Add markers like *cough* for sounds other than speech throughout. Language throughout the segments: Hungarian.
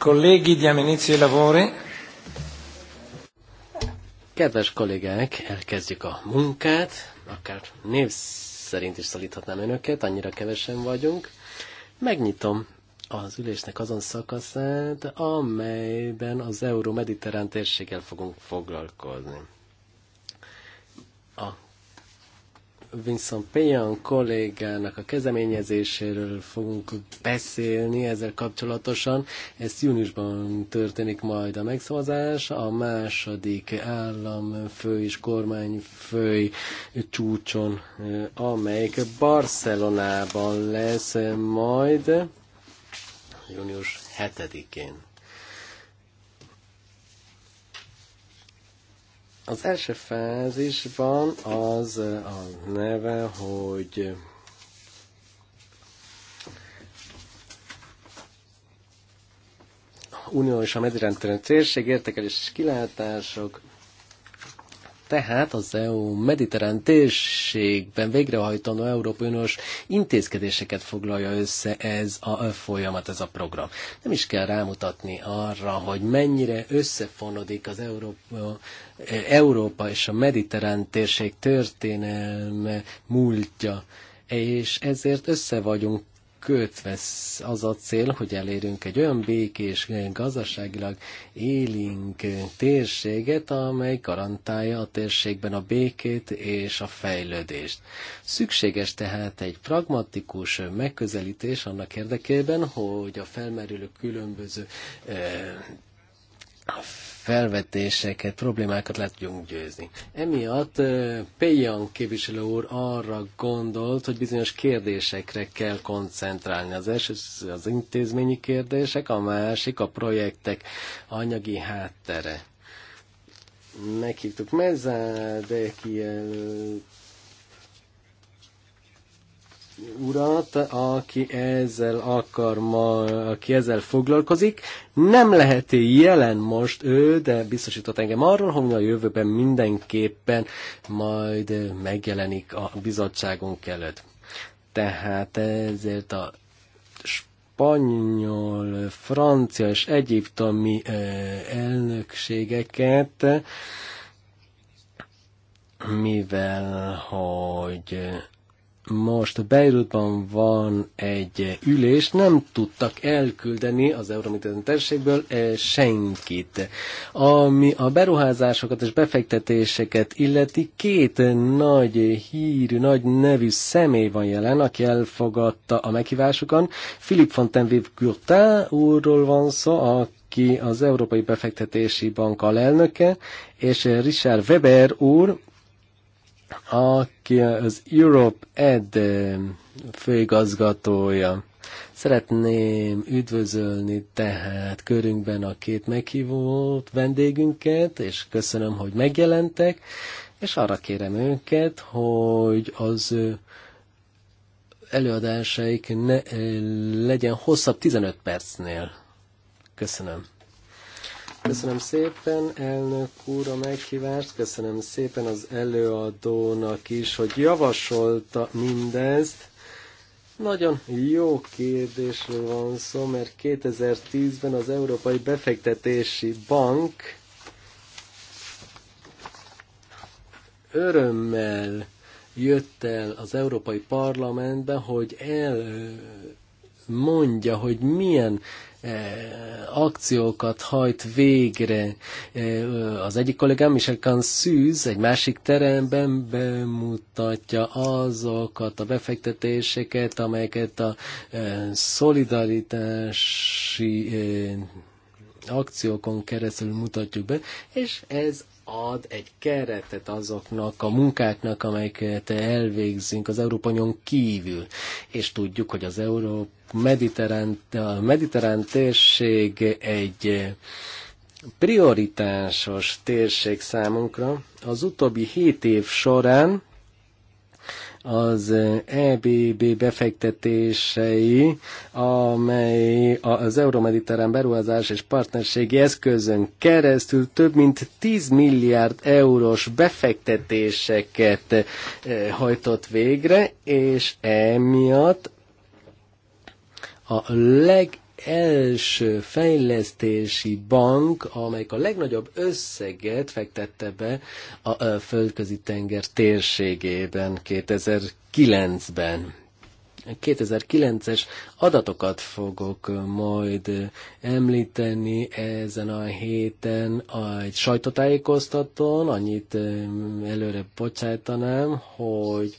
Colleghi, diamo inizio ai lavori. Kedves kollégák, elkezdjük a munkát, akár név szerint is szalíthatnám önöket, annyira kevesen vagyunk. Megnyitom az ülésnek azon szakaszát, amelyben az euró-mediterrán térséggel fogunk foglalkozni. Vincent Payan kollégának a kezdeményezéséről fogunk beszélni ezzel kapcsolatosan. Ez júniusban történik majd a megszavazás, a második államfő és kormányfő csúcson, eh, amelyik Barcelonában lesz majd június 7-én. Az első fázisban az a neve, hogy Unió és a mediterrán térség értékelés és kilátások, tehát az EU mediterrán térségben végrehajtanó Európai Uniós intézkedéseket foglalja össze ez a e, folyamat, ez a program. Nem is kell rámutatni arra, hogy mennyire összefonodik az Európa, e, Európa és a mediterrán térség történelme múltja és ezért össze vagyunk kötve az a cél, hogy elérünk egy olyan békés, gazdaságilag élénk térséget, amely garantálja a térségben a békét és a fejlődést. Szükséges tehát egy pragmatikus megközelítés annak érdekében, hogy a felmerülő különböző eh, felvetéseket, problémákat le tudjunk győzni. Emiatt Pejan képviselő úr arra gondolt, hogy bizonyos kérdésekre kell koncentrálni. Az első az intézményi kérdések, a másik a projektek anyagi háttere meghívtuk Mezzádeki urat, aki ezzel akar ma, aki ezzel foglalkozik. Nem lehet jelen most ő, de biztosított engem arról, hogy a jövőben mindenképpen majd megjelenik a bizottságunk előtt. Tehát ezért a spanyol, francia és egyiptomi elnökségeket, mivel hogy most Beirutban van egy ülés, nem tudtak elküldeni az Euromitizen térségből eh, senkit. Ami a beruházásokat és befektetéseket illeti, két nagy hírű, nagy nevű személy van jelen, aki elfogadta a meghívásukon. Philip Fontainebleau Gurtin úrról van szó, aki az Európai Befektetési Bank alelnöke, és Richard Weber úr, aki az Europe Ed eh, főigazgatója. Szeretném üdvözölni tehát körünkben a két meghívót, vendégünket, és köszönöm, hogy megjelentek, és arra kérem őket, hogy az eh, előadásaik ne eh, legyen hosszabb 15 percnél. Köszönöm. Köszönöm szépen, elnök úr, a meghívást. Köszönöm szépen az előadónak is, hogy javasolta mindezt. Nagyon jó kérdésről van szó, mert 2010-ben az Európai Befektetési Bank örömmel jött el az Európai Parlamentbe, hogy elmondja, hogy milyen E, akciókat hajt végre. E, az egyik kollégám, Michel szűz egy másik teremben bemutatja azokat a befektetéseket, amelyeket a e, szolidaritási akciókon keresztül mutatjuk be, és ez ad egy keretet azoknak a munkáknak, amelyeket elvégzünk az Európanyon kívül. És tudjuk, hogy az Európa mediterrán, a mediterrán térség egy prioritásos térség számunkra. Az utóbbi hét év során az EBB befektetései, amely az Euromediterrán beruházás és partnerségi eszközön keresztül több mint 10 milliárd eurós befektetéseket eh, hajtott végre, és emiatt a legelső fejlesztési bank, amelyik a legnagyobb összeget fektette be a földközi tenger térségében 2009-ben. 2009-es adatokat fogok majd említeni ezen a héten egy sajtótájékoztatón. Annyit előre bocsájtanám, hogy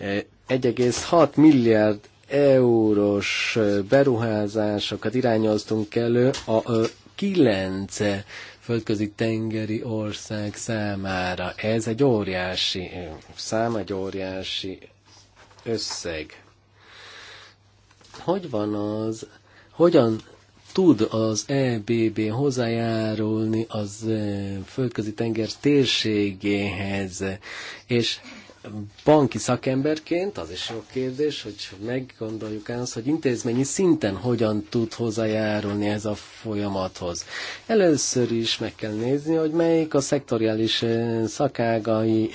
1,6 milliárd eurós beruházásokat irányoztunk elő a kilenc földközi tengeri ország számára. Ez egy óriási szám, egy óriási összeg. Hogy van az, hogyan tud az EBB hozzájárulni az földközi tenger térségéhez, és banki szakemberként az is jó kérdés, hogy meggondoljuk azt, hogy intézményi szinten hogyan tud hozzájárulni ez a folyamathoz. Először is meg kell nézni, hogy melyik a szektoriális szakágai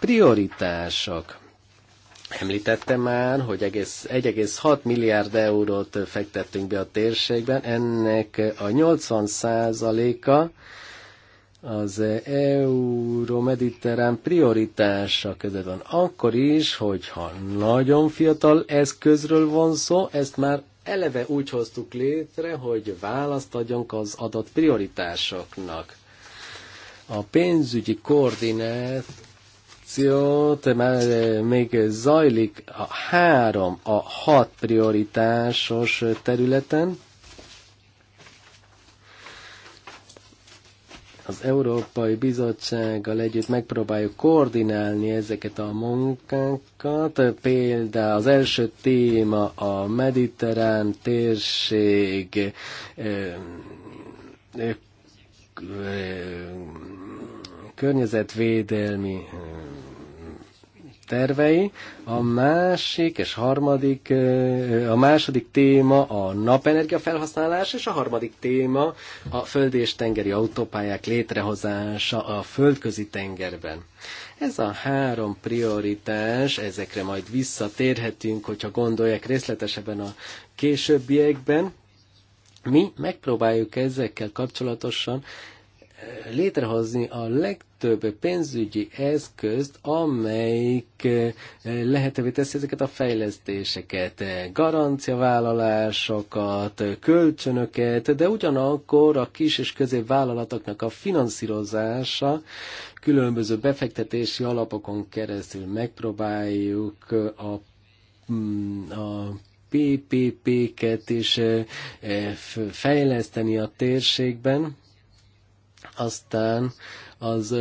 prioritások. Említettem már, hogy 1,6 milliárd eurót fektettünk be a térségben, ennek a 80 százaléka az euró-mediterrán prioritása között van. Akkor is, hogyha nagyon fiatal eszközről van szó, ezt már eleve úgy hoztuk létre, hogy választ adjunk az adott prioritásoknak. A pénzügyi koordinát már eh, még zajlik a három, a hat prioritásos területen, az Európai Bizottsággal együtt megpróbáljuk koordinálni ezeket a munkákat. Például az első téma a mediterrán térség környezetvédelmi tervei. A másik és harmadik, a második téma a napenergia felhasználás, és a harmadik téma a föld és tengeri autópályák létrehozása a földközi tengerben. Ez a három prioritás, ezekre majd visszatérhetünk, hogyha gondolják részletesebben a későbbiekben. Mi megpróbáljuk ezekkel kapcsolatosan létrehozni a legtöbb pénzügyi eszközt, amelyik eh, lehetővé teszi ezeket a fejlesztéseket, garanciavállalásokat, kölcsönöket, de ugyanakkor a kis és középvállalatoknak a finanszírozása különböző befektetési alapokon keresztül megpróbáljuk a, mm, a PPP-ket is eh, fejleszteni a térségben aztán az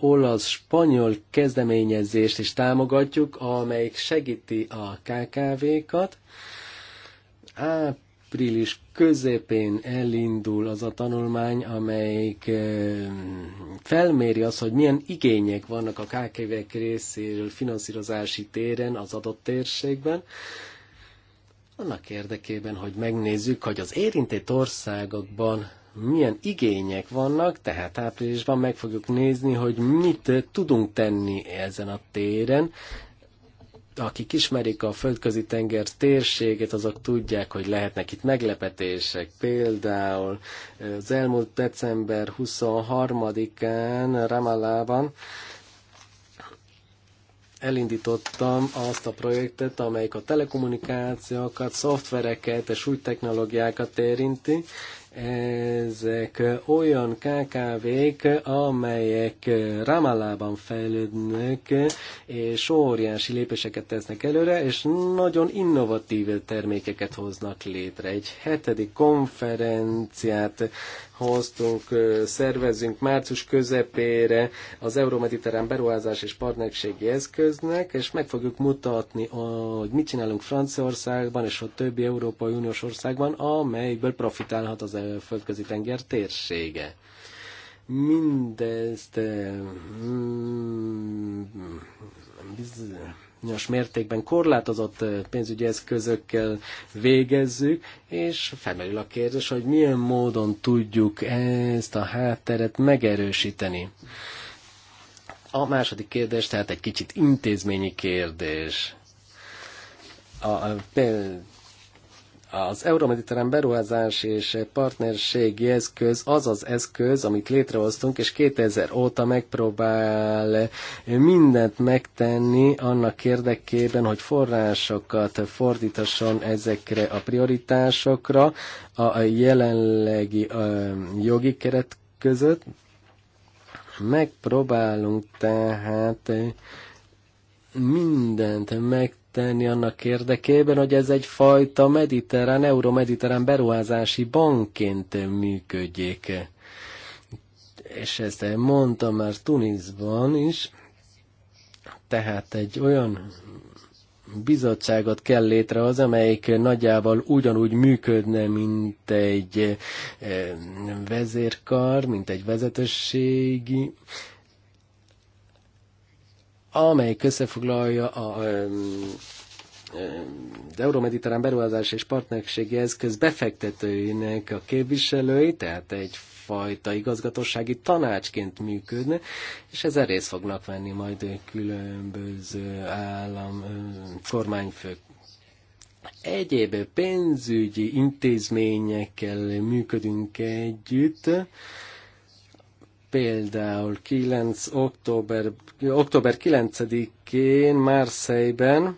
olasz-spanyol kezdeményezést is támogatjuk, amelyik segíti a KKV-kat. Április közepén elindul az a tanulmány, amelyik ö, felméri azt, hogy milyen igények vannak a KKV-k részéről finanszírozási téren az adott térségben annak érdekében, hogy megnézzük, hogy az érintett országokban milyen igények vannak, tehát áprilisban meg fogjuk nézni, hogy mit tudunk tenni ezen a téren. Akik ismerik a földközi tenger térségét, azok tudják, hogy lehetnek itt meglepetések. Például az elmúlt december 23-án Ramallában elindítottam azt a projektet, amelyik a telekommunikációkat, szoftvereket és új technológiákat érinti, ezek olyan KKV-k, amelyek Ramallában fejlődnek, és óriási lépéseket tesznek előre, és nagyon innovatív termékeket hoznak létre. Egy hetedik konferenciát hoztunk, szervezünk március közepére az Euromediterrán beruházás és partnerségi eszköznek, és meg fogjuk mutatni, hogy mit csinálunk Franciaországban és a többi Európai Uniós országban, amelyből profitálhat az földközi tenger térsége. Mindezt eh, mm, bizonyos mértékben korlátozott eh, pénzügyi eszközökkel végezzük, és felmerül a kérdés, hogy milyen módon tudjuk ezt a hátteret megerősíteni. A második kérdés tehát egy kicsit intézményi kérdés. A, a, az Euromediterrán beruházás és partnerségi eszköz az az eszköz, amit létrehoztunk, és 2000 óta megpróbál mindent megtenni annak érdekében, hogy forrásokat fordítasson ezekre a prioritásokra a jelenlegi jogi keret között. Megpróbálunk tehát mindent meg tenni annak érdekében, hogy ez egyfajta mediterrán, euromediterrán beruházási bankként működjék. És ezt mondtam már Tunisban is, tehát egy olyan bizottságot kell létrehozni, amelyik nagyjából ugyanúgy működne, mint egy eh, vezérkar, mint egy vezetőségi amely összefoglalja a Euromediterrán beruházás és partnerségi eszköz befektetőinek a képviselői, tehát egy fajta igazgatósági tanácsként működne, és ezzel részt fognak venni majd különböző állam kormányfők egyéb pénzügyi intézményekkel működünk együtt, Például 9. október, október 9-én Marseille-ben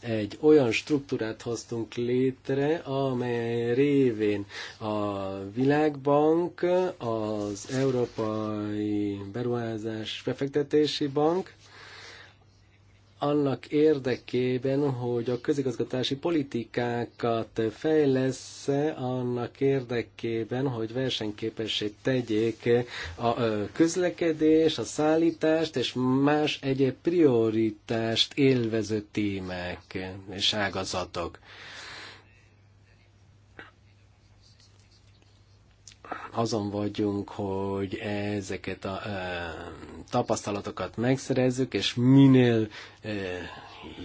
egy olyan struktúrát hoztunk létre, amely révén a Világbank, az Európai Beruházás Befektetési Bank, annak érdekében, hogy a közigazgatási politikákat fejlesz annak érdekében, hogy versenyképessé tegyék a közlekedés, a szállítást és más egyéb prioritást élvező témák és ágazatok. azon vagyunk, hogy ezeket a e, tapasztalatokat megszerezzük, és minél e,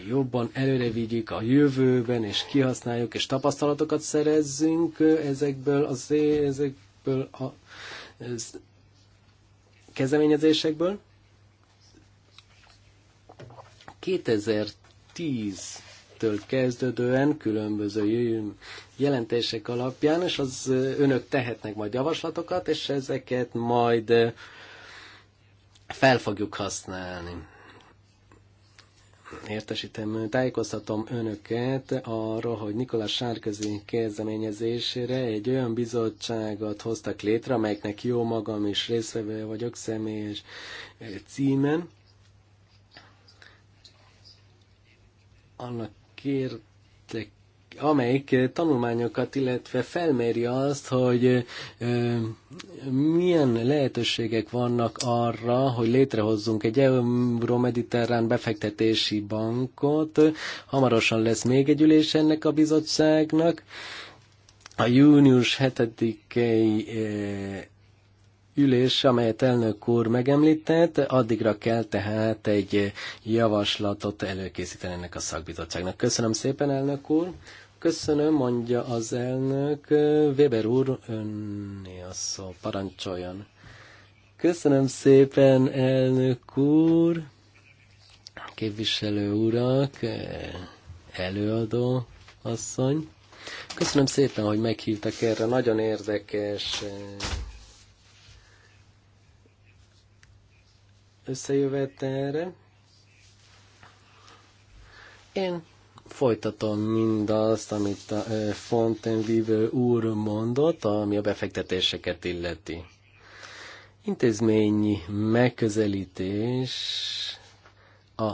jobban előre vigyük a jövőben, és kihasználjuk, és tapasztalatokat szerezzünk ezekből, az, ezekből a ez, kezdeményezésekből. 2010-től kezdődően különböző jelentések alapján, és az önök tehetnek majd javaslatokat, és ezeket majd fel fogjuk használni. Értesítem, tájékoztatom önöket arról, hogy Nikolás Sárközi kezdeményezésére egy olyan bizottságot hoztak létre, amelyeknek jó magam is részvevő vagyok személyes címen. Annak kértek amelyik eh, tanulmányokat, illetve felméri azt, hogy eh, milyen lehetőségek vannak arra, hogy létrehozzunk egy euró-mediterrán befektetési bankot. Hamarosan lesz még egy ülés ennek a bizottságnak. A június 7-i eh, ülés, amelyet elnök úr megemlített, addigra kell tehát egy javaslatot előkészíteni ennek a szakbizottságnak. Köszönöm szépen, elnök úr! Köszönöm, mondja az elnök. Weber úr, önné a szó, parancsoljon. Köszönöm szépen, elnök úr, képviselő urak, előadó asszony. Köszönöm szépen, hogy meghívtak erre. Nagyon érdekes eh, erre. Én folytatom mindazt, amit a eh, Fontainebleau úr mondott, ami a befektetéseket illeti. Intézményi megközelítés a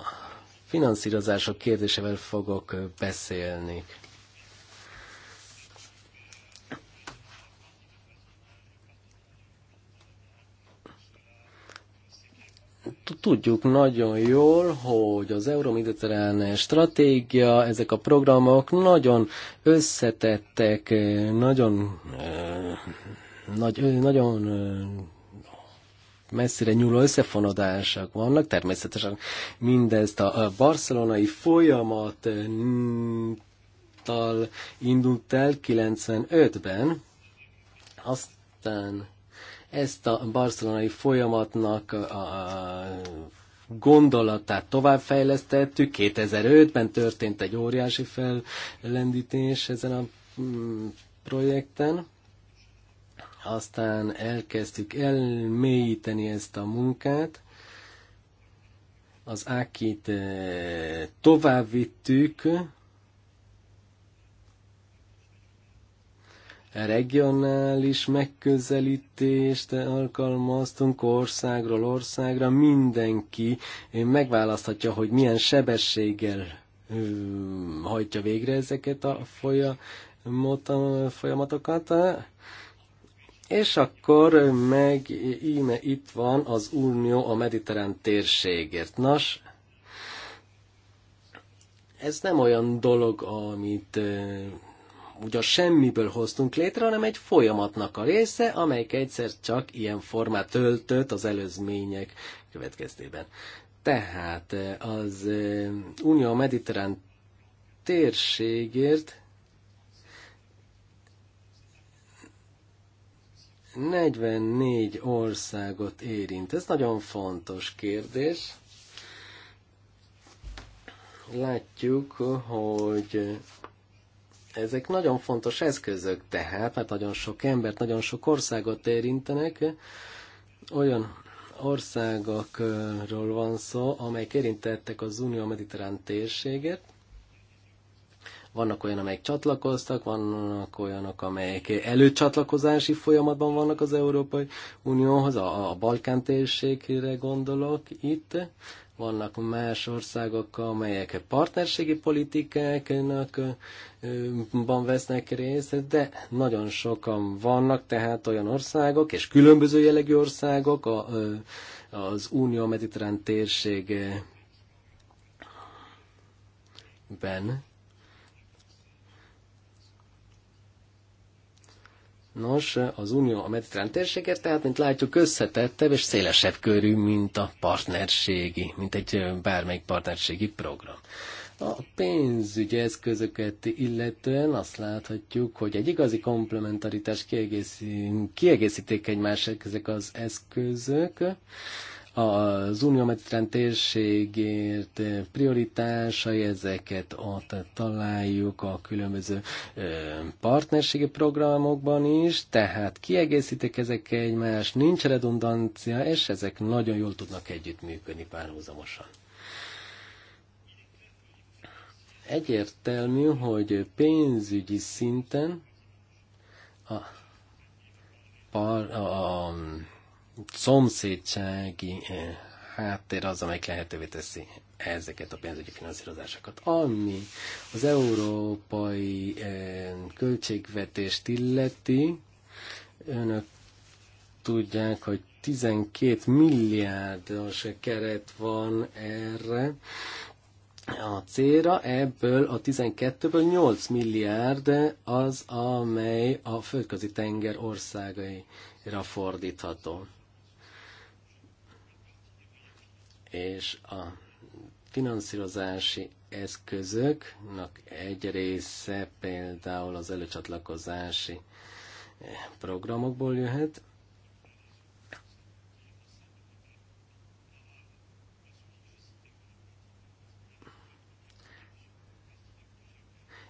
finanszírozások kérdésevel fogok eh, beszélni. tudjuk nagyon jól, hogy az euromediterrán stratégia, ezek a programok nagyon összetettek, eh, nagyon, eh, nagy, eh, nagyon messzire nyúló összefonodások vannak. Természetesen mindezt a barcelonai folyamat indult el 95-ben, aztán ezt a barcelonai folyamatnak a gondolatát továbbfejlesztettük. 2005-ben történt egy óriási fellendítés ezen a mm, projekten. Aztán elkezdtük elmélyíteni ezt a munkát. Az Ákit eh, tovább vittük, regionális megközelítést alkalmaztunk országról országra, mindenki megválaszthatja, hogy milyen sebességgel hajtja végre ezeket a folyamatokat, és akkor meg íme itt van az Unió a mediterrán térségért. Nos, ez nem olyan dolog, amit ugyan semmiből hoztunk létre, hanem egy folyamatnak a része, amelyik egyszer csak ilyen formát öltött az előzmények következtében. Tehát eh, az eh, Unió Mediterrán térségért 44 országot érint. Ez nagyon fontos kérdés. Látjuk, hogy ezek nagyon fontos eszközök tehát, mert nagyon sok embert, nagyon sok országot érintenek, olyan országokról van szó, amelyek érintettek az Unió mediterrán térséget. Vannak olyan, amelyek csatlakoztak, vannak olyanok, amelyek előcsatlakozási folyamatban vannak az Európai Unióhoz, a, a Balkán térségre gondolok itt. Vannak más országok, amelyek partnerségi politikáknak van vesznek részt, de nagyon sokan vannak, tehát olyan országok, és különböző jellegű országok a, az Unió mediterrán térségben, Nos, az Unió a mediterrán térséget, tehát, mint látjuk, összetettebb és szélesebb körű, mint a partnerségi, mint egy bármelyik partnerségi program. A pénzügyi eszközöket illetően azt láthatjuk, hogy egy igazi komplementaritás kiegészítik egymás ezek az eszközök, az Unió térségért eh, prioritásai, ezeket ott találjuk a különböző eh, partnerségi programokban is, tehát kiegészítik ezek egymást, nincs redundancia, és ezek nagyon jól tudnak együttműködni párhuzamosan egyértelmű, hogy pénzügyi szinten a, par, a, a szomszédsági eh, háttér az, amelyik lehetővé teszi ezeket a pénzügyi finanszírozásokat. Ami az európai eh, költségvetést illeti, önök tudják, hogy 12 milliárdos keret van erre a célra, ebből a 12-ből 8 milliárd az, amely a földközi tenger országaira fordítható. és a finanszírozási eszközöknek egy része például az előcsatlakozási programokból jöhet,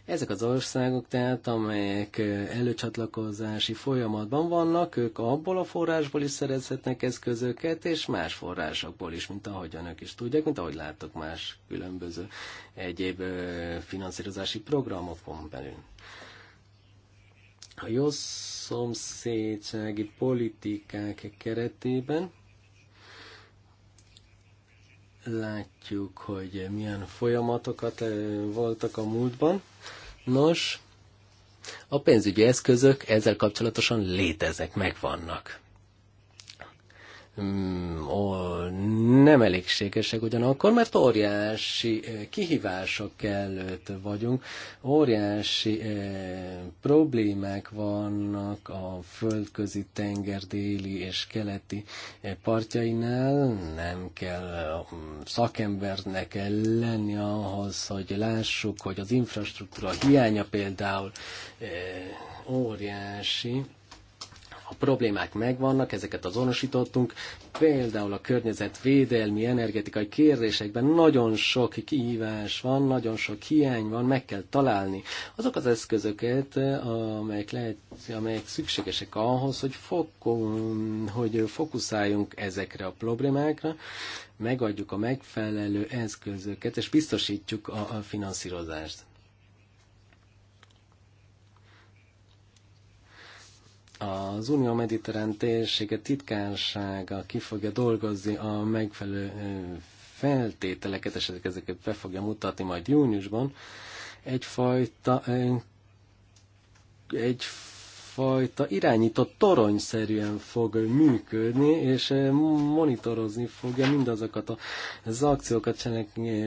Ezek az országok tehát, amelyek előcsatlakozási folyamatban vannak, ők abból a forrásból is szerezhetnek eszközöket, és más forrásokból is, mint ahogy önök is tudják, mint ahogy láttok más különböző egyéb finanszírozási programokon belül. A jó szomszédsági politikák keretében látjuk, hogy milyen folyamatokat eh, voltak a múltban. Nos, a pénzügyi eszközök ezzel kapcsolatosan léteznek, megvannak. Mm, nem elégségesek ugyanakkor, mert óriási eh, kihívások előtt vagyunk, óriási eh, problémák vannak a földközi tenger déli és keleti eh, partjainál, nem kell szakembernek lenni ahhoz, hogy lássuk, hogy az infrastruktúra hiánya például óriási, problémák megvannak, ezeket azonosítottunk. Például a környezetvédelmi, energetikai kérdésekben nagyon sok kihívás van, nagyon sok hiány van, meg kell találni azok az eszközöket, amelyek, lehet, amelyek szükségesek ahhoz, hogy, fokon, hogy fokuszáljunk ezekre a problémákra, megadjuk a megfelelő eszközöket, és biztosítjuk a finanszírozást. Az Unió Mediterrán térsége titkársága ki fogja dolgozni a megfelelő feltételeket, esetleg ezeket be fogja mutatni majd júniusban, egyfajta, egy egyfajta irányított toronyszerűen fog működni, és eh, monitorozni fogja mindazokat az akciókat,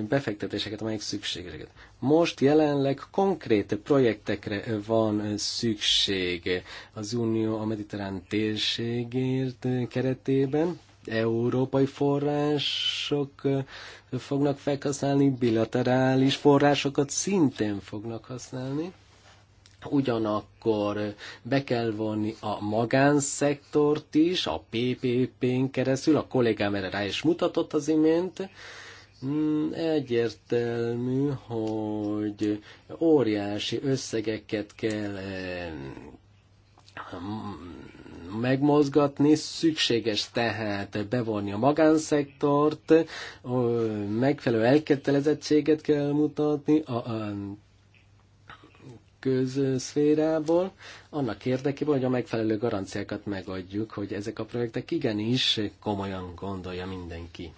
befektetéseket, amelyek szükségeseket. Most jelenleg konkrét projektekre eh, van eh, szükség az Unió a mediterrán térségért keretében, európai források fognak felhasználni, bilaterális forrásokat szintén fognak használni ugyanakkor be kell vonni a magánszektort is, a PPP-n keresztül, a kollégám erre rá is mutatott az imént, hmm, egyértelmű, hogy óriási összegeket kell hmm, megmozgatni, szükséges tehát bevonni a magánszektort, megfelelő elkötelezettséget kell mutatni, a, a közszférából, annak érdekében, hogy a megfelelő garanciákat megadjuk, hogy ezek a projektek igenis komolyan gondolja mindenki.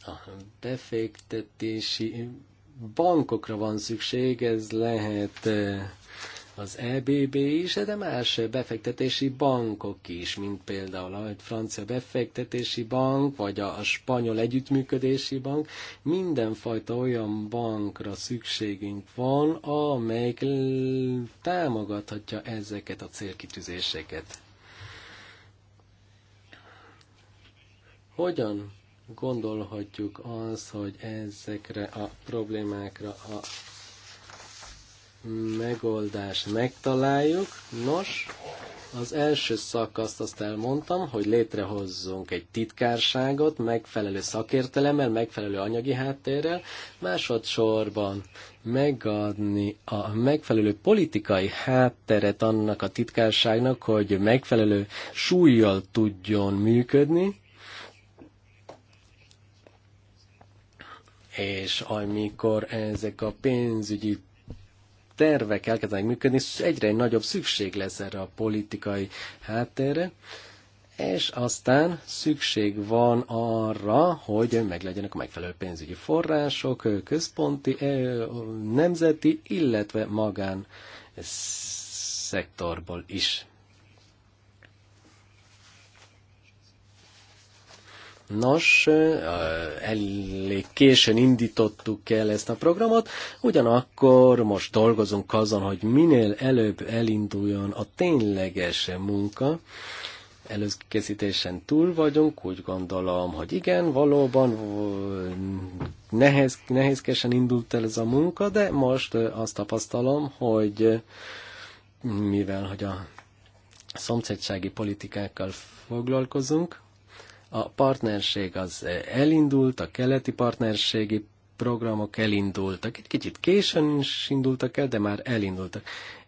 A befektetési bankokra van szükség, ez lehet eh, az EBB is, de más befektetési bankok is, mint például a francia befektetési bank, vagy a spanyol együttműködési bank, mindenfajta olyan bankra szükségünk van, amelyik támogathatja ezeket a célkitűzéseket. Hogyan gondolhatjuk az, hogy ezekre a problémákra a megoldást megtaláljuk. Nos, az első szakaszt azt elmondtam, hogy létrehozzunk egy titkárságot megfelelő szakértelemmel, megfelelő anyagi háttérrel, másodszorban megadni a megfelelő politikai hátteret annak a titkárságnak, hogy megfelelő súlyjal tudjon működni, és amikor ezek a pénzügyi tervek elkezdenek működni, egyre nagyobb szükség lesz erre a politikai háttérre, és aztán szükség van arra, hogy meglegyenek a megfelelő pénzügyi források, központi, nemzeti, illetve magán szektorból is. Nos, elég későn indítottuk el ezt a programot, ugyanakkor most dolgozunk azon, hogy minél előbb elinduljon a tényleges munka, előkészítésen túl vagyunk, úgy gondolom, hogy igen, valóban nehéz, nehézkesen indult el ez a munka, de most azt tapasztalom, hogy mivel hogy a szomszédsági politikákkal foglalkozunk, a partnerség az elindult, a keleti partnerségi programok elindultak. Egy kicsit későn is indultak el, de már elindultak.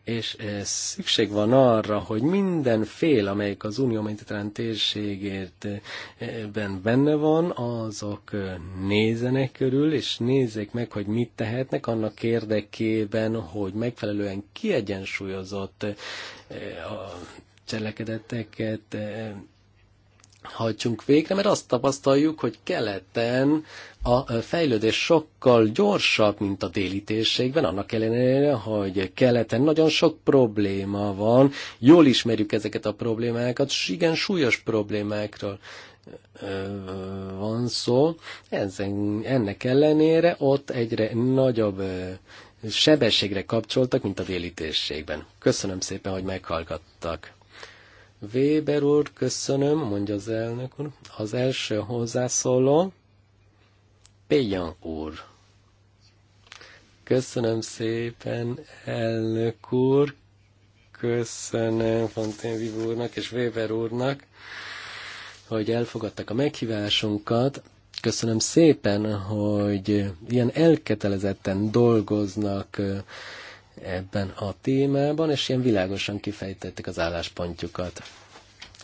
És eh, szükség van arra, hogy minden fél, amelyik az Unió Mediterrán térségért eh, benne van, azok eh, nézenek körül, és nézzék meg, hogy mit tehetnek annak érdekében, hogy megfelelően kiegyensúlyozott a cselekedeteket hajtsunk végre, mert azt tapasztaljuk, hogy keleten a fejlődés sokkal gyorsabb, mint a déli térségben, annak ellenére, hogy keleten nagyon sok probléma van, jól ismerjük ezeket a problémákat, és igen súlyos problémákról van szó. Ezen, ennek ellenére ott egyre nagyobb sebességre kapcsoltak, mint a déli térségben. Köszönöm szépen, hogy meghallgattak. Weber úr, köszönöm, mondja az elnök úr. Az első hozzászóló, Péjan úr. Köszönöm szépen, elnök úr. Köszönöm Fontén úrnak és Weber úrnak, hogy elfogadtak a meghívásunkat. Köszönöm szépen, hogy ilyen elkötelezetten dolgoznak ebben a témában, és ilyen világosan kifejtették az álláspontjukat.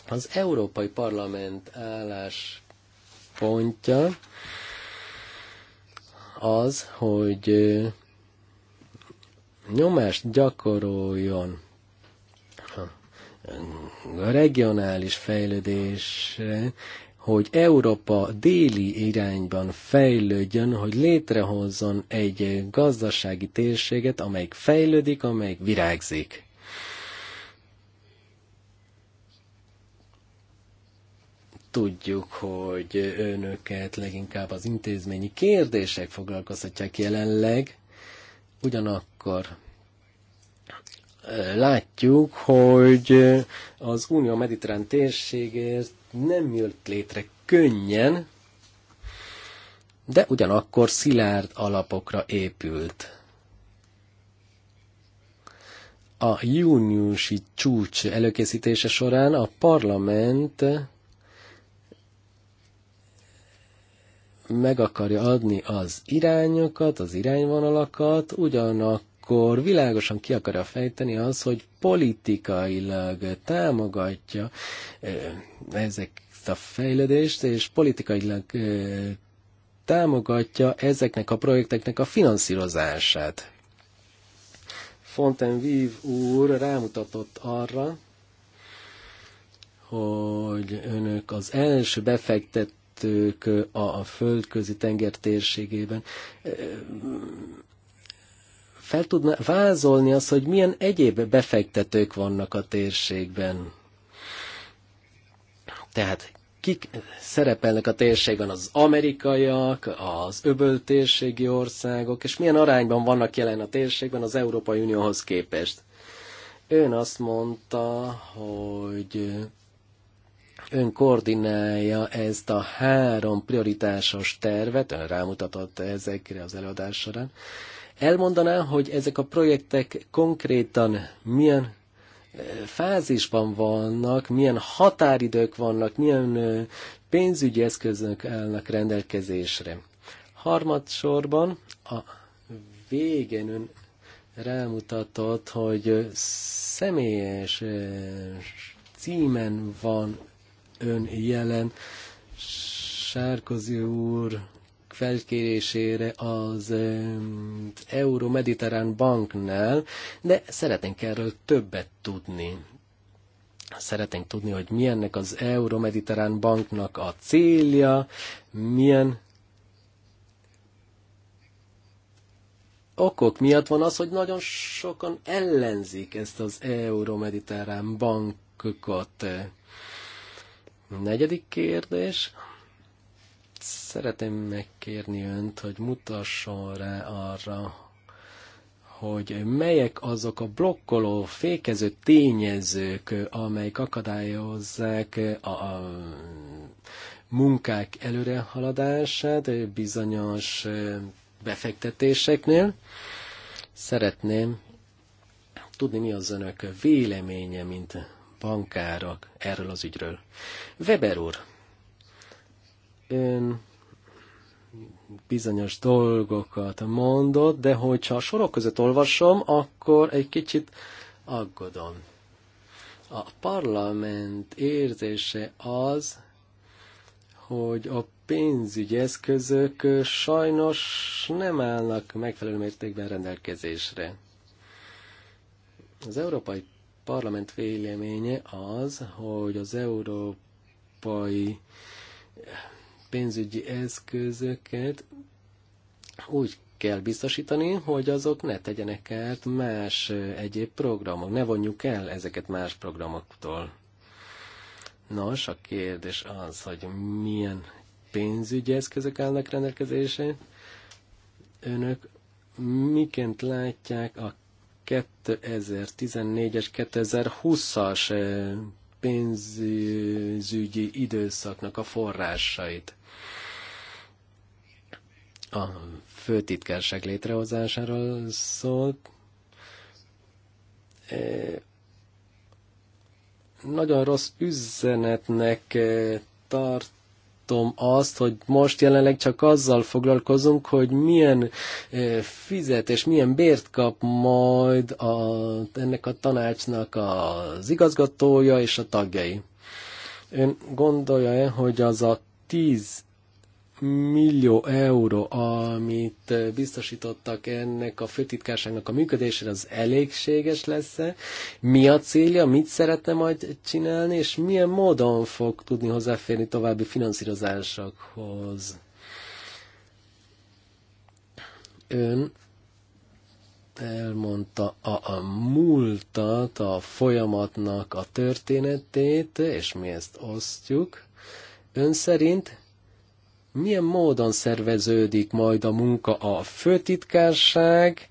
Az Európai Parlament álláspontja az, hogy nyomást gyakoroljon a regionális fejlődésre, hogy Európa déli irányban fejlődjön, hogy létrehozzon egy gazdasági térséget, amelyik fejlődik, amelyik virágzik. tudjuk, hogy önöket leginkább az intézményi kérdések foglalkoztatják jelenleg, ugyanakkor eh, látjuk, hogy az Unió mediterrán térségért nem jött létre könnyen, de ugyanakkor szilárd alapokra épült. A júniusi csúcs előkészítése során a parlament meg akarja adni az irányokat, az irányvonalakat, ugyanak akkor világosan ki akarja fejteni az, hogy politikailag támogatja ezek a fejlődést, és politikailag támogatja ezeknek a projekteknek a finanszírozását. Fontenvive úr rámutatott arra, hogy önök az első befektetők a földközi tenger térségében fel tudna vázolni azt, hogy milyen egyéb befektetők vannak a térségben. Tehát kik szerepelnek a térségben, az amerikaiak, az öböl térségi országok, és milyen arányban vannak jelen a térségben az Európai Unióhoz képest. Ön azt mondta, hogy ön koordinálja ezt a három prioritásos tervet, ön rámutatott ezekre az előadás során, Elmondaná, hogy ezek a projektek konkrétan milyen eh, fázisban vannak, milyen határidők vannak, milyen eh, pénzügyi eszközök állnak rendelkezésre. Harmadsorban a végén ön rámutatott, hogy eh, személyes címen van ön jelen. Sárkozi úr felkérésére az Euró-Mediterrán Banknál, de szeretnénk erről többet tudni. Szeretnénk tudni, hogy milyennek az Euró-Mediterrán Banknak a célja, milyen okok miatt van az, hogy nagyon sokan ellenzik ezt az Euró-Mediterrán Bankokat. Negyedik kérdés. Szeretném megkérni önt, hogy mutasson rá arra, hogy melyek azok a blokkoló, fékező tényezők, amelyek akadályozzák a, a munkák előrehaladását bizonyos befektetéseknél. Szeretném tudni, mi az önök véleménye, mint bankárok erről az ügyről. Weber úr, ön bizonyos dolgokat mondott, de hogyha a sorok között olvasom, akkor egy kicsit aggodom. A parlament érzése az, hogy a pénzügyi eszközök sajnos nem állnak megfelelő mértékben rendelkezésre. Az Európai Parlament véleménye az, hogy az európai pénzügyi eszközöket úgy kell biztosítani, hogy azok ne tegyenek át más eh, egyéb programok, ne vonjuk el ezeket más programoktól. Nos, a kérdés az, hogy milyen pénzügyi eszközök állnak rendelkezésre. Önök miként látják a 2014-es, 2020-as eh, pénzügyi időszaknak a forrásait? a főtitkárság létrehozásáról szólt. E, nagyon rossz üzenetnek e, tart azt, hogy most jelenleg csak azzal foglalkozunk, hogy milyen e, fizetés, milyen bért kap majd a, ennek a tanácsnak az igazgatója és a tagjai. Ön gondolja-e, hogy az a tíz millió euró, amit biztosítottak ennek a főtitkárságnak a működésére, az elégséges lesz-e? Mi a célja, mit szeretne majd csinálni, és milyen módon fog tudni hozzáférni további finanszírozásokhoz? Ön elmondta a, a múltat, a folyamatnak a történetét, és mi ezt osztjuk. Ön szerint milyen módon szerveződik majd a munka a főtitkárság,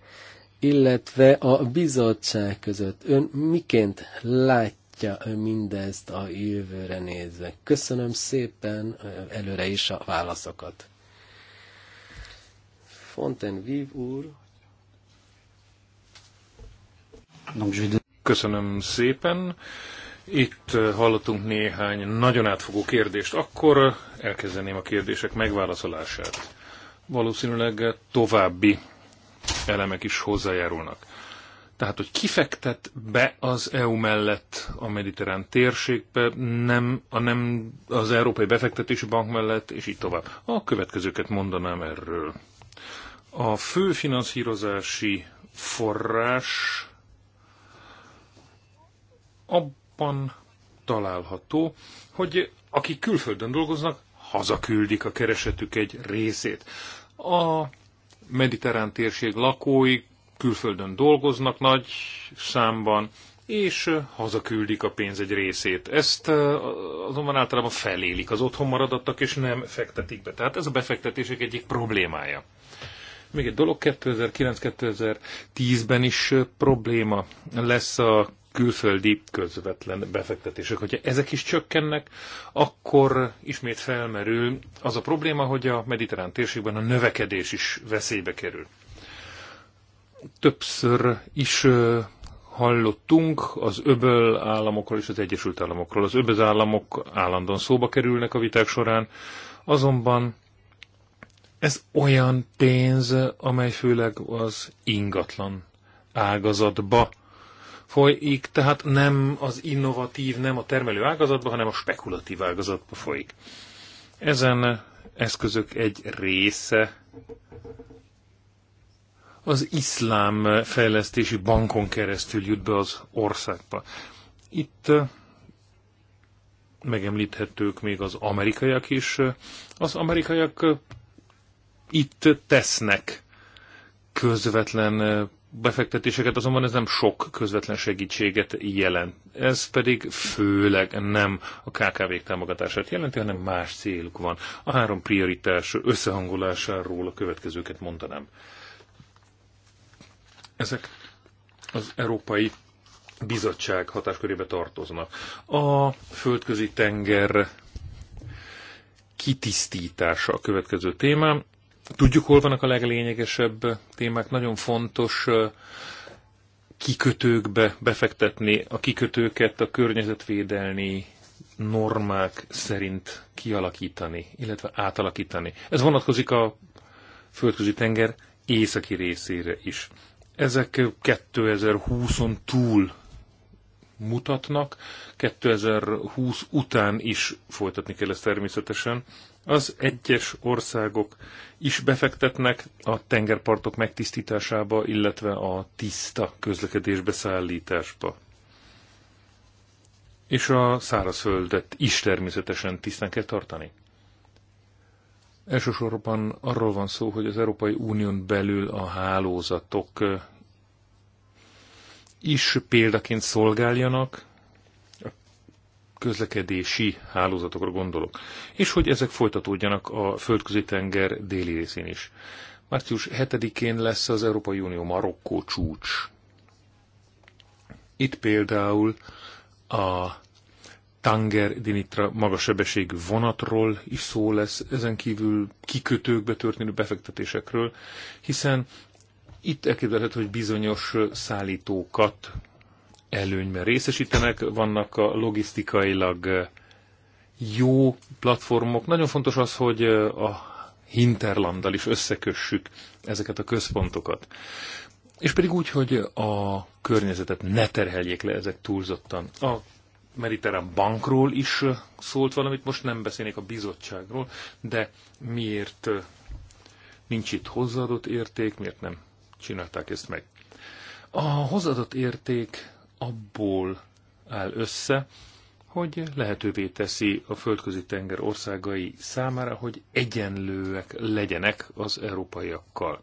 illetve a bizottság között. Ön miként látja mindezt a jövőre nézve? Köszönöm szépen előre is a válaszokat. Fonten Viv úr. Köszönöm szépen. Itt hallottunk néhány nagyon átfogó kérdést. Akkor elkezdeném a kérdések megválaszolását. Valószínűleg további elemek is hozzájárulnak. Tehát, hogy kifektet be az EU mellett a mediterrán térségbe, nem, a nem az Európai Befektetési Bank mellett, és így tovább. A következőket mondanám erről. A fő finanszírozási forrás abban található, hogy akik külföldön dolgoznak, hazaküldik a keresetük egy részét. A mediterrán térség lakói külföldön dolgoznak nagy számban, és hazaküldik a pénz egy részét. Ezt azonban általában felélik az otthon maradottak, és nem fektetik be. Tehát ez a befektetések egyik problémája. Még egy dolog, 2009-2010-ben is probléma lesz a külföldi közvetlen befektetések. Hogyha ezek is csökkennek, akkor ismét felmerül az a probléma, hogy a mediterrán térségben a növekedés is veszélybe kerül. Többször is hallottunk az öböl államokról és az Egyesült Államokról. Az öböz államok állandóan szóba kerülnek a viták során, azonban ez olyan pénz, amely főleg az ingatlan ágazatba folyik, tehát nem az innovatív, nem a termelő ágazatba, hanem a spekulatív ágazatba folyik. Ezen eszközök egy része az iszlám fejlesztési bankon keresztül jut be az országba. Itt megemlíthetők még az amerikaiak is. Az amerikaiak itt tesznek közvetlen befektetéseket, azonban ez nem sok közvetlen segítséget jelent. Ez pedig főleg nem a KKV-k támogatását jelenti, hanem más céluk van. A három prioritás összehangolásáról a következőket mondanám. Ezek az Európai Bizottság hatáskörébe tartoznak. A földközi tenger kitisztítása a következő témám. Tudjuk, hol vannak a leglényegesebb témák. Nagyon fontos kikötőkbe befektetni, a kikötőket a környezetvédelmi normák szerint kialakítani, illetve átalakítani. Ez vonatkozik a földközi tenger északi részére is. Ezek 2020-on túl mutatnak, 2020 után is folytatni kell ezt természetesen, az egyes országok is befektetnek a tengerpartok megtisztításába, illetve a tiszta közlekedésbe szállításba. És a szárazföldet is természetesen tisztán kell tartani. Elsősorban arról van szó, hogy az Európai Unión belül a hálózatok is példaként szolgáljanak, közlekedési hálózatokra gondolok, és hogy ezek folytatódjanak a földközi tenger déli részén is. Március 7-én lesz az Európai Unió Marokkó csúcs. Itt például a Tanger Dinitra magasebességű vonatról is szó lesz, ezen kívül kikötőkbe történő befektetésekről, hiszen itt elképzelhető, hogy bizonyos szállítókat előnyben részesítenek, vannak a logisztikailag eh, jó platformok. Nagyon fontos az, hogy eh, a hinterlanddal is összekössük ezeket a központokat. És pedig úgy, hogy a környezetet ne terheljék le ezek túlzottan. A mediterrán bankról is eh, szólt valamit, most nem beszélnék a bizottságról, de miért nincs itt hozzáadott érték, miért nem csinálták ezt meg. A hozzáadott érték abból áll össze, hogy lehetővé teszi a földközi tenger országai számára, hogy egyenlőek legyenek az európaiakkal.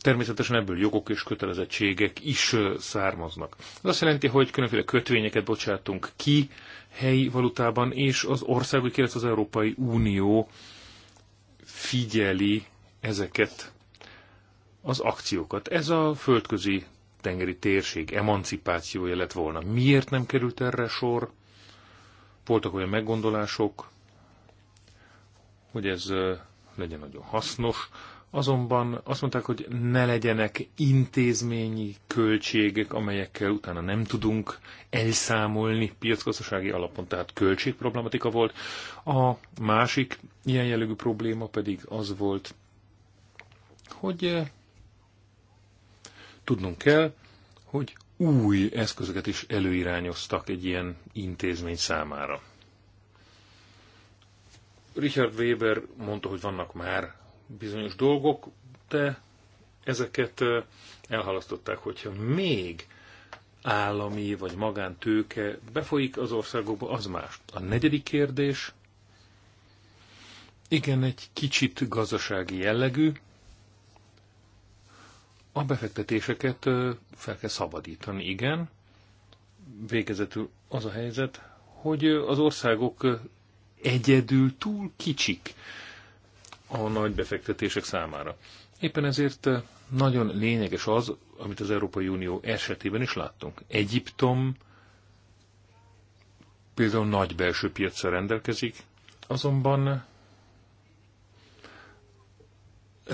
Természetesen ebből jogok és kötelezettségek is származnak. Ez azt jelenti, hogy különféle kötvényeket bocsátunk ki helyi valutában, és az országok, hogy az Európai Unió figyeli ezeket az akciókat. Ez a földközi tengeri térség emancipációja lett volna. Miért nem került erre sor? Voltak olyan meggondolások, hogy ez legyen nagyon hasznos, azonban azt mondták, hogy ne legyenek intézményi költségek, amelyekkel utána nem tudunk elszámolni piacgazdasági alapon, tehát költségproblematika volt. A másik ilyen jellegű probléma pedig az volt, hogy Tudnunk kell, hogy új eszközöket is előirányoztak egy ilyen intézmény számára. Richard Weber mondta, hogy vannak már bizonyos dolgok, de ezeket elhalasztották, hogyha még állami vagy magántőke befolyik az országokba, az más. A negyedik kérdés, igen, egy kicsit gazdasági jellegű, a befektetéseket fel kell szabadítani, igen. Végezetül az a helyzet, hogy az országok egyedül túl kicsik a nagy befektetések számára. Éppen ezért nagyon lényeges az, amit az Európai Unió esetében is láttunk. Egyiptom például nagy belső piacra rendelkezik, azonban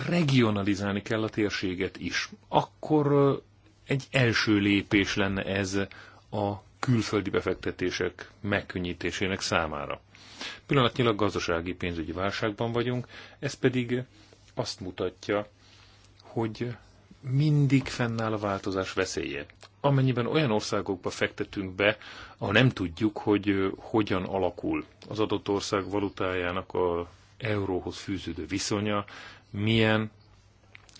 regionalizálni kell a térséget is. Akkor egy első lépés lenne ez a külföldi befektetések megkönnyítésének számára. Pillanatnyilag gazdasági pénzügyi válságban vagyunk, ez pedig azt mutatja, hogy mindig fennáll a változás veszélye. Amennyiben olyan országokba fektetünk be, ahol nem tudjuk, hogy hogyan alakul az adott ország valutájának a euróhoz fűződő viszonya, milyen,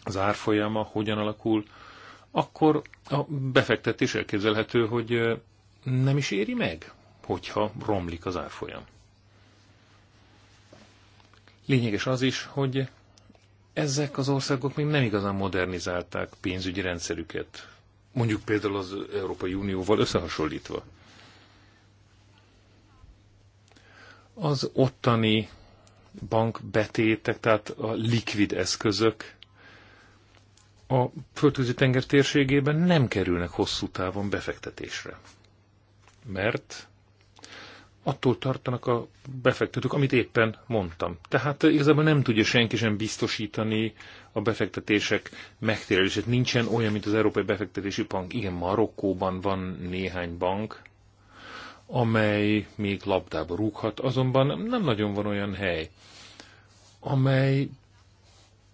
az árfolyama hogyan alakul, akkor a befektetés elképzelhető, hogy nem is éri meg, hogyha romlik az árfolyam. Lényeges az is, hogy ezek az országok még nem igazán modernizálták pénzügyi rendszerüket, mondjuk például az Európai Unióval összehasonlítva. Az ottani bankbetétek, tehát a likvid eszközök a földközi tenger térségében nem kerülnek hosszú távon befektetésre. Mert attól tartanak a befektetők, amit éppen mondtam. Tehát igazából nem tudja senki sem biztosítani a befektetések megtérülését. Nincsen olyan, mint az Európai Befektetési Bank. Igen, Marokkóban van néhány bank, amely még labdába rúghat, azonban nem nagyon van olyan hely, amely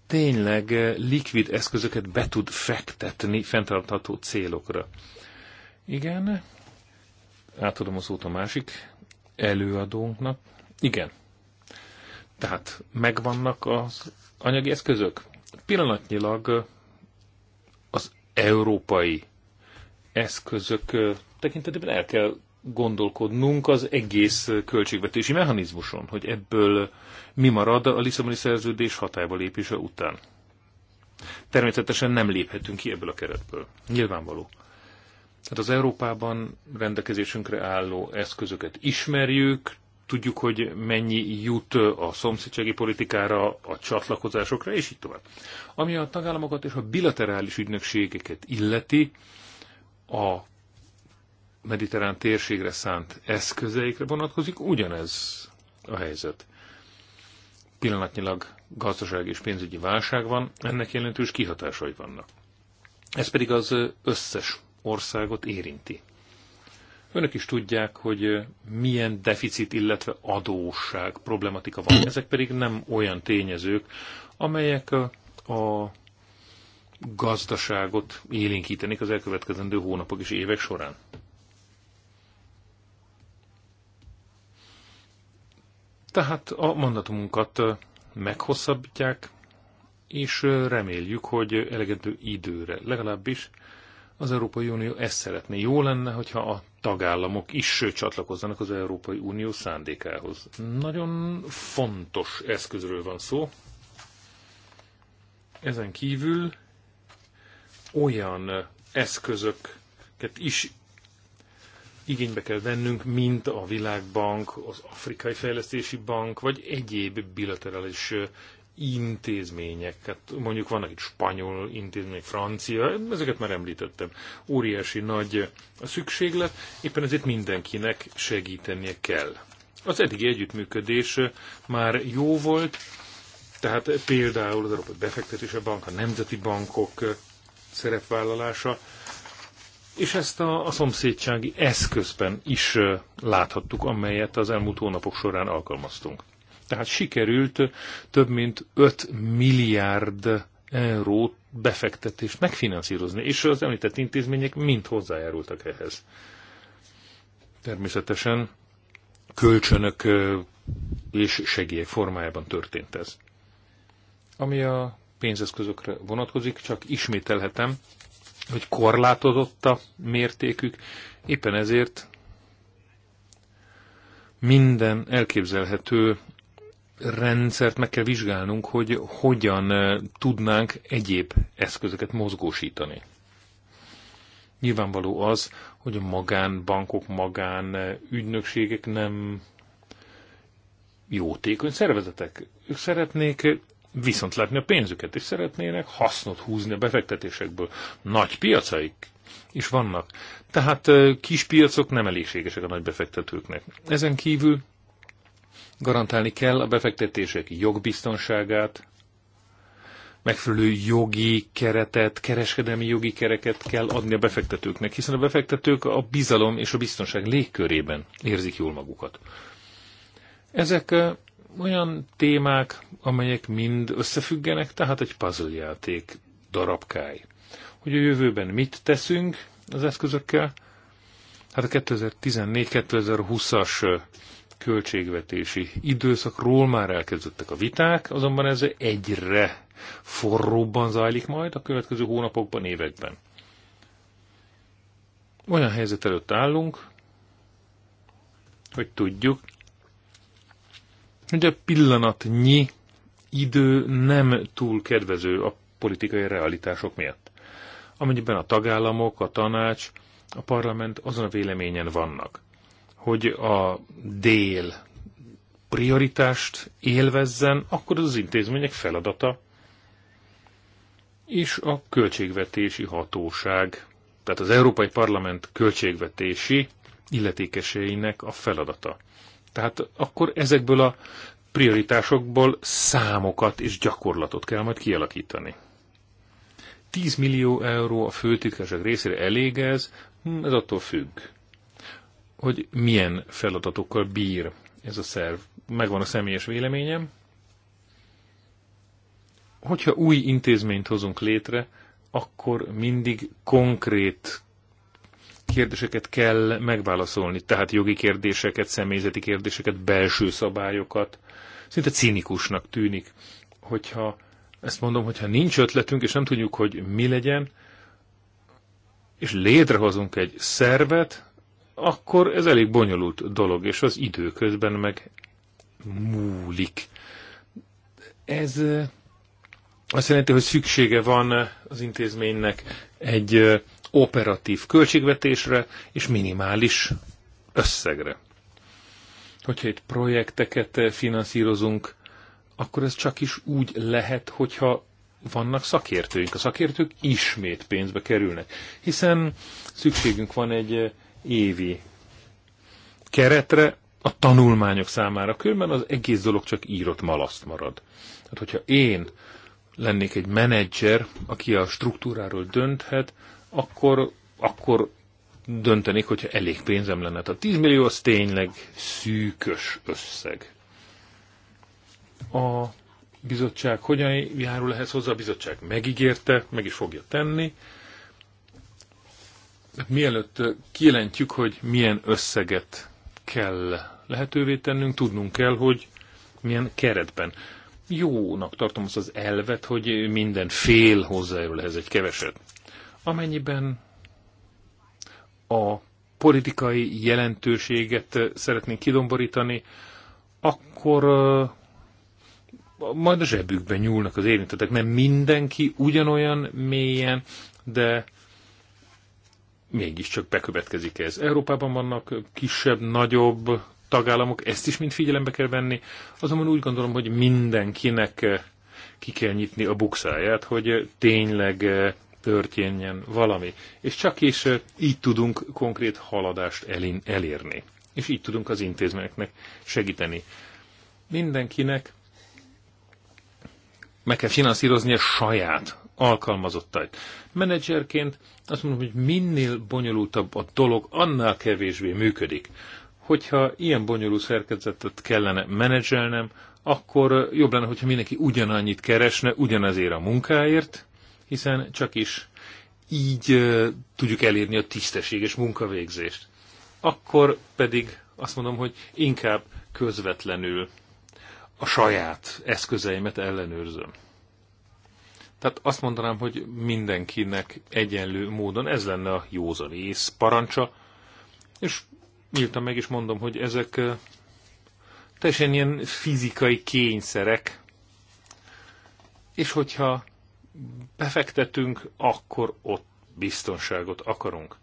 tényleg likvid eszközöket be tud fektetni fenntartható célokra. Igen, átadom a szót a másik előadónknak. Igen. Tehát megvannak az anyagi eszközök? Pillanatnyilag az európai eszközök tekintetében el kell gondolkodnunk az egész költségvetési mechanizmuson, hogy ebből mi marad a Lisszaboni szerződés hatályba lépése után. Természetesen nem léphetünk ki ebből a keretből. Nyilvánvaló. Hát az Európában rendelkezésünkre álló eszközöket ismerjük, tudjuk, hogy mennyi jut a szomszédsági politikára, a csatlakozásokra, és így tovább. Ami a tagállamokat és a bilaterális ügynökségeket illeti, a mediterrán térségre szánt eszközeikre vonatkozik, ugyanez a helyzet. Pillanatnyilag gazdasági és pénzügyi válság van, ennek jelentős kihatásai vannak. Ez pedig az összes országot érinti. Önök is tudják, hogy milyen deficit, illetve adósság problematika van. Ezek pedig nem olyan tényezők, amelyek a, a gazdaságot élénkítenik az elkövetkezendő hónapok és évek során. Tehát a mandatumunkat meghosszabbítják, és reméljük, hogy elegendő időre legalábbis az Európai Unió ezt szeretné. Jó lenne, hogyha a tagállamok is csatlakozzanak az Európai Unió szándékához. Nagyon fontos eszközről van szó. Ezen kívül olyan eszközöket is igénybe kell vennünk, mint a Világbank, az Afrikai Fejlesztési Bank, vagy egyéb bilaterális intézményeket. Hát mondjuk vannak itt spanyol intézmények, francia, ezeket már említettem. Óriási nagy a szükséglet, éppen ezért mindenkinek segítenie kell. Az eddigi együttműködés már jó volt, tehát például az Európai Befektetési Bank, a Nemzeti Bankok szerepvállalása, és ezt a, a szomszédsági eszközben is láthattuk, amelyet az elmúlt hónapok során alkalmaztunk. Tehát sikerült több mint 5 milliárd eurót befektetést megfinanszírozni, és az említett intézmények mind hozzájárultak ehhez. Természetesen kölcsönök és segélyek formájában történt ez. Ami a pénzeszközökre vonatkozik, csak ismételhetem, hogy korlátozott a mértékük, éppen ezért minden elképzelhető rendszert meg kell vizsgálnunk, hogy hogyan tudnánk egyéb eszközöket mozgósítani. Nyilvánvaló az, hogy a magánbankok, magán ügynökségek nem jótékony szervezetek. Ők szeretnék viszont látni a pénzüket, és szeretnének hasznot húzni a befektetésekből. Nagy piacaik is vannak. Tehát kis piacok nem elégségesek a nagy befektetőknek. Ezen kívül garantálni kell a befektetések jogbiztonságát, megfelelő jogi keretet, kereskedelmi jogi kereket kell adni a befektetőknek, hiszen a befektetők a bizalom és a biztonság légkörében érzik jól magukat. Ezek olyan témák, amelyek mind összefüggenek, tehát egy puzzlejáték darabkái. Hogy a jövőben mit teszünk az eszközökkel? Hát a 2014-2020-as költségvetési időszakról már elkezdődtek a viták, azonban ez egyre forróbban zajlik majd a következő hónapokban, években. Olyan helyzet előtt állunk, hogy tudjuk, hogy a pillanatnyi idő nem túl kedvező a politikai realitások miatt. Amennyiben a tagállamok, a tanács, a parlament azon a véleményen vannak, hogy a dél prioritást élvezzen, akkor az intézmények feladata és a költségvetési hatóság, tehát az Európai Parlament költségvetési illetékeseinek a feladata. Tehát akkor ezekből a prioritásokból számokat és gyakorlatot kell majd kialakítani. 10 millió euró a főtitkárság részére elég ez, hm, ez attól függ, hogy milyen feladatokkal bír ez a szerv. Megvan a személyes véleményem. Hogyha új intézményt hozunk létre, akkor mindig konkrét kérdéseket kell megválaszolni, tehát jogi kérdéseket, személyzeti kérdéseket, belső szabályokat. Szinte cinikusnak tűnik, hogyha ezt mondom, hogyha nincs ötletünk, és nem tudjuk, hogy mi legyen, és létrehozunk egy szervet, akkor ez elég bonyolult dolog, és az időközben meg múlik. Ez eh, azt jelenti, hogy szüksége van az intézménynek egy eh, operatív költségvetésre és minimális összegre. Hogyha itt projekteket eh, finanszírozunk, akkor ez csak is úgy lehet, hogyha vannak szakértőink. A szakértők ismét pénzbe kerülnek, hiszen szükségünk van egy eh, évi keretre a tanulmányok számára, különben az egész dolog csak írott malaszt marad. Tehát, hogyha én lennék egy menedzser, aki a struktúráról dönthet, akkor, akkor döntenék, hogyha elég pénzem lenne. Tehát 10 millió az tényleg szűkös összeg. A bizottság hogyan járul ehhez hozzá? A bizottság megígérte, meg is fogja tenni. Mielőtt kijelentjük, hogy milyen összeget kell lehetővé tennünk, tudnunk kell, hogy milyen keretben. Jónak tartom azt az elvet, hogy minden fél hozzájárul ehhez egy keveset. Amennyiben a politikai jelentőséget szeretnénk kidomborítani, akkor majd a zsebükben nyúlnak az érintettek. Nem mindenki ugyanolyan mélyen, de mégiscsak bekövetkezik ez. Európában vannak kisebb, nagyobb tagállamok, ezt is mind figyelembe kell venni. Azonban úgy gondolom, hogy mindenkinek ki kell nyitni a bukszáját, hogy tényleg történjen valami. És csak is így tudunk konkrét haladást elérni. És így tudunk az intézményeknek segíteni. Mindenkinek meg kell a saját alkalmazottait. Menedzserként azt mondom, hogy minél bonyolultabb a dolog, annál kevésbé működik. Hogyha ilyen bonyolult szerkezetet kellene menedzselnem, akkor jobb lenne, hogyha mindenki ugyanannyit keresne, ugyanezért a munkáért, hiszen csak is így tudjuk elérni a tisztességes munkavégzést. Akkor pedig azt mondom, hogy inkább közvetlenül a saját eszközeimet ellenőrzöm. Tehát azt mondanám, hogy mindenkinek egyenlő módon ez lenne a józan ész parancsa, és nyíltan meg is mondom, hogy ezek teljesen ilyen fizikai kényszerek, és hogyha befektetünk, akkor ott biztonságot akarunk.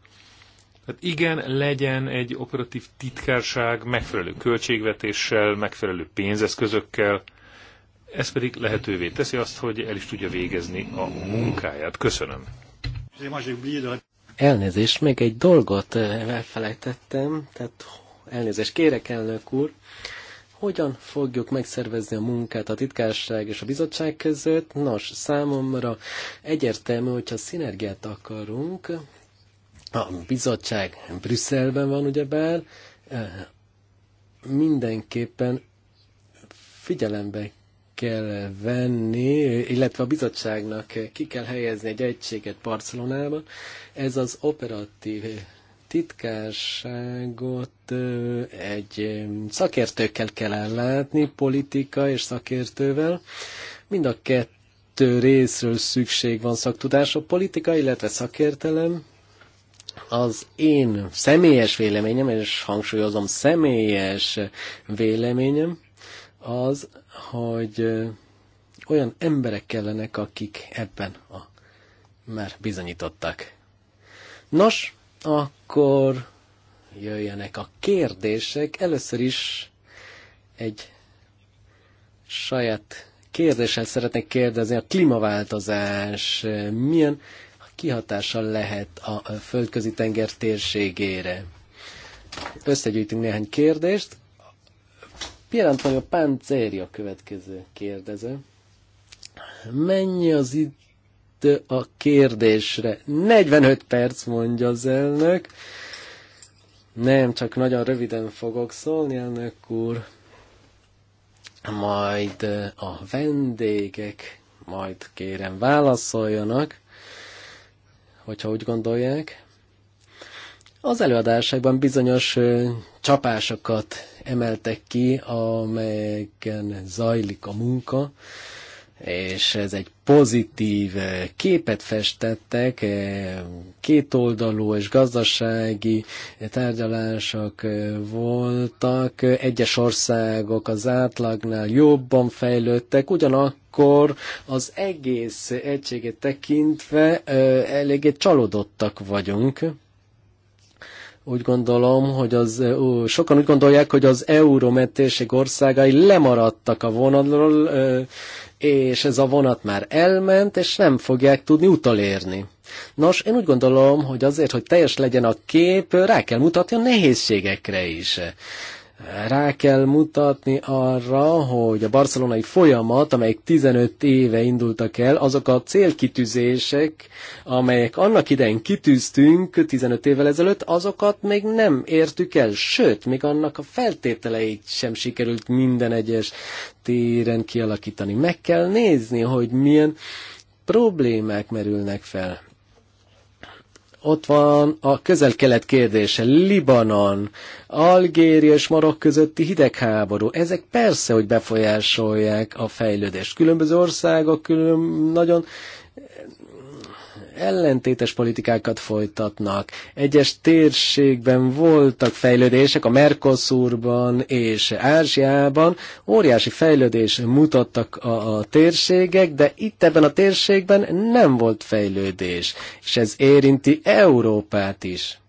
Tehát igen, legyen egy operatív titkárság megfelelő költségvetéssel, megfelelő pénzeszközökkel, ez pedig lehetővé teszi azt, hogy el is tudja végezni a munkáját. Köszönöm. Elnézést, még egy dolgot eh, elfelejtettem, tehát elnézést kérek, elnök úr. Hogyan fogjuk megszervezni a munkát a titkárság és a bizottság között? Nos, számomra egyértelmű, hogyha szinergiát akarunk, a bizottság Brüsszelben van ugyebár, eh, mindenképpen figyelembe kell venni, illetve a bizottságnak ki kell helyezni egy egységet Barcelonában. Ez az operatív titkárságot egy szakértőkkel kell ellátni, politika és szakértővel. Mind a kettő részről szükség van szaktudásra, politika, illetve szakértelem. Az én személyes véleményem, és hangsúlyozom személyes véleményem, az, hogy olyan emberek kellenek, akik ebben a már bizonyítottak. Nos, akkor jöjjenek a kérdések. Először is egy saját kérdéssel szeretnék kérdezni, a klímaváltozás milyen kihatással lehet a földközi tenger térségére? Összegyűjtünk néhány kérdést. Pierantonio a Pancéri a következő kérdező. Mennyi az a kérdésre. 45 perc, mondja az elnök. Nem, csak nagyon röviden fogok szólni, elnök úr. Majd eh, a vendégek, majd kérem válaszoljanak, hogyha úgy gondolják. Az előadásokban bizonyos eh, csapásokat emeltek ki, amelyeken zajlik a munka és ez egy pozitív eh, képet festettek, eh, kétoldalú és gazdasági eh, tárgyalások voltak, egyes országok az átlagnál jobban fejlődtek, ugyanakkor az egész egységet tekintve eléggé csalódottak vagyunk úgy gondolom, hogy az, ó, sokan úgy gondolják, hogy az eurometérség országai lemaradtak a vonalról, és ez a vonat már elment, és nem fogják tudni utalérni. Nos, én úgy gondolom, hogy azért, hogy teljes legyen a kép, rá kell mutatni a nehézségekre is rá kell mutatni arra, hogy a barcelonai folyamat, amelyik 15 éve indultak el, azok a célkitűzések, amelyek annak idején kitűztünk 15 évvel ezelőtt, azokat még nem értük el, sőt, még annak a feltételeit sem sikerült minden egyes téren kialakítani. Meg kell nézni, hogy milyen problémák merülnek fel ott van a közel-kelet kérdése, Libanon, Algéria és Marok közötti hidegháború. Ezek persze, hogy befolyásolják a fejlődést. Különböző országok külön nagyon ellentétes politikákat folytatnak. Egyes térségben voltak fejlődések, a Mercosurban és Ázsiában óriási fejlődés mutattak a, a térségek, de itt ebben a térségben nem volt fejlődés, és ez érinti Európát is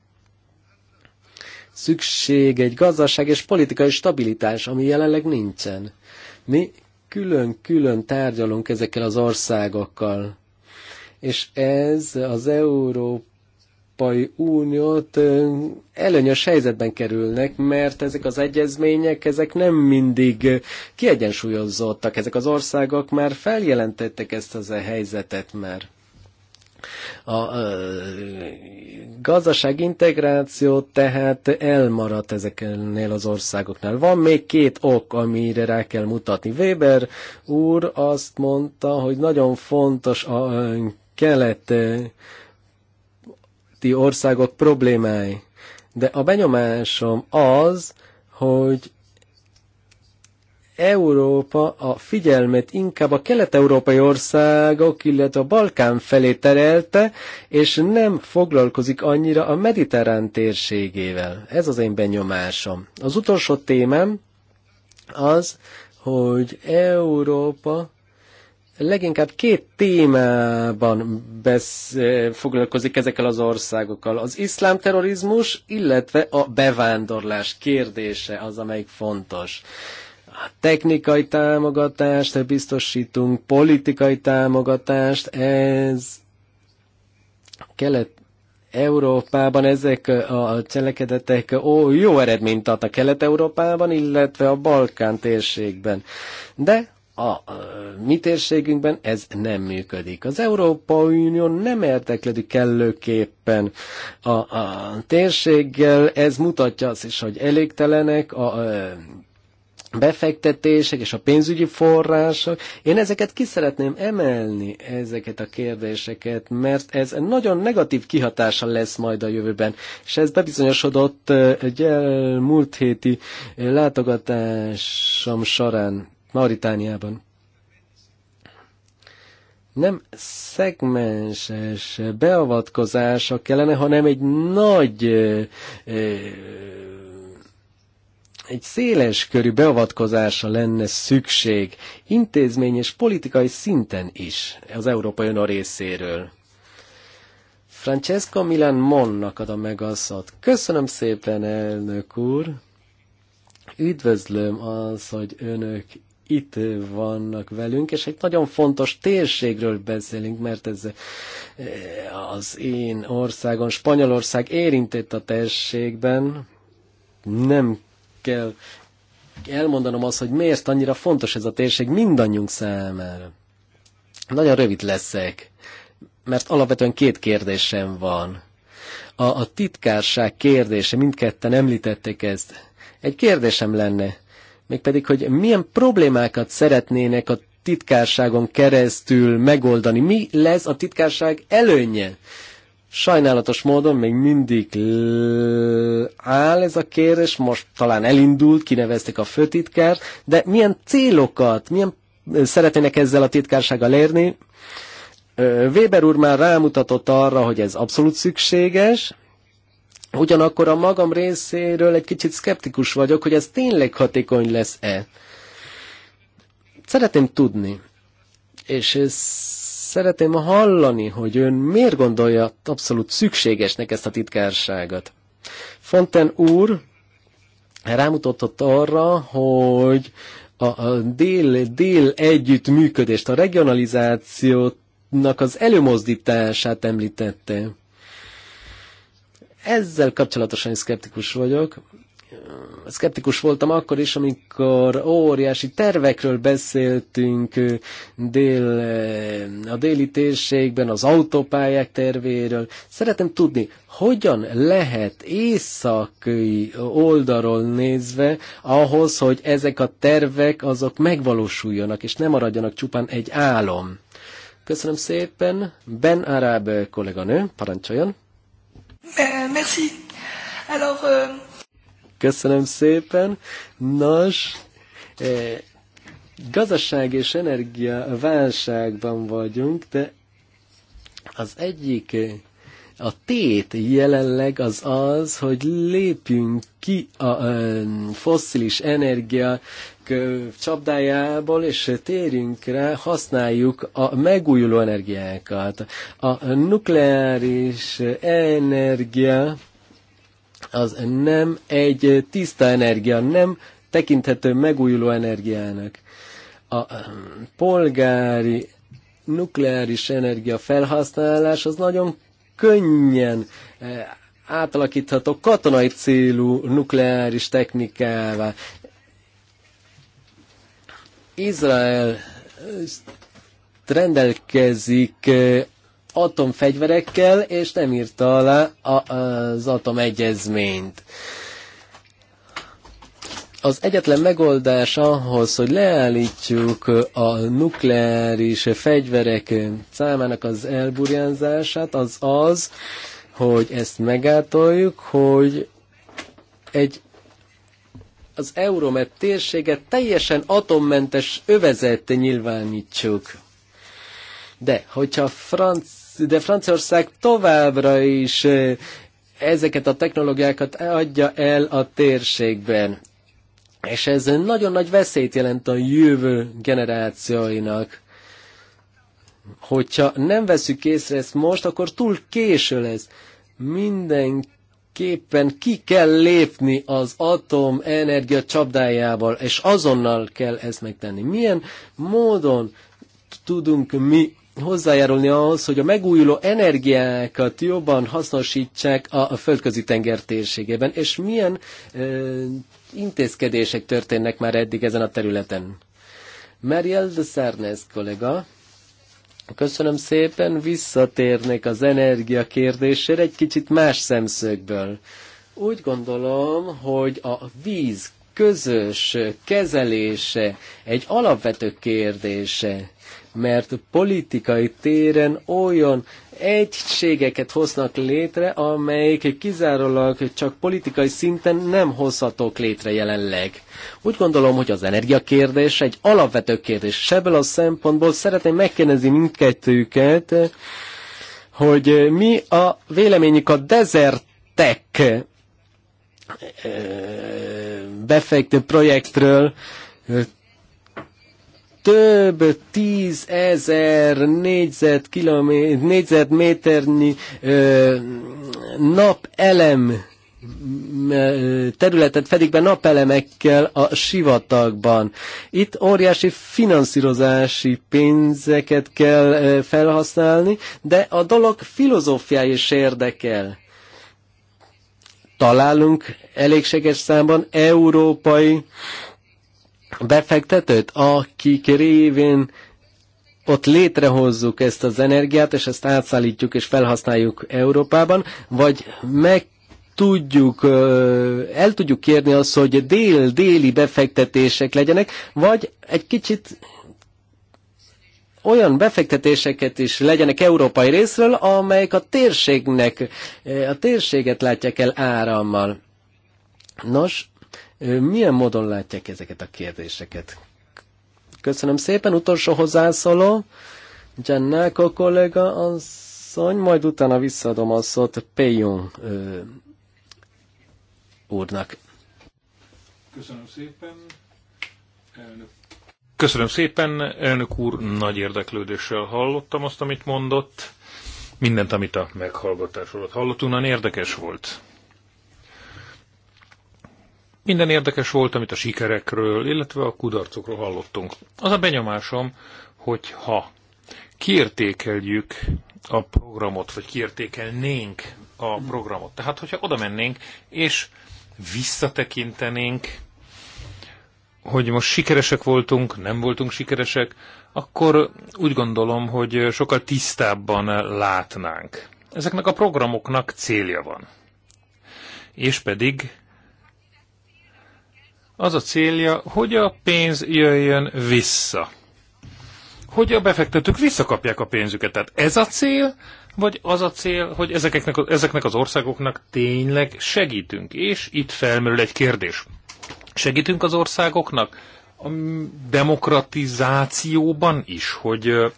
szükség egy gazdaság és politikai stabilitás, ami jelenleg nincsen. Mi külön-külön tárgyalunk ezekkel az országokkal és ez az Európai Uniót előnyös helyzetben kerülnek, mert ezek az egyezmények, ezek nem mindig kiegyensúlyozottak. Ezek az országok már feljelentettek ezt az e a helyzetet mert A, a gazdaság integráció tehát elmaradt ezeknél az országoknál. Van még két ok, amire rá kell mutatni. Weber úr azt mondta, hogy nagyon fontos a, a keleti országok problémái. De a benyomásom az, hogy Európa a figyelmet inkább a kelet-európai országok, illetve a Balkán felé terelte, és nem foglalkozik annyira a mediterrán térségével. Ez az én benyomásom. Az utolsó témám az, hogy Európa leginkább két témában besz, foglalkozik ezekkel az országokkal. Az iszlám terrorizmus, illetve a bevándorlás kérdése az, amelyik fontos. A technikai támogatást biztosítunk, politikai támogatást, ez kelet Európában ezek a cselekedetek ó, jó eredményt a Kelet-Európában, illetve a Balkán térségben. De a mi térségünkben ez nem működik. Az Európai Unió nem értekledik kellőképpen a, a térséggel, ez mutatja azt is, hogy elégtelenek a, a befektetések és a pénzügyi források. Én ezeket ki szeretném emelni, ezeket a kérdéseket, mert ez nagyon negatív kihatása lesz majd a jövőben. És ez bebizonyosodott egy múlt héti látogatásom során Mauritániában. Nem szegmenses beavatkozása kellene, hanem egy nagy, egy széles körű beavatkozása lenne szükség intézmény és politikai szinten is az Európai Unió részéről. Francesco Milan Monnak adom meg a szót. Köszönöm szépen, elnök úr! Üdvözlöm az, hogy önök itt vannak velünk, és egy nagyon fontos térségről beszélünk, mert ez eh, az én országon, Spanyolország érintett a térségben, nem kell elmondanom azt, hogy miért annyira fontos ez a térség mindannyiunk számára. Nagyon rövid leszek, mert alapvetően két kérdésem van. A, a titkárság kérdése, mindketten említették ezt. Egy kérdésem lenne, mégpedig, hogy milyen problémákat szeretnének a titkárságon keresztül megoldani. Mi lesz a titkárság előnye? Sajnálatos módon még mindig áll ez a kérdés, most talán elindult, kinevezték a főtitkárt, de milyen célokat, milyen szeretnének ezzel a titkársággal érni? Weber úr már rámutatott arra, hogy ez abszolút szükséges, Ugyanakkor a magam részéről egy kicsit szkeptikus vagyok, hogy ez tényleg hatékony lesz-e. Szeretném tudni, és szeretném hallani, hogy ön miért gondolja abszolút szükségesnek ezt a titkárságot. Fonten úr rámutatott arra, hogy a, dél, dél együttműködést, a regionalizációnak az előmozdítását említette. Ezzel kapcsolatosan is szkeptikus vagyok. Szkeptikus voltam akkor is, amikor óriási tervekről beszéltünk dél, a déli térségben, az autópályák tervéről. Szeretem tudni, hogyan lehet északi oldalról nézve ahhoz, hogy ezek a tervek azok megvalósuljanak, és nem maradjanak csupán egy álom. Köszönöm szépen. Ben Arab kolléganő, parancsoljon. Euh, merci. Alors, euh, Köszönöm szépen. Nos, eh, gazdaság és energia válságban vagyunk, de az egyik eh, a tét jelenleg az az, hogy lépjünk ki a eh, fosszilis energia csapdájából, és térjünk rá, használjuk a megújuló energiákat. A nukleáris energia az nem egy tiszta energia, nem tekinthető megújuló energiának. A polgári nukleáris energia felhasználás az nagyon könnyen átalakítható katonai célú nukleáris technikával Izrael eh, rendelkezik eh, atomfegyverekkel, és nem írta alá az atomegyezményt. Az egyetlen megoldás ahhoz, hogy leállítjuk a nukleáris fegyverek számának az elburjánzását, az az, hogy ezt megátoljuk, hogy egy az Euromed térséget teljesen atommentes övezette nyilvánítsuk. De, hogyha Franc de Franciaország továbbra is ezeket a technológiákat adja el a térségben. És ez nagyon nagy veszélyt jelent a jövő generációinak. Hogyha nem veszük észre ezt most, akkor túl késő lesz. Mindenki képpen ki kell lépni az atomenergia csapdájából, és azonnal kell ezt megtenni. Milyen módon tudunk mi hozzájárulni ahhoz, hogy a megújuló energiákat jobban hasznosítsák a, földközi tenger térségében, és milyen ö, intézkedések történnek már eddig ezen a területen. Mariel de Sarnes kollega Köszönöm szépen, visszatérnék az energia kérdésére egy kicsit más szemszögből. Úgy gondolom, hogy a víz közös kezelése egy alapvető kérdése mert politikai téren olyan egységeket hoznak létre, amelyek kizárólag csak politikai szinten nem hozhatók létre jelenleg. Úgy gondolom, hogy az energiakérdés egy alapvető kérdés. Ebből a szempontból szeretném megkérdezni mindkettőjüket, hogy mi a véleményük a desertek befektő projektről, több tízezer négyzetkilométer, négyzetméternyi ö, napelem területet fedik be napelemekkel a sivatagban. Itt óriási finanszírozási pénzeket kell felhasználni, de a dolog filozófiája is érdekel. Találunk elégséges számban európai befektetőt, akik révén ott létrehozzuk ezt az energiát, és ezt átszállítjuk és felhasználjuk Európában, vagy meg tudjuk, el tudjuk kérni azt, hogy dél-déli befektetések legyenek, vagy egy kicsit olyan befektetéseket is legyenek európai részről, amelyek a térségnek, a térséget látják el árammal. Nos, milyen módon látják ezeket a kérdéseket? Köszönöm szépen. Utolsó hozzászóló. a kollega asszony, majd utána visszaadom a szót Péjung úrnak. Köszönöm szépen, elnök. Köszönöm szépen, elnök úr, nagy érdeklődéssel hallottam azt, amit mondott. Mindent, amit a meghallgatás alatt hallottunk, nagyon érdekes volt. Minden érdekes volt, amit a sikerekről, illetve a kudarcokról hallottunk. Az a benyomásom, hogy ha kiértékeljük a programot, vagy kiértékelnénk a programot, tehát hogyha oda mennénk, és visszatekintenénk, hogy most sikeresek voltunk, nem voltunk sikeresek, akkor úgy gondolom, hogy sokkal tisztábban látnánk. Ezeknek a programoknak célja van. És pedig az a célja, hogy a pénz jöjjön vissza. Hogy a befektetők visszakapják a pénzüket. Tehát ez a cél, vagy az a cél, hogy ezeknek, ezeknek az országoknak tényleg segítünk. És itt felmerül egy kérdés. Segítünk az országoknak a demokratizációban is, hogy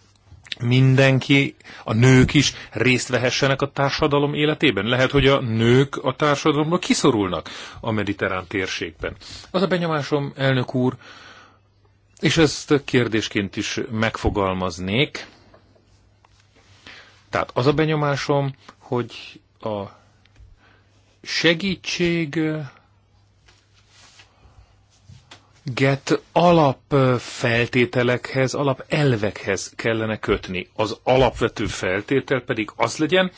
mindenki, a nők is részt vehessenek a társadalom életében. Lehet, hogy a nők a társadalomba kiszorulnak a mediterrán térségben. Az a benyomásom, elnök úr, és ezt kérdésként is megfogalmaznék. Tehát az a benyomásom, hogy a segítség get alapfeltételekhez, alapelvekhez kellene kötni. Az alapvető feltétel pedig az legyen,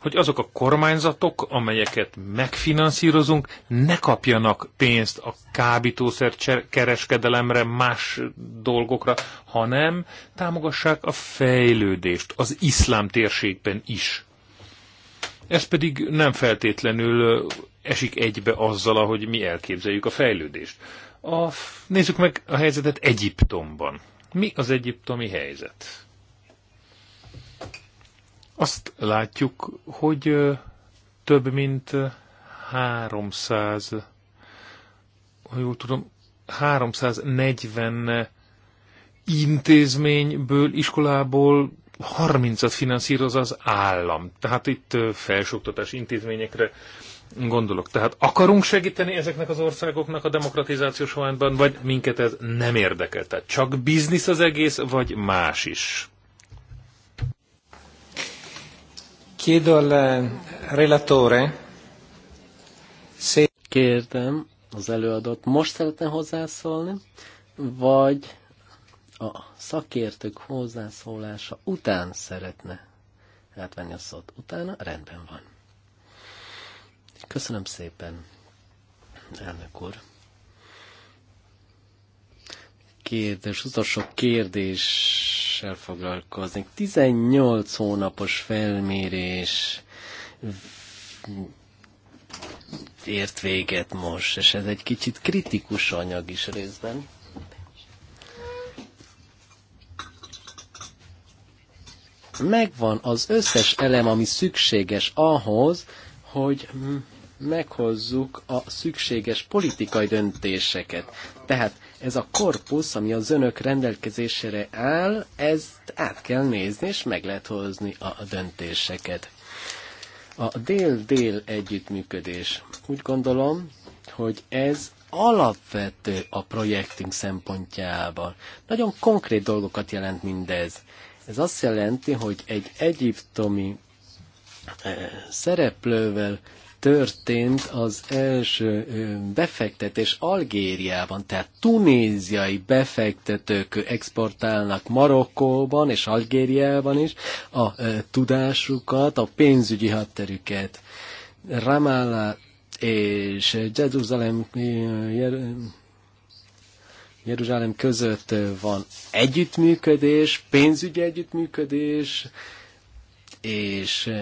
hogy azok a kormányzatok, amelyeket megfinanszírozunk, ne kapjanak pénzt a kábítószer kereskedelemre, más dolgokra, hanem támogassák a fejlődést az iszlám térségben is. Ez pedig nem feltétlenül esik egybe azzal, ahogy mi elképzeljük a fejlődést. A, nézzük meg a helyzetet Egyiptomban. Mi az egyiptomi helyzet? Azt látjuk, hogy több mint 300, ha jól tudom, 340 intézményből, iskolából 30-at finanszíroz az állam. Tehát itt felsőoktatási intézményekre, gondolok. Tehát akarunk segíteni ezeknek az országoknak a demokratizációs folyamban, vagy minket ez nem érdekel? Tehát csak biznisz az egész, vagy más is? Kérdem az előadót, most szeretne hozzászólni, vagy a szakértők hozzászólása után szeretne átvenni a szót. Utána rendben van. Köszönöm szépen, elnök úr. Kérdés, utolsó kérdéssel foglalkoznék. 18 hónapos felmérés ért véget most, és ez egy kicsit kritikus anyag is részben. Megvan az összes elem, ami szükséges ahhoz, hogy meghozzuk a szükséges politikai döntéseket. Tehát ez a korpusz, ami az önök rendelkezésére áll, ezt át kell nézni, és meg lehet hozni a döntéseket. A dél-dél együttműködés. Úgy gondolom, hogy ez alapvető a projektünk szempontjából. Nagyon konkrét dolgokat jelent mindez. Ez azt jelenti, hogy egy egyiptomi eh, szereplővel történt az első befektetés Algériában, tehát tunéziai befektetők exportálnak Marokkóban és Algériában is a tudásukat, a pénzügyi hadterüket. Ramallah és Jeruzsálem Jeruzsálem között van együttműködés, pénzügyi együttműködés, és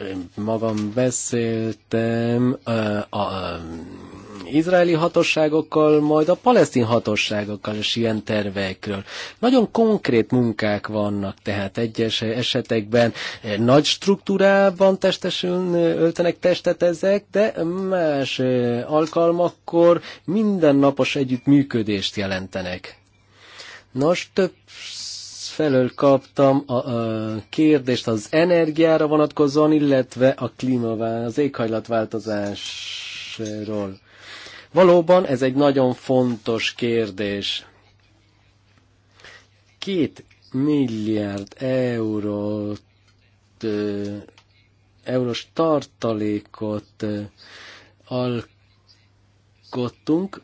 én magam beszéltem a, a, a izraeli hatóságokkal, majd a palesztin hatóságokkal és ilyen tervekről. Nagyon konkrét munkák vannak, tehát egyes esetekben nagy struktúrában testesül, öltenek testet ezek, de más alkalmakkor mindennapos együttműködést jelentenek. Nos, több felől kaptam a, a kérdést az energiára vonatkozóan, illetve a klímavá, az éghajlatváltozásról. Valóban ez egy nagyon fontos kérdés. Két milliárd eurót, eurós tartalékot alkottunk,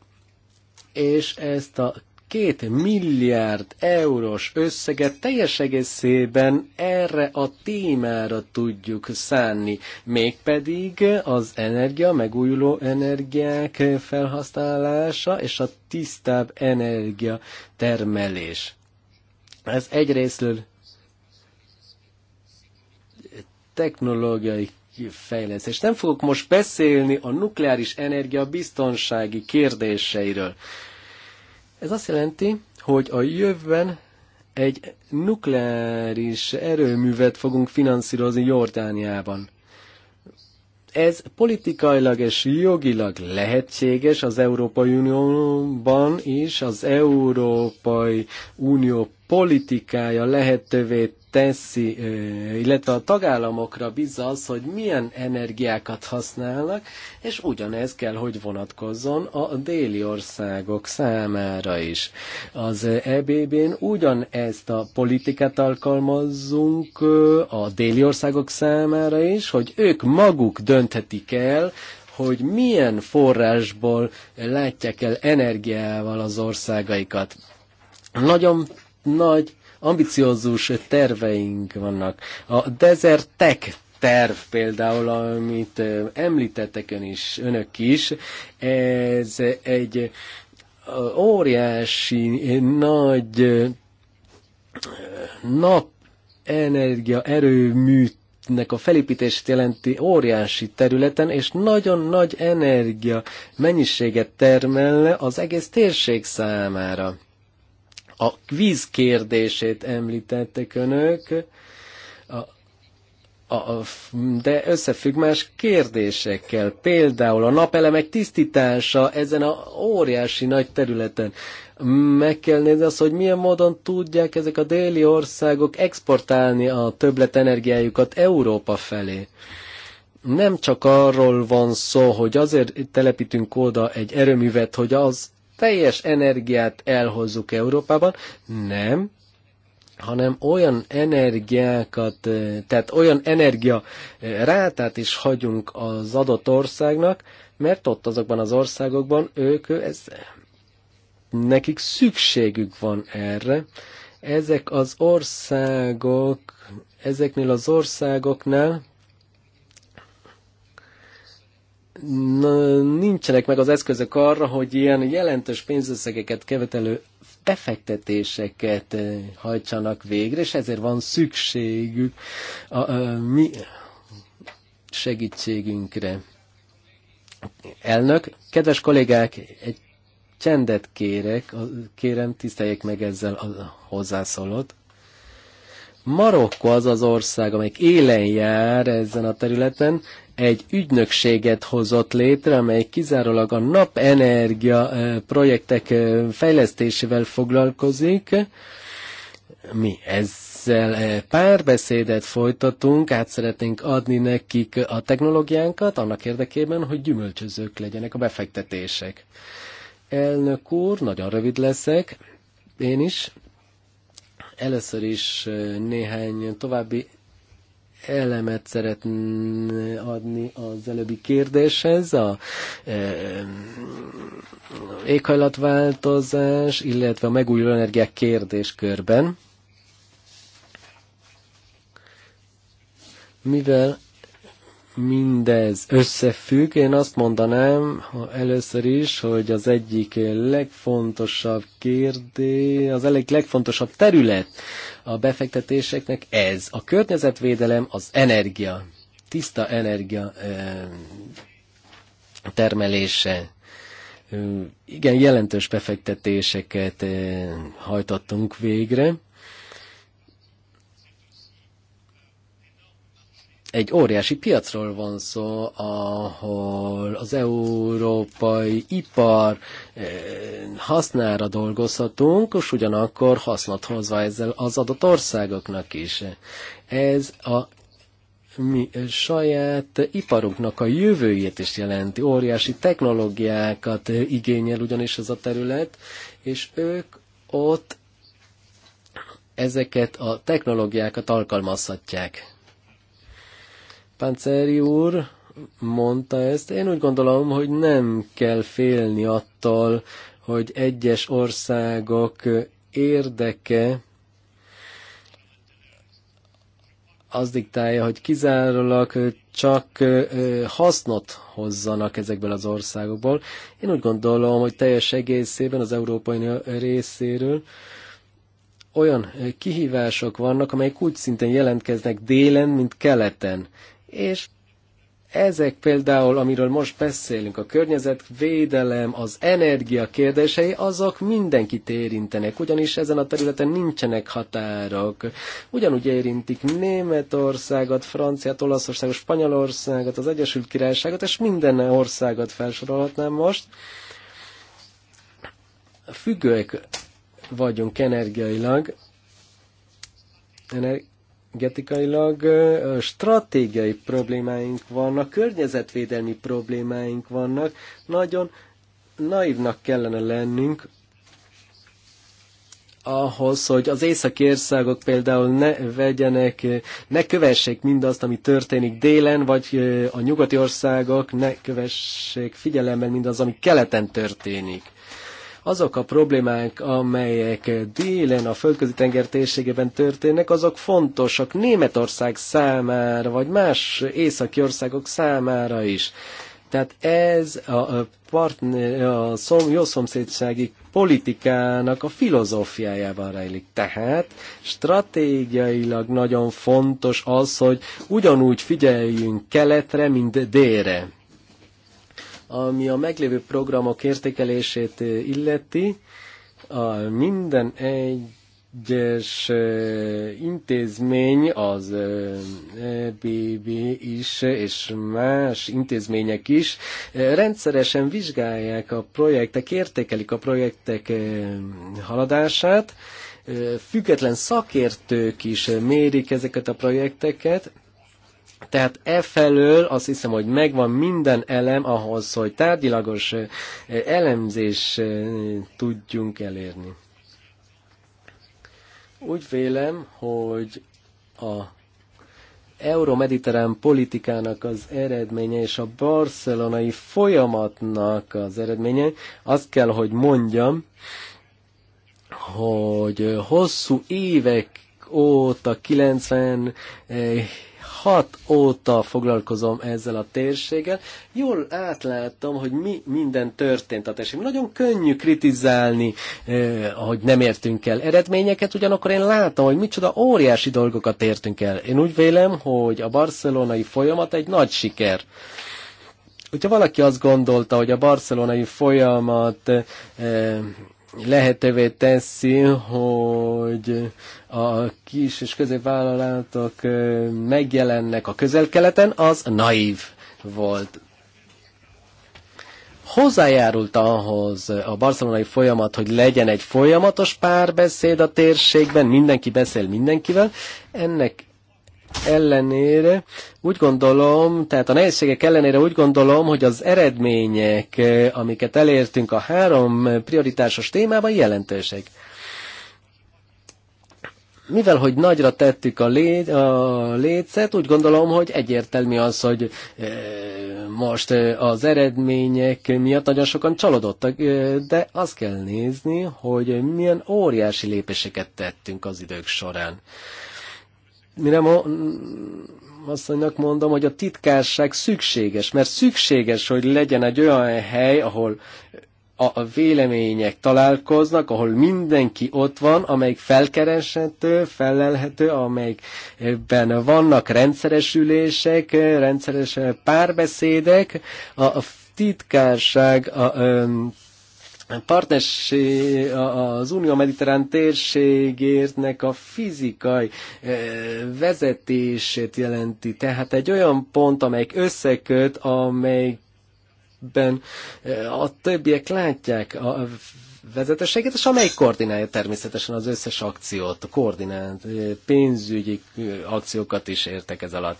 és ezt a két milliárd eurós összeget teljes egészében erre a témára tudjuk szánni, mégpedig az energia, megújuló energiák felhasználása és a tisztább energia termelés. Ez egyrésztről technológiai fejlesztés. Nem fogok most beszélni a nukleáris energia biztonsági kérdéseiről. Ez azt jelenti, hogy a jövőben egy nukleáris erőművet fogunk finanszírozni Jordániában. Ez politikailag és jogilag lehetséges az Európai Unióban is, az Európai Unió politikája lehetővé teszi, illetve a tagállamokra bízza az, hogy milyen energiákat használnak, és ugyanez kell, hogy vonatkozzon a déli országok számára is. Az EBB-n ugyanezt a politikát alkalmazzunk a déli országok számára is, hogy ők maguk dönthetik el, hogy milyen forrásból látják el energiával az országaikat. Nagyon nagy ambiciózus terveink vannak. A Desert Tech terv például, amit említettek ön is, önök is, ez egy óriási, nagy napenergia energia nek a felépítését jelenti óriási területen, és nagyon nagy energia mennyiséget termelne az egész térség számára. A víz kérdését említettek önök, a, a, de összefügg más kérdésekkel. Például a napelemek tisztítása ezen a óriási nagy területen. Meg kell nézni azt, hogy milyen módon tudják ezek a déli országok exportálni a többlet energiájukat Európa felé nem csak arról van szó, hogy azért telepítünk oda egy erőművet, hogy az teljes energiát elhozzuk Európában, nem, hanem olyan energiákat, eh, tehát olyan energia eh, rátát is hagyunk az adott országnak, mert ott azokban az országokban ők, ez, nekik szükségük van erre. Ezek az országok, ezeknél az országoknál nincsenek meg az eszközök arra, hogy ilyen jelentős pénzösszegeket követelő befektetéseket eh, hajtsanak végre, és ezért van szükségük a, a, a mi segítségünkre. Elnök, kedves kollégák, egy csendet kérek, kérem tiszteljék meg ezzel a hozzászólót. Marokko az az ország, amelyik élen jár ezen a területen, egy ügynökséget hozott létre, amely kizárólag a napenergia projektek fejlesztésével foglalkozik. Mi ezzel párbeszédet folytatunk, át szeretnénk adni nekik a technológiánkat annak érdekében, hogy gyümölcsözők legyenek a befektetések. Elnök úr, nagyon rövid leszek, én is. Először is néhány további elemet szeretné adni az előbbi kérdéshez, a e, éghajlatváltozás, illetve a megújuló energiák kérdéskörben. Mivel mindez összefügg, én azt mondanám először is, hogy az egyik legfontosabb kérdés, az egyik legfontosabb terület a befektetéseknek ez. A környezetvédelem az energia, tiszta energia termelése. Igen, jelentős befektetéseket hajtottunk végre egy óriási piacról van szó, ahol az európai ipar eh, hasznára dolgozhatunk, és ugyanakkor hasznot hozva ezzel az adott országoknak is. Ez a mi saját iparunknak a jövőjét is jelenti. Óriási technológiákat igényel ugyanis ez a terület, és ők ott ezeket a technológiákat alkalmazhatják Panceri úr mondta ezt. Én úgy gondolom, hogy nem kell félni attól, hogy egyes országok érdeke az diktálja, hogy kizárólag csak hasznot hozzanak ezekből az országokból. Én úgy gondolom, hogy teljes egészében az Európai részéről olyan kihívások vannak, amelyek úgy szintén jelentkeznek délen, mint keleten és ezek például, amiről most beszélünk, a környezetvédelem, az energia kérdései, azok mindenkit érintenek, ugyanis ezen a területen nincsenek határok. Ugyanúgy érintik Németországot, Franciát, Olaszországot, Spanyolországot, az Egyesült Királyságot, és minden országot felsorolhatnám most. Függőek vagyunk energiailag, ener- energetikailag stratégiai problémáink vannak, környezetvédelmi problémáink vannak, nagyon naívnak kellene lennünk ahhoz, hogy az északi országok például ne vegyenek, ne kövessék mindazt, ami történik délen, vagy a nyugati országok ne kövessék figyelemmel mindazt, ami keleten történik azok a problémák, amelyek délen a földközi tenger térségében történnek, azok fontosak Németország számára, vagy más északi országok számára is. Tehát ez a, partner, a szom, jó szomszédsági politikának a filozófiájában rejlik. Tehát stratégiailag nagyon fontos az, hogy ugyanúgy figyeljünk keletre, mint délre. Ami a meglévő programok értékelését illeti, a minden egyes intézmény, az EBB is, és más intézmények is rendszeresen vizsgálják a projektek, értékelik a projektek haladását, független szakértők is mérik ezeket a projekteket, tehát e felől azt hiszem, hogy megvan minden elem ahhoz, hogy tárgyilagos elemzés tudjunk elérni. Úgy vélem, hogy a euromediterrán politikának az eredménye és a barcelonai folyamatnak az eredménye, azt kell, hogy mondjam, hogy hosszú évek óta, 90 2006 óta foglalkozom ezzel a térséggel. Jól átláttam, hogy mi minden történt a térségben. Nagyon könnyű kritizálni, eh, hogy nem értünk el eredményeket, ugyanakkor én látom, hogy micsoda óriási dolgokat értünk el. Én úgy vélem, hogy a barcelonai folyamat egy nagy siker hogyha valaki azt gondolta, hogy a barcelonai folyamat eh, lehetővé teszi, hogy a kis és középvállalatok megjelennek a közelkeleten, az naív volt. Hozzájárult ahhoz a barcelonai folyamat, hogy legyen egy folyamatos párbeszéd a térségben, mindenki beszél mindenkivel. Ennek ellenére úgy gondolom, tehát a nehézségek ellenére úgy gondolom, hogy az eredmények, amiket elértünk a három prioritásos témában jelentősek mivel hogy nagyra tettük a, lé, a lécet, úgy gondolom, hogy egyértelmű az, hogy e, most e, az eredmények miatt nagyon sokan csalódottak, e, de azt kell nézni, hogy milyen óriási lépéseket tettünk az idők során. Mire mo- asszonynak mondom, hogy a titkárság szükséges, mert szükséges, hogy legyen egy olyan hely, ahol a vélemények találkoznak, ahol mindenki ott van, amelyik felkereshető, felelhető, amelyikben vannak rendszeres ülések, rendszeres eh, párbeszédek, a titkárság, a, a partnersé, az Unió Mediterrán térségértnek a fizikai eh, vezetését jelenti. Tehát egy olyan pont, amelyik összeköt, amelyik amelyikben a többiek látják a vezetességet, és amely koordinálja természetesen az összes akciót, koordinált pénzügyi akciókat is értek ez alatt.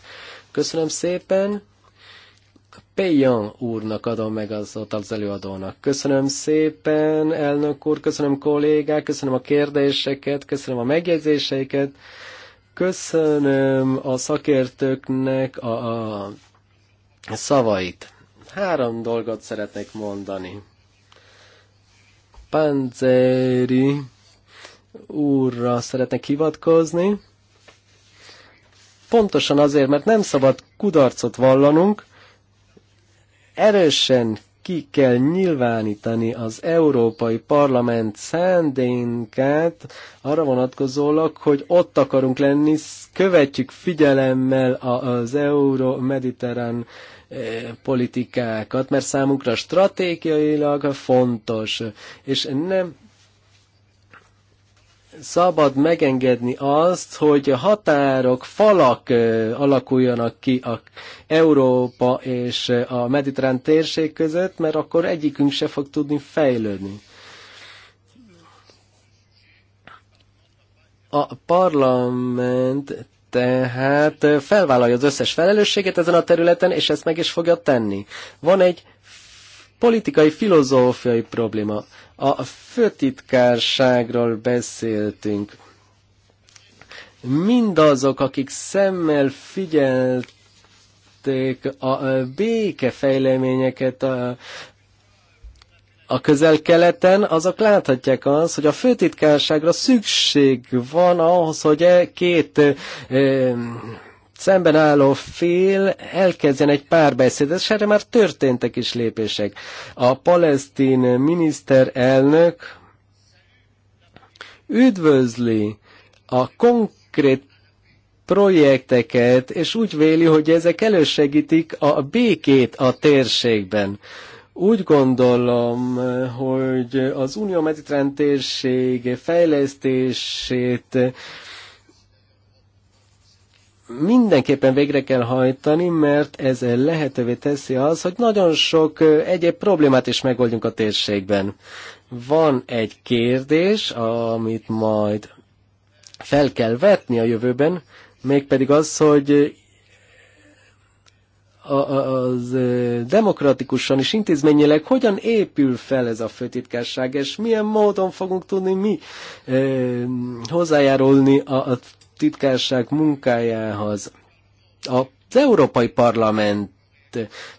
Köszönöm szépen! Payan úrnak adom meg az ott az előadónak. Köszönöm szépen, elnök úr, köszönöm kollégák, köszönöm a kérdéseket, köszönöm a megjegyzéseiket, köszönöm a szakértőknek a, a szavait. Három dolgot szeretnék mondani. Panzeri úrra szeretnék hivatkozni. Pontosan azért, mert nem szabad kudarcot vallanunk, erősen ki kell nyilvánítani az Európai Parlament szándénkát arra vonatkozólag, hogy ott akarunk lenni, követjük figyelemmel az euró-mediterrán eh, politikákat, mert számunkra stratégiailag fontos, és nem szabad megengedni azt, hogy a határok, falak alakuljanak ki a Európa és a mediterrán térség között, mert akkor egyikünk se fog tudni fejlődni. A parlament tehát felvállalja az összes felelősséget ezen a területen, és ezt meg is fogja tenni. Van egy politikai, filozófiai probléma. A főtitkárságról beszéltünk. Mindazok, akik szemmel figyelték a békefejleményeket a, a közel-keleten, azok láthatják azt, hogy a főtitkárságra szükség van ahhoz, hogy e két... E, szemben álló fél elkezdjen egy párbeszéd, és erre már történtek is lépések. A palesztin miniszterelnök üdvözli a konkrét projekteket, és úgy véli, hogy ezek elősegítik a békét a térségben. Úgy gondolom, hogy az Unió Mediterrán térség fejlesztését mindenképpen végre kell hajtani, mert ez lehetővé teszi az, hogy nagyon sok egyéb problémát is megoldjunk a térségben. Van egy kérdés, amit majd fel kell vetni a jövőben, mégpedig az, hogy az demokratikusan és intézményileg hogyan épül fel ez a főtitkárság, és milyen módon fogunk tudni mi hozzájárulni a titkárság munkájához. Az Európai Parlament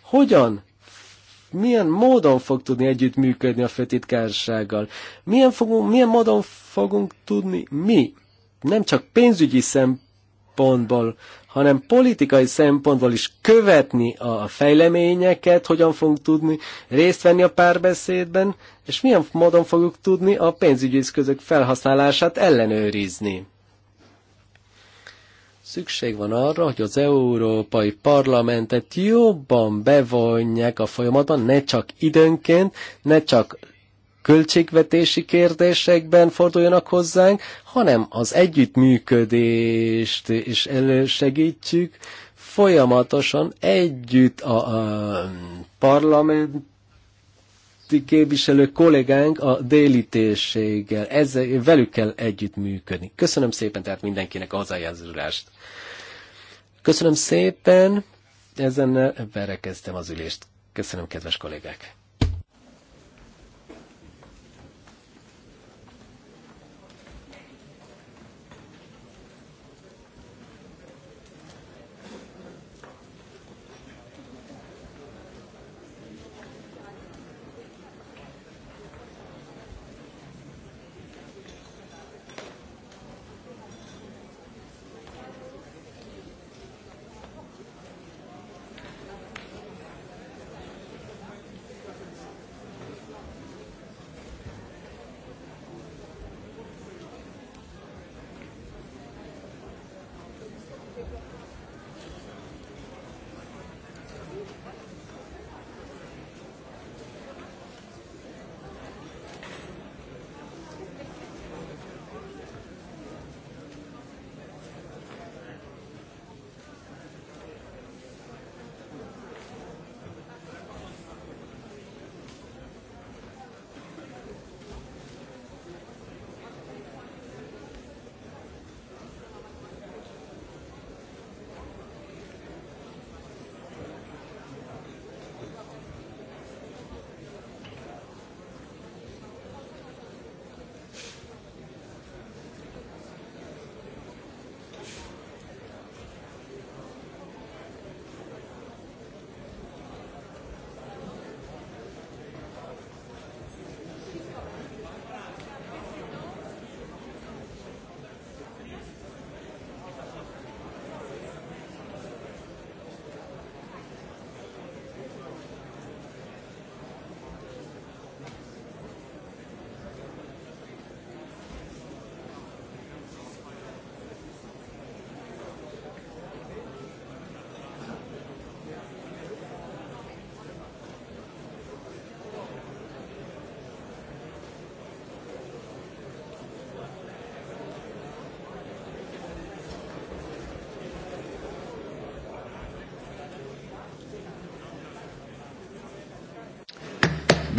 hogyan milyen módon fog tudni együttműködni a főtitkársággal? Milyen, fogunk, milyen módon fogunk tudni mi? Nem csak pénzügyi szempontból, hanem politikai szempontból is követni a fejleményeket, hogyan fogunk tudni részt venni a párbeszédben, és milyen módon fogjuk tudni a pénzügyi eszközök felhasználását ellenőrizni. Szükség van arra, hogy az Európai Parlamentet jobban bevonják a folyamatban, ne csak időnként, ne csak költségvetési kérdésekben forduljanak hozzánk, hanem az együttműködést is elősegítjük, folyamatosan együtt a, a parlament képviselő kollégánk a déli térséggel. Ezzel, velük kell együttműködni. Köszönöm szépen tehát mindenkinek a hazajázulást. Köszönöm szépen, ezen verekeztem az ülést. Köszönöm, kedves kollégák!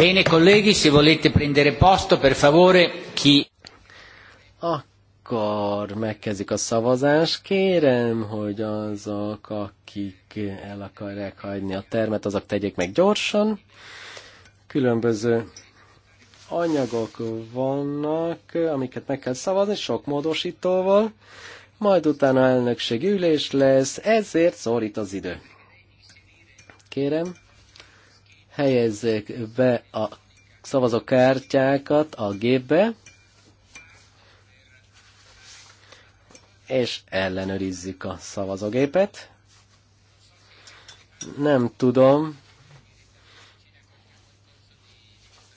Bene, colleghi, se volete prendere posto, per favore, chi... Akkor megkezdik a szavazás. Kérem, hogy azok, akik el akarják hagyni a termet, azok tegyék meg gyorsan. Különböző anyagok vannak, amiket meg kell szavazni, sok módosítóval, majd utána elnökség ülés lesz, ezért szorít az idő. Kérem, helyezzék be a szavazókártyákat a gépbe, és ellenőrizzük a szavazógépet. Nem tudom.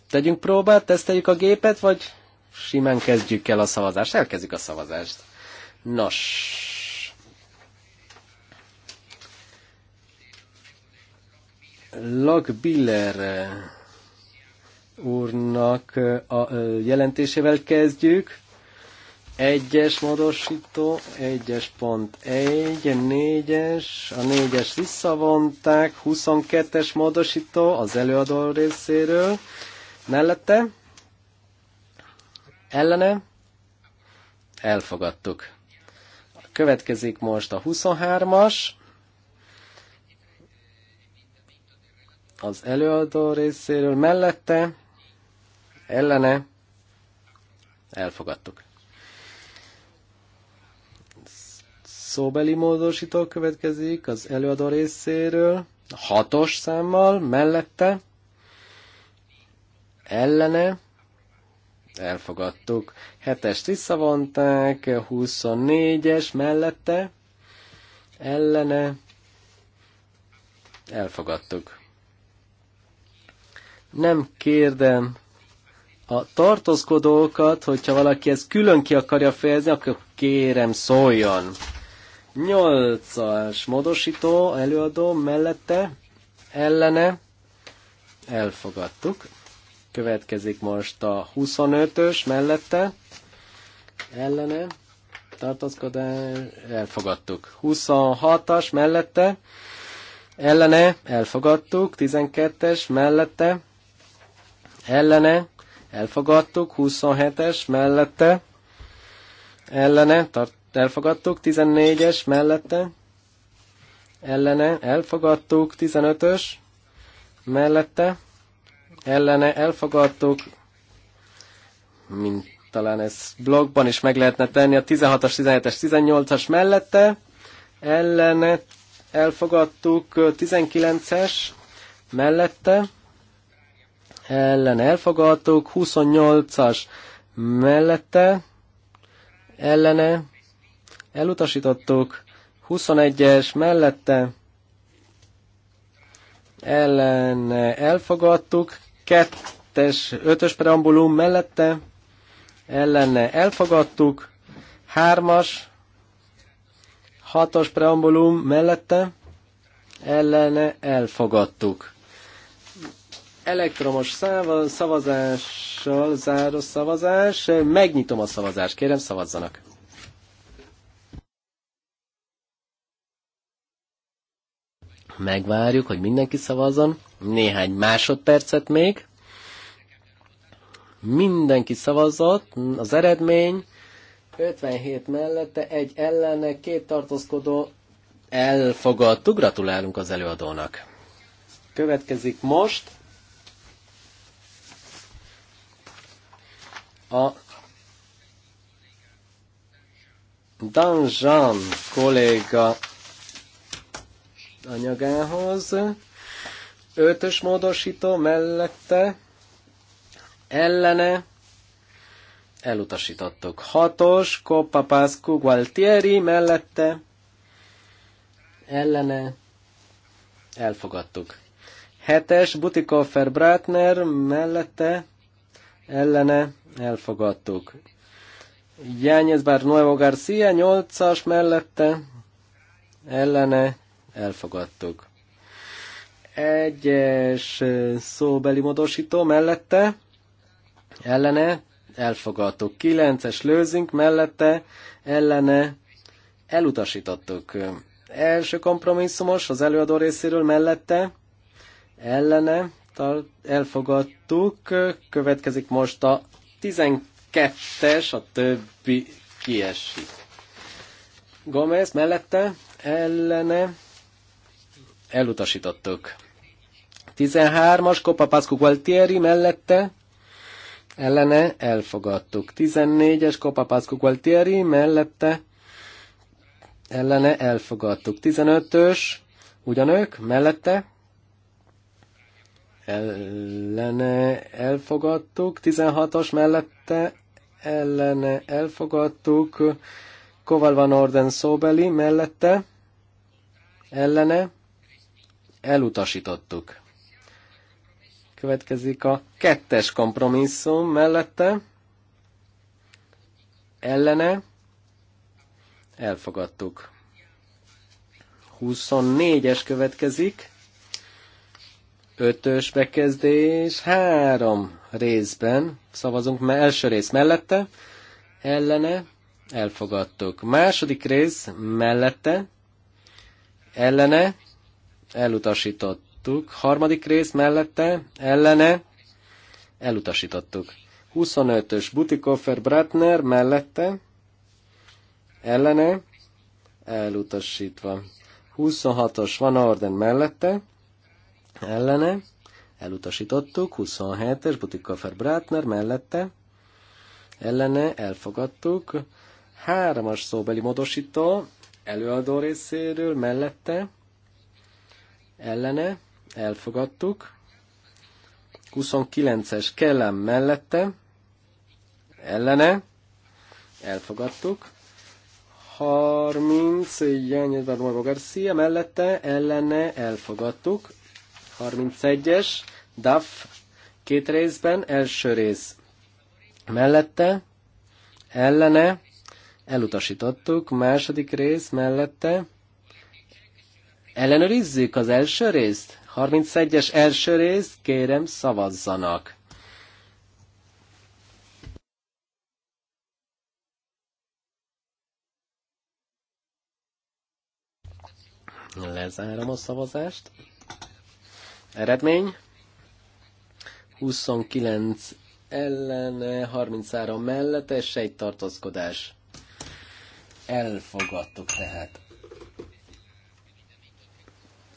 Tegyünk próbát, teszteljük a gépet, vagy simán kezdjük el a szavazást? Elkezdjük a szavazást. Nos, Lagbiller eh, úrnak eh, a eh, jelentésével kezdjük. Egyes módosító, egyes pont egy, négyes, a négyes visszavonták, 22-es módosító az előadó részéről. Mellette? Ellene? Elfogadtuk. Következik most a 23-as az előadó részéről mellette, ellene, elfogadtuk. Szóbeli módosító következik az előadó részéről, hatos számmal, mellette, ellene, elfogadtuk. Hetest visszavonták, 24-es mellette, ellene, elfogadtuk nem kérdem a tartózkodókat, hogyha valaki ezt külön ki akarja fejezni, akkor kérem szóljon. Nyolcas módosító előadó mellette, ellene, elfogadtuk. Következik most a 25-ös mellette, ellene, tartózkodás, elfogadtuk. 26-as mellette, ellene, elfogadtuk. 12-es mellette, ellene, elfogadtuk, 27-es mellette, ellene, tart, elfogadtuk, 14-es mellette, ellene, elfogadtuk, 15-ös mellette, ellene, elfogadtuk, mint talán ez blogban is meg lehetne tenni, a 16-as, 17-es, 18-as mellette, ellene, elfogadtuk, 19-es mellette, ellen elfogadtuk, 28-as mellette, ellene, elutasítottuk, 21-es mellette, ellene elfogadtuk, 2-es, 5-ös preambulum mellette, ellene elfogadtuk, 3-as, 6-os preambulum mellette, ellene elfogadtuk elektromos szavazással záró szavazás. Megnyitom a szavazást, kérem szavazzanak. Megvárjuk, hogy mindenki szavazzon. Néhány másodpercet még. Mindenki szavazott. Az eredmény 57 mellette, egy ellene, két tartózkodó elfogadtuk. Gratulálunk az előadónak. Következik most A Danzsan kolléga anyagához, ötös módosító mellette, ellene, elutasítottuk. Hatos, Coppa Pascu Gualtieri mellette, ellene, elfogadtuk. Hetes, Butikoffer Bratner mellette, ellene elfogadtuk. Jányez Nuevo Garcia 8-as mellette ellene elfogadtuk. Egyes szóbeli modosító mellette ellene elfogadtuk. 9-es lőzünk mellette ellene elutasítottuk. Első kompromisszumos az előadó részéről mellette ellene elfogadtuk. Következik most a 12-es, a többi kiesik. Gomez mellette, ellene, elutasítottuk. 13-as, Copa Pascu Gualtieri mellette, ellene, elfogadtuk. 14-es, Copa Pascu Gualtieri mellette, ellene, elfogadtuk. 15-ös, ugyanők, mellette, ellene elfogadtuk, 16-os mellette ellene elfogadtuk, Koval van Orden szóbeli mellette ellene elutasítottuk. Következik a kettes kompromisszum mellette ellene elfogadtuk. 24-es következik Ötös bekezdés, három részben szavazunk, mert első rész mellette, ellene, elfogadtuk. Második rész mellette, ellene, elutasítottuk. Harmadik rész mellette, ellene, elutasítottuk. 25-ös Butikoffer Bratner mellette, ellene, elutasítva. 26-os Van Orden mellette, ellene, elutasítottuk, 27-es Butikaffer Brátner mellette, ellene, elfogadtuk, hármas szóbeli módosító, előadó részéről mellette, ellene, elfogadtuk, 29-es kellem mellette, ellene, elfogadtuk, 30 Jányi Eduardo Garcia mellette, ellene, elfogadtuk, 31-es, DAF két részben, első rész mellette, ellene, elutasítottuk, második rész mellette, ellenőrizzük az első részt, 31-es első részt, kérem szavazzanak. Lezárom a szavazást. Eredmény 29 ellen, 33 mellette, és egy tartózkodás. Elfogadtuk tehát.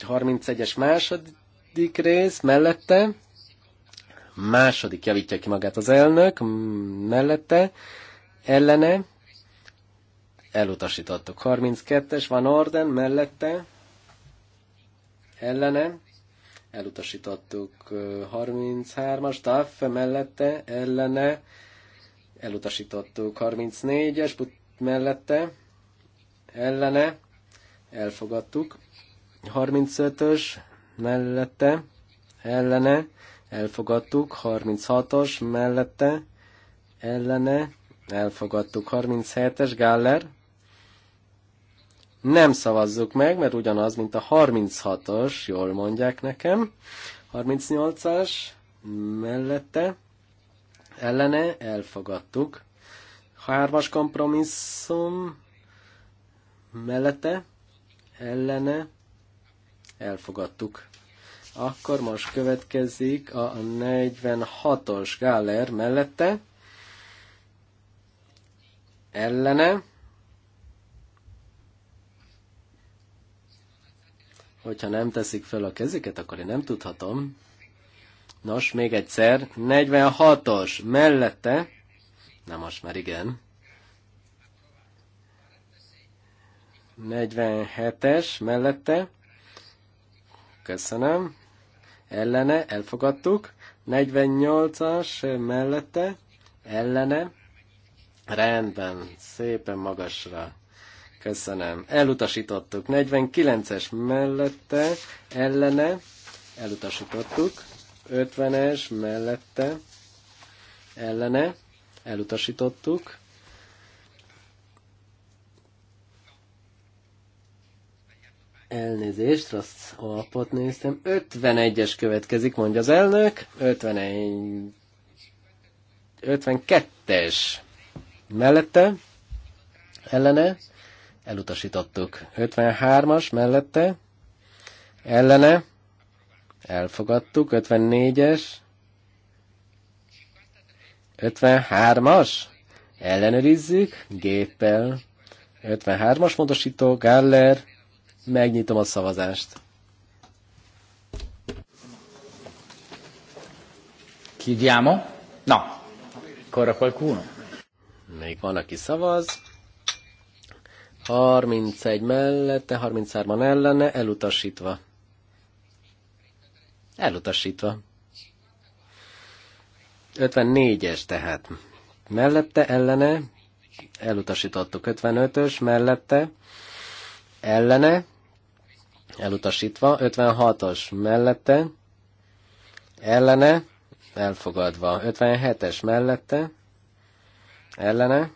31-es második rész mellette. Második javítja ki magát az elnök, mellette, ellene, elutasítottuk. 32-es van Orden, mellette, ellene, elutasítottuk 33-as TAF mellette, ellene, elutasítottuk 34-es mellette, ellene, elfogadtuk, 35-ös mellette, ellene, elfogadtuk, 36-os mellette, ellene, elfogadtuk, 37-es Galler nem szavazzuk meg, mert ugyanaz, mint a 36-os, jól mondják nekem, 38-as mellette, ellene elfogadtuk. Hármas kompromisszum mellette, ellene elfogadtuk. Akkor most következik a 46-os Gáler mellette, ellene, Hogyha nem teszik fel a kezüket, akkor én nem tudhatom. Nos, még egyszer, 46-os mellette, na most már igen, 47-es mellette, köszönöm, ellene, elfogadtuk, 48-as mellette, ellene, rendben, szépen magasra Köszönöm. Elutasítottuk. 49-es mellette, ellene, elutasítottuk. 50-es mellette, ellene, elutasítottuk. Elnézést, rossz alapot néztem. 51-es következik, mondja az elnök. 51... 52-es mellette, ellene, elutasítottuk. 53-as mellette, ellene, elfogadtuk. 54-es, 53-as, ellenőrizzük, géppel. 53-as módosító, Galler, megnyitom a szavazást. Chiudiamo? No. Ancora qualcuno? Még van, aki szavaz. 31 mellette, 33-an ellene, elutasítva. Elutasítva. 54-es tehát. Mellette, ellene, elutasítottuk. 55-ös, mellette, ellene, elutasítva. 56-os, mellette, ellene, elfogadva. 57-es, mellette, ellene,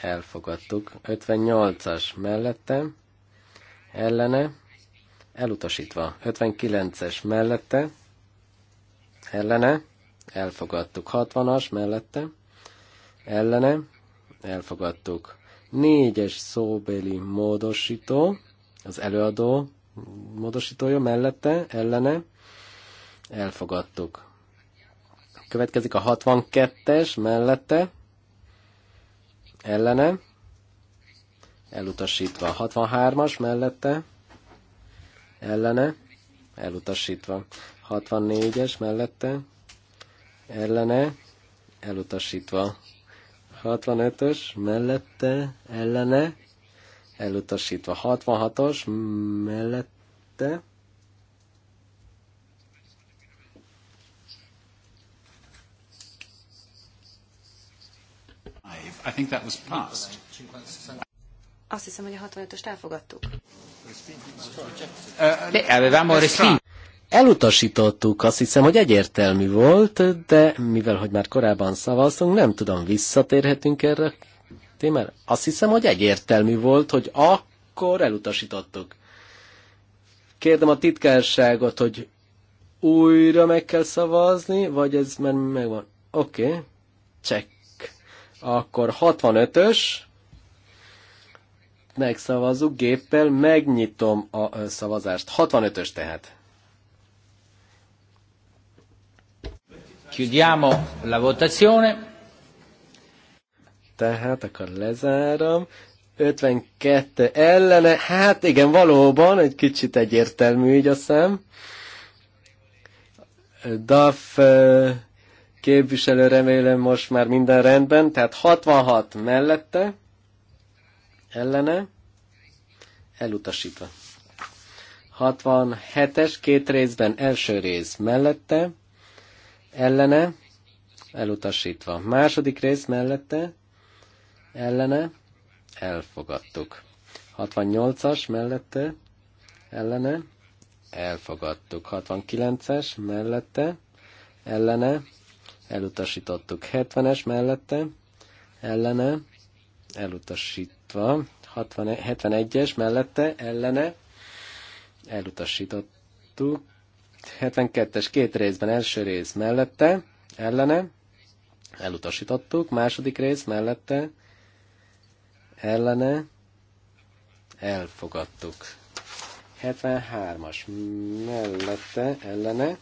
elfogadtuk. 58-as mellette, ellene, elutasítva. 59-es mellette, ellene, elfogadtuk. 60-as mellette, ellene, elfogadtuk. 4-es szóbeli módosító, az előadó módosítója mellette, ellene, elfogadtuk. Következik a 62-es mellette, ellene, elutasítva. 63-as mellette, ellene, elutasítva. 64-es mellette, ellene, elutasítva. 65-ös mellette, ellene, elutasítva. 66-os mellette, I think that was passed. Azt hiszem, hogy a 65-öst elfogadtuk. Uh, elutasítottuk, azt hiszem, hogy egyértelmű volt, de mivel, hogy már korábban szavaztunk, nem tudom, visszatérhetünk erre a témára. Azt hiszem, hogy egyértelmű volt, hogy akkor elutasítottuk. Kérdem a titkárságot, hogy újra meg kell szavazni, vagy ez már megvan? Oké, okay. check akkor 65-ös, megszavazzuk géppel, megnyitom a szavazást. 65-ös tehát. Chiudiamo la votazione. Tehát akkor lezárom. 52 ellene, hát igen, valóban egy kicsit egyértelmű így a szem. Duff képviselő, remélem most már minden rendben, tehát 66 mellette, ellene, elutasítva. 67-es, két részben, első rész mellette, ellene, elutasítva. Második rész mellette, ellene, elfogadtuk. 68-as mellette, ellene, elfogadtuk. 69-es mellette, ellene, elutasítottuk. 70-es mellette, ellene, elutasítva. 71-es mellette, ellene, elutasítottuk. 72-es két részben első rész mellette, ellene, elutasítottuk. Második rész mellette, ellene, elfogadtuk. 73-as mellette, ellene,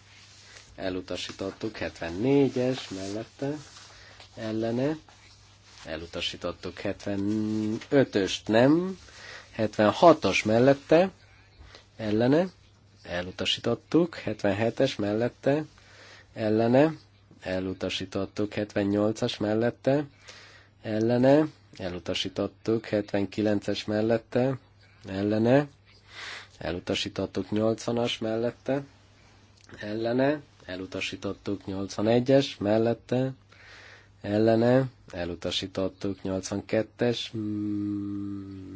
elutasítottuk 74-es mellette, ellene, elutasítottuk 75-öst nem, 76-os mellette, ellene, elutasítottuk, 77-es mellette, ellene, elutasítottuk, 78-as mellette, ellene, elutasítottuk, 79-es mellette, ellene, elutasítottuk 80-as mellette, ellene, elutasítottuk 81-es, mellette, ellene, elutasítottuk 82-es,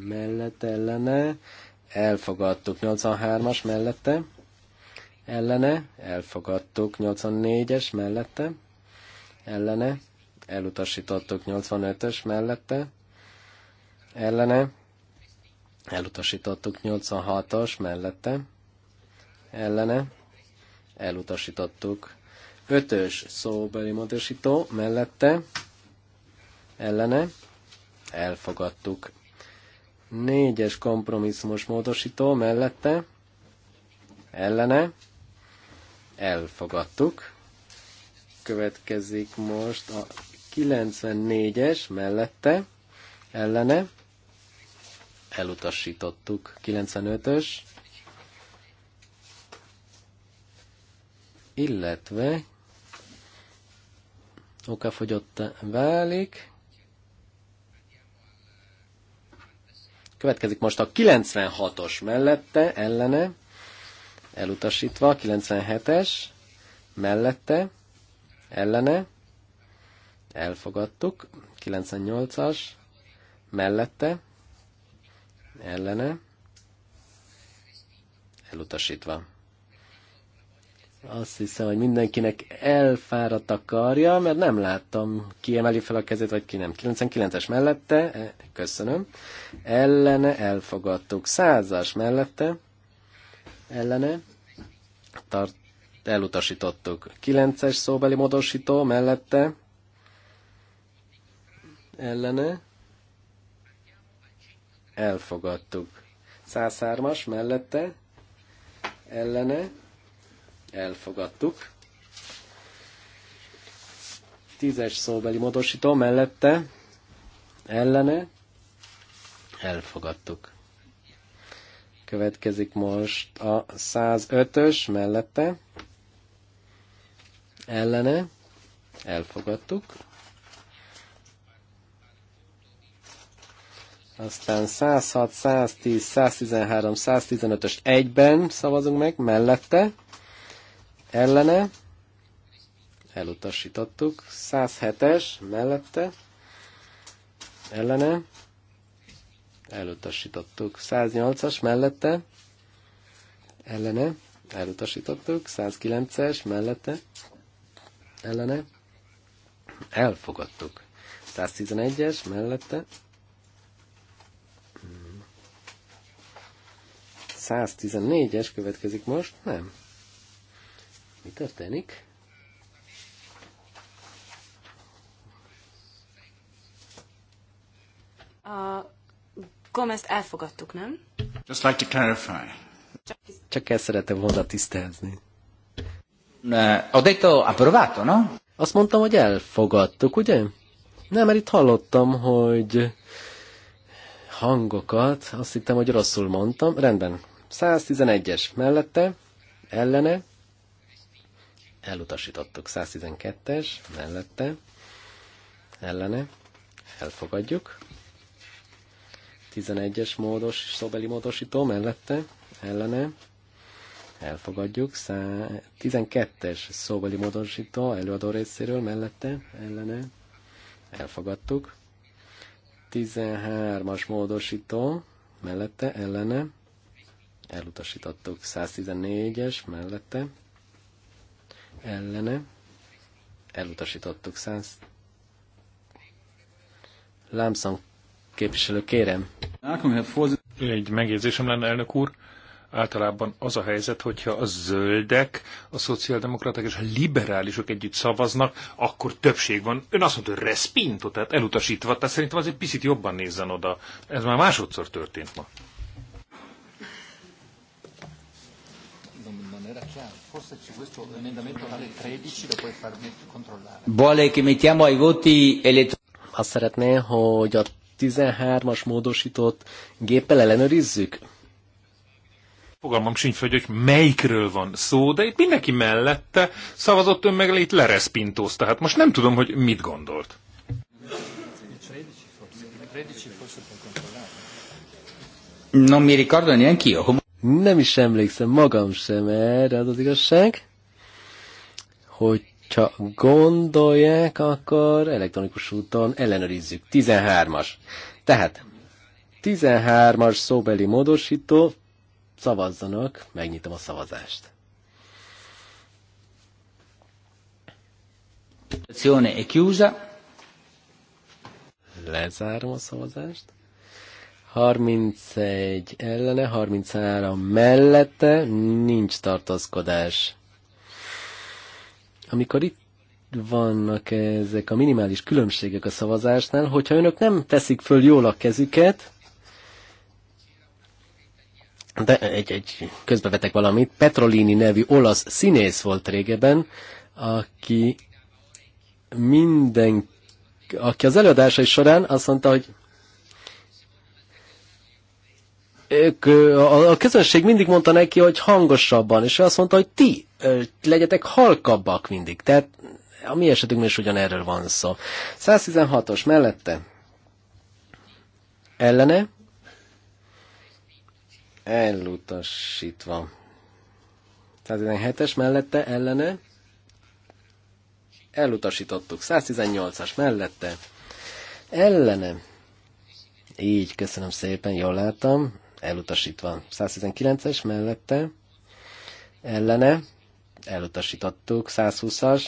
mellette, ellene, elfogadtuk 83-as, mellette, ellene, elfogadtuk 84-es, mellette, ellene, elutasítottuk 85-ös, mellette, ellene, elutasítottuk 86-as, mellette, ellene, elutasítottuk. Ötös szóbeli módosító mellette, ellene, elfogadtuk. Négyes kompromisszumos módosító mellette, ellene, elfogadtuk. Következik most a 94-es mellette, ellene, elutasítottuk. 95-ös illetve okafogyott válik. Következik most a 96-os mellette, ellene, elutasítva, 97-es, mellette, ellene, elfogadtuk, 98-as, mellette, ellene, elutasítva. Azt hiszem, hogy mindenkinek elfáradt a karja, mert nem láttam, ki emeli fel a kezét, vagy ki nem. 99-es mellette, eh, köszönöm. Ellene elfogadtuk. 100-as mellette, ellene tart, elutasítottuk. 9-es szóbeli módosító mellette, ellene elfogadtuk. 103-as mellette, ellene elfogadtuk. Tízes szóbeli módosító mellette, ellene, elfogadtuk. Következik most a 105-ös mellette, ellene, elfogadtuk. Aztán 106, 110, 113, 115-ös egyben szavazunk meg, mellette, ellene, elutasítottuk, 107-es mellette, ellene, elutasítottuk, 108-as mellette, ellene, elutasítottuk, 109-es mellette, ellene, elfogadtuk, 111-es mellette, 114-es következik most, nem, mi történik? A Gomez-t elfogadtuk, nem? Just like to clarify. Csak ezt szeretem volna tisztázni. Ho detto approvato, no? Azt mondtam, hogy elfogadtuk, ugye? Nem, mert itt hallottam, hogy hangokat, azt hittem, hogy rosszul mondtam. Rendben. 111-es mellette, ellene, elutasítottuk. 112-es mellette, ellene, elfogadjuk. 11-es módos, szobeli módosító mellette, ellene, elfogadjuk. 12-es szóbeli módosító előadó részéről mellette, ellene, elfogadtuk. 13-as módosító mellette, ellene, elutasítottuk. 114-es mellette, ellene, elutasítottuk száz. Lámszang képviselő, kérem. Egy megjegyzésem lenne, elnök úr. Általában az a helyzet, hogyha a zöldek, a szociáldemokraták és a liberálisok együtt szavaznak, akkor többség van. Ön azt mondta, hogy respinto, tehát elutasítva, tehát szerintem azért picit jobban nézzen oda. Ez már másodszor történt ma. forse su questo emendamento tale 13 lo puoi far controllare. Vuole che mettiamo ai voti elettronici. Azt szeretné, hogy a 13-as módosított géppel ellenőrizzük? Fogalmam sincs, hogy, hogy melyikről van szó, de itt mindenki mellette szavazott ön meg itt lereszpintóz, tehát most nem tudom, hogy mit gondolt. Non mi ricordo neanche io. Nem is emlékszem, magam sem erre az az igazság, hogyha gondolják, akkor elektronikus úton ellenőrizzük. 13-as. Tehát 13-as szóbeli módosító, szavazzanak, megnyitom a szavazást. Lezárom a szavazást. 31 ellene, 33 mellette, nincs tartózkodás. Amikor itt vannak ezek a minimális különbségek a szavazásnál, hogyha önök nem teszik föl jól a kezüket, de egy, egy közbevetek valamit, Petrolini nevű olasz színész volt régebben, aki minden, aki az előadásai során azt mondta, hogy ők, a, a közönség mindig mondta neki, hogy hangosabban, és ő azt mondta, hogy ti legyetek halkabbak mindig. Tehát a mi esetünkben is ugyanerről van szó. 116-os mellette. Ellene. Elutasítva. 117-es mellette, ellene. Elutasítottuk. 118-as mellette. Ellene. Így, köszönöm szépen, jól láttam elutasítva. 119-es mellette, ellene, elutasítottuk. 120-as,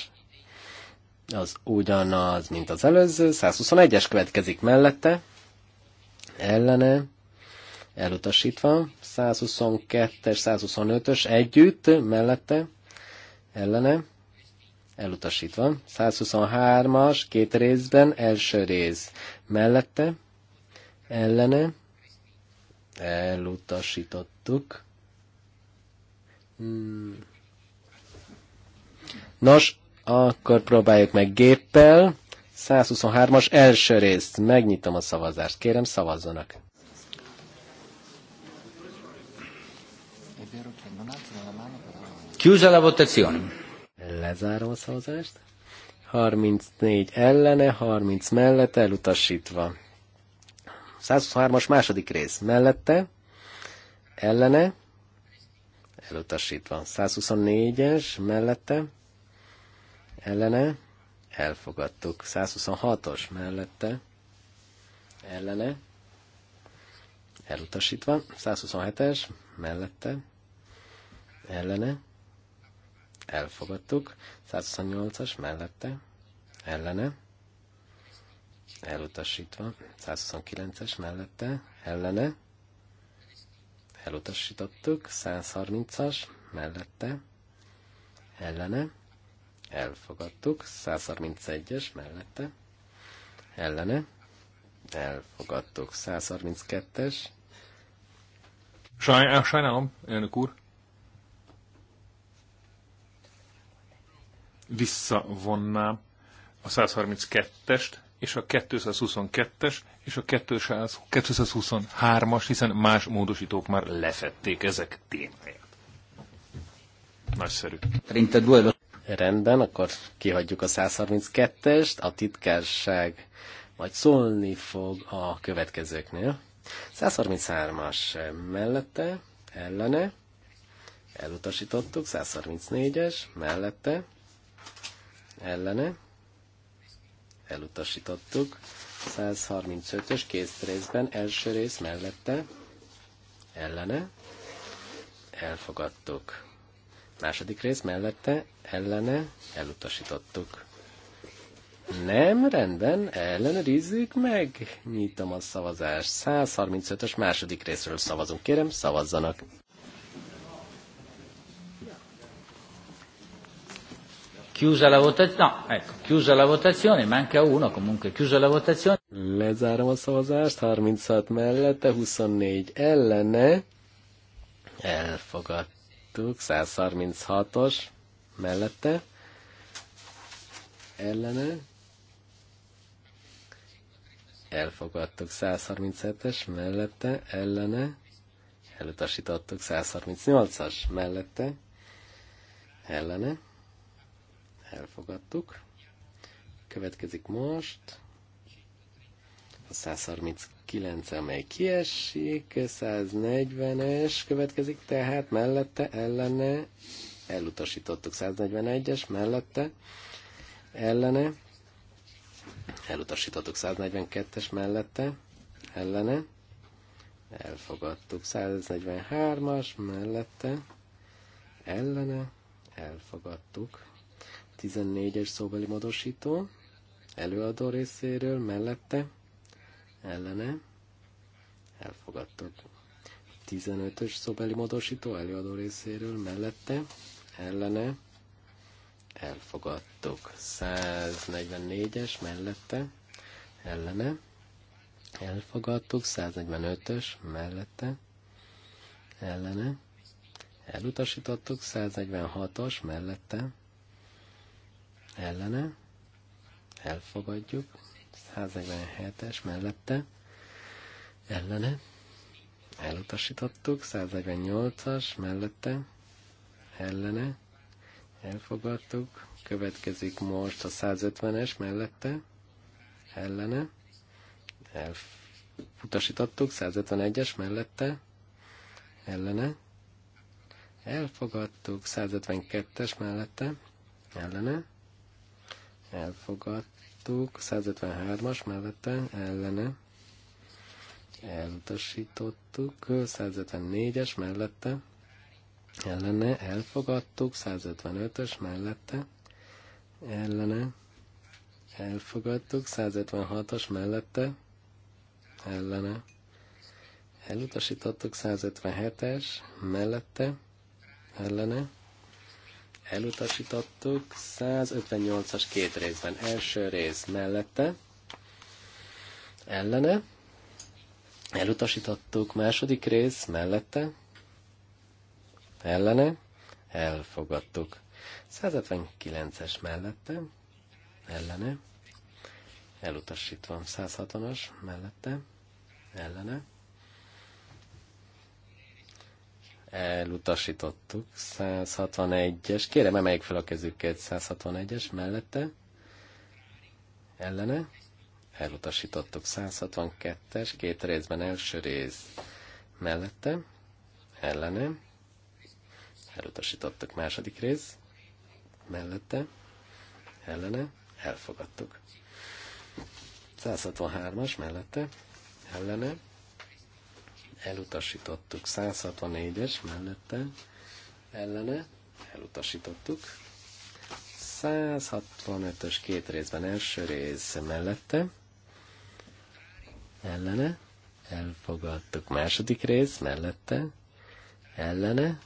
az ugyanaz, mint az előző. 121-es következik mellette, ellene, elutasítva. 122-es, 125-ös együtt, mellette, ellene, elutasítva. 123-as, két részben, első rész mellette, ellene, Elutasítottuk. Hmm. Nos, akkor próbáljuk meg géppel. 123-as első részt. Megnyitom a szavazást. Kérem, szavazzanak. Chiusa la votazione. Lezárom a szavazást. 34 ellene, 30 mellett elutasítva. 123-as második rész mellette, ellene, elutasítva. 124-es mellette, ellene, elfogadtuk. 126-os mellette, ellene, elutasítva. 127-es mellette, ellene, elfogadtuk. 128-as mellette, ellene, elutasítva, 129-es mellette, ellene, elutasítottuk, 130-as mellette, ellene, elfogadtuk, 131-es mellette, ellene, elfogadtuk, 132-es. Saj, eh, sajnálom, elnök úr. Visszavonnám a 132-est, és a 222-es és a 223-as, hiszen más módosítók már lefették ezek témáját. Nagyszerű. Rendben, akkor kihagyjuk a 132-est, a titkárság majd szólni fog a következőknél. 133-as mellette, ellene, elutasítottuk, 134-es mellette, ellene, elutasítottuk. 135-ös kész részben, első rész mellette, ellene, elfogadtuk. Második rész mellette, ellene, elutasítottuk. Nem, rendben, ellenőrizzük meg. Nyitom a szavazást. 135-ös második részről szavazunk. Kérem, szavazzanak. Chiusa la votazione, no, ecco, chiusa la votazione, manca uno, comunque chiusa la votazione. Lezárom a szavazást, 36 mellette, 24 ellene, elfogadtuk, 136-os mellette, ellene, elfogadtuk, 137-es mellette, ellene, elutasítottuk, 138-as mellette, ellene, elfogadtuk. Következik most a 139, amely kiesik, 140-es következik, tehát mellette, ellene, elutasítottuk 141-es, mellette, ellene, elutasítottuk 142-es mellette, ellene, elfogadtuk 143-as mellette, ellene, elfogadtuk 14-es szóbeli módosító, előadó részéről, mellette, ellene, elfogadtok. 15-ös szóbeli módosító, előadó részéről, mellette, ellene, elfogadtuk. 144-es, mellette, ellene, elfogadtuk. 145-ös, mellette, ellene, elutasítottuk. 146-os, mellette, ellene, elfogadjuk, 147-es mellette, ellene, elutasítottuk, 148-as mellette, ellene, elfogadtuk, következik most a 150-es mellette, ellene, elutasítottuk, 151-es mellette, ellene, elfogadtuk, 152-es mellette, ellene, elfogadtuk, 153-as mellette ellene elutasítottuk, 154-es mellette ellene elfogadtuk, 155-ös mellette ellene elfogadtuk, 156-os mellette ellene elutasítottuk, 157-es mellette ellene elutasítottuk. 158-as két részben. Első rész mellette, ellene. Elutasítottuk. Második rész mellette, ellene. Elfogadtuk. 159-es mellette, ellene. Elutasítva. 160-as mellette, ellene elutasítottuk. 161-es, kérem emeljük fel a kezüket, 161-es mellette, ellene, elutasítottuk. 162-es, két részben első rész mellette, ellene, elutasítottuk. Második rész, mellette, ellene, elfogadtuk. 163-as mellette, ellene, elutasítottuk. 164-es mellette ellene elutasítottuk. 165-ös két részben első rész mellette ellene elfogadtuk. Második rész mellette ellene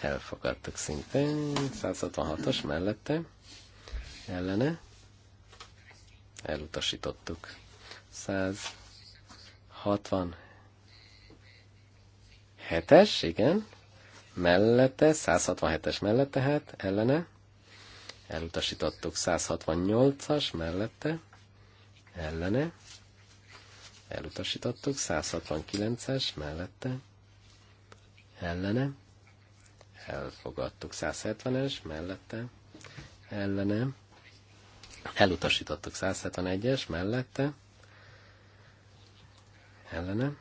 elfogadtuk szintén. 166-os mellette ellene elutasítottuk. 160 Hetes, igen. Mellette, 167-es mellette, tehát, ellene. Elutasítottuk 168-as mellette, ellene. Elutasítottuk 169-es mellette, ellene. Elfogadtuk 170-es mellette, ellene. Elutasítottuk 171-es mellette, ellene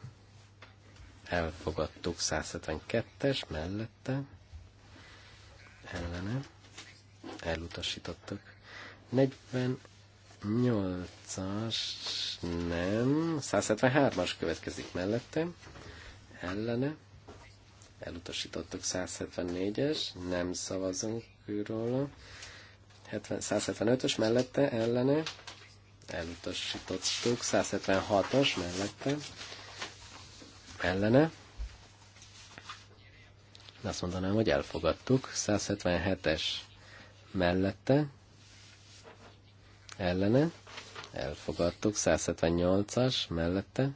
elfogadtuk 172-es mellette, ellene, elutasítottuk. 48-as, nem, 173-as következik mellette, ellene, elutasítottuk 174-es, nem szavazunk róla. 175-ös mellette, ellene, elutasítottuk, 176-os mellette, ellene. azt mondanám, hogy elfogadtuk. 177-es mellette, ellene, elfogadtuk. 178-as mellette,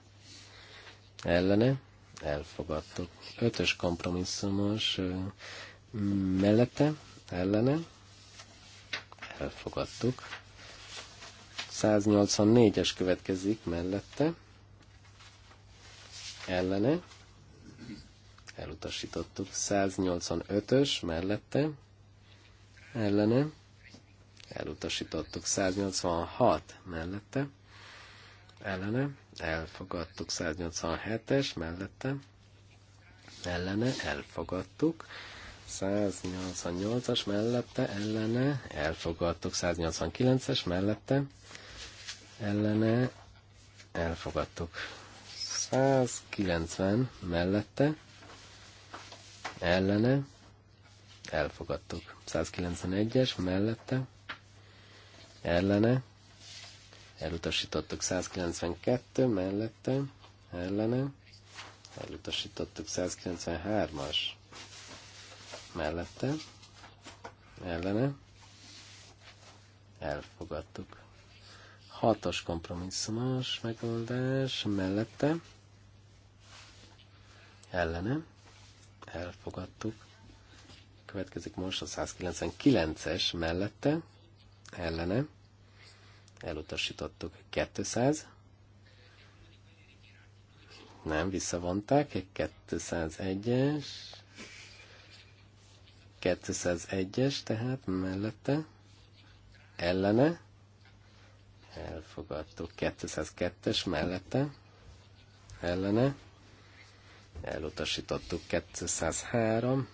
ellene, elfogadtuk. 5-ös kompromisszumos mellette, ellene, elfogadtuk. 184-es következik mellette, ellene, elutasítottuk. 185-ös mellette, ellene, elutasítottuk. 186 mellette, ellene, elfogadtuk. 187-es mellette, ellene, elfogadtuk. 188-as mellette, ellene, elfogadtuk. 189-es mellette, ellene, elfogadtuk. 190 mellette, ellene, elfogadtuk. 191-es mellette, ellene, elutasítottuk 192 mellette, ellene, elutasítottuk 193-as mellette, ellene, elfogadtuk. Hatos kompromisszumos megoldás mellette, ellene, elfogadtuk. Következik most a 199-es mellette, ellene, elutasítottuk 200, nem, visszavonták, 201-es, 201-es, tehát mellette, ellene, elfogadtuk, 202-es mellette, ellene, elutasítottuk 203,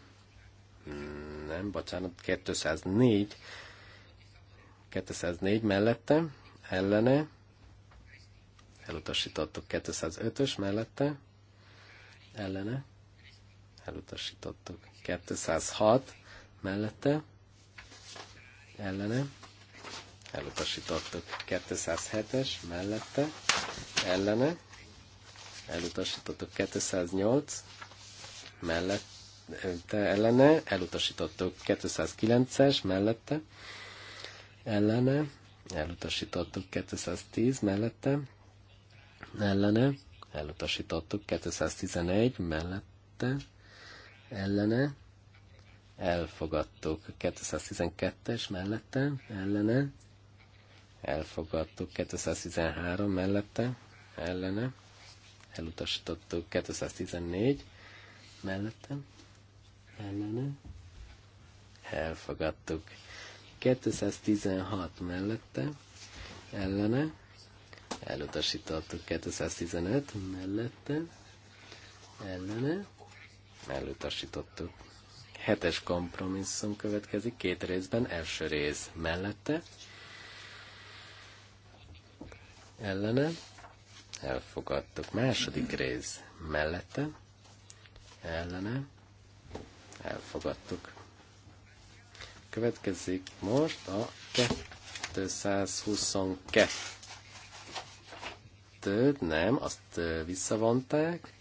nem, bocsánat, 204, 204 mellette, ellene, elutasítottuk 205-ös mellette, ellene, elutasítottuk 206 mellette, ellene, elutasítottuk 207-es mellette, ellene, elutasítottuk 208 mellette, ellene, elutasítottuk 209-es mellette, ellene, elutasítottuk 210 mellette, ellene, elutasítottuk 211 mellette, ellene, elfogadtuk 212-es mellette, ellene, elfogadtuk 213 mellette, ellene, elutasítottuk 214 mellettem, ellene, elfogadtuk 216 mellette, ellene, elutasítottuk 215 mellette, ellene, elutasítottuk. Hetes kompromisszum következik két részben, első rész mellette, ellene, elfogadtuk. Második rész mellette, ellene, elfogadtuk. Következik most a 222 nem, azt visszavonták.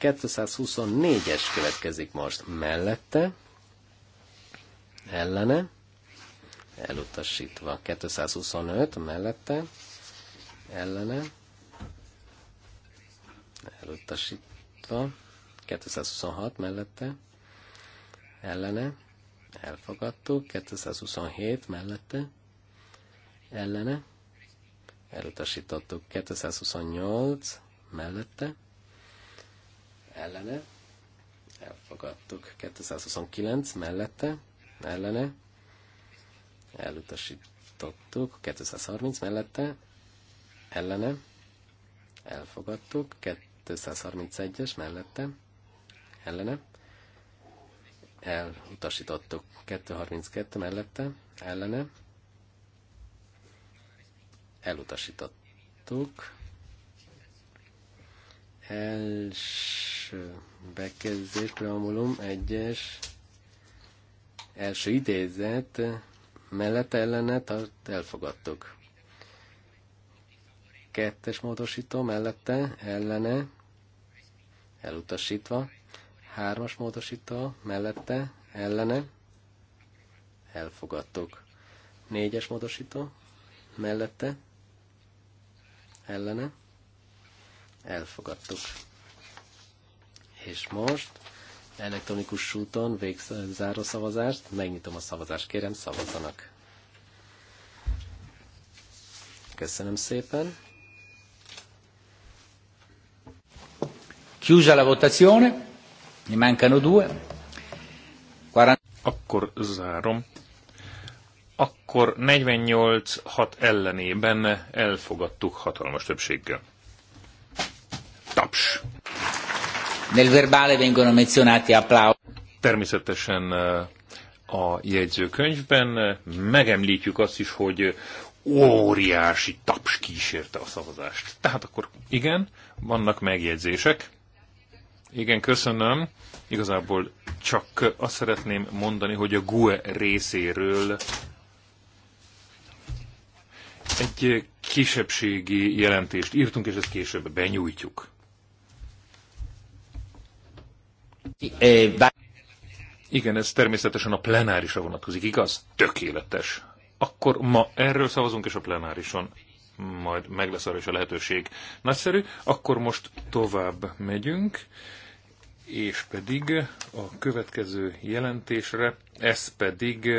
224-es következik most mellette, ellene, elutasítva. 225 mellette, ellene, elutasítva, 226 mellette, ellene, elfogadtuk, 227 mellette, ellene, elutasítottuk, 228 mellette, ellene, elfogadtuk, 229 mellette, ellene, elutasítottuk, 230 mellette, ellene, elfogadtuk, 231-es mellette, ellene, elutasítottuk. 232 mellette, ellene, elutasítottuk. Első bekezdés, preambulum, egyes, első idézet, mellett ellene tart, elfogadtuk. Kettes módosító mellette, ellene, elutasítva, hármas módosító mellette, ellene, elfogadtuk. Négyes módosító mellette, ellene, elfogadtuk. És most elektronikus úton végzáró szavazást, megnyitom a szavazást, kérem szavazzanak. Köszönöm szépen. Chiusa la votazione, ne mancano due. 40... Akkor zárom. Akkor 48-6 ellenében elfogadtuk hatalmas többséggel. Taps! Nel verbale vengono menzionati applausi. Természetesen eh, a jegyzőkönyvben eh, megemlítjük azt is, hogy óriási taps kísérte a szavazást. Tehát akkor igen, vannak megjegyzések. Igen, köszönöm. Igazából csak azt szeretném mondani, hogy a GUE részéről egy kisebbségi jelentést írtunk, és ezt később benyújtjuk. Igen, ez természetesen a plenárisra vonatkozik, igaz? Tökéletes. Akkor ma erről szavazunk, és a plenárison majd meg lesz arra is a lehetőség. Nagyszerű. Akkor most tovább megyünk és pedig a következő jelentésre, ez pedig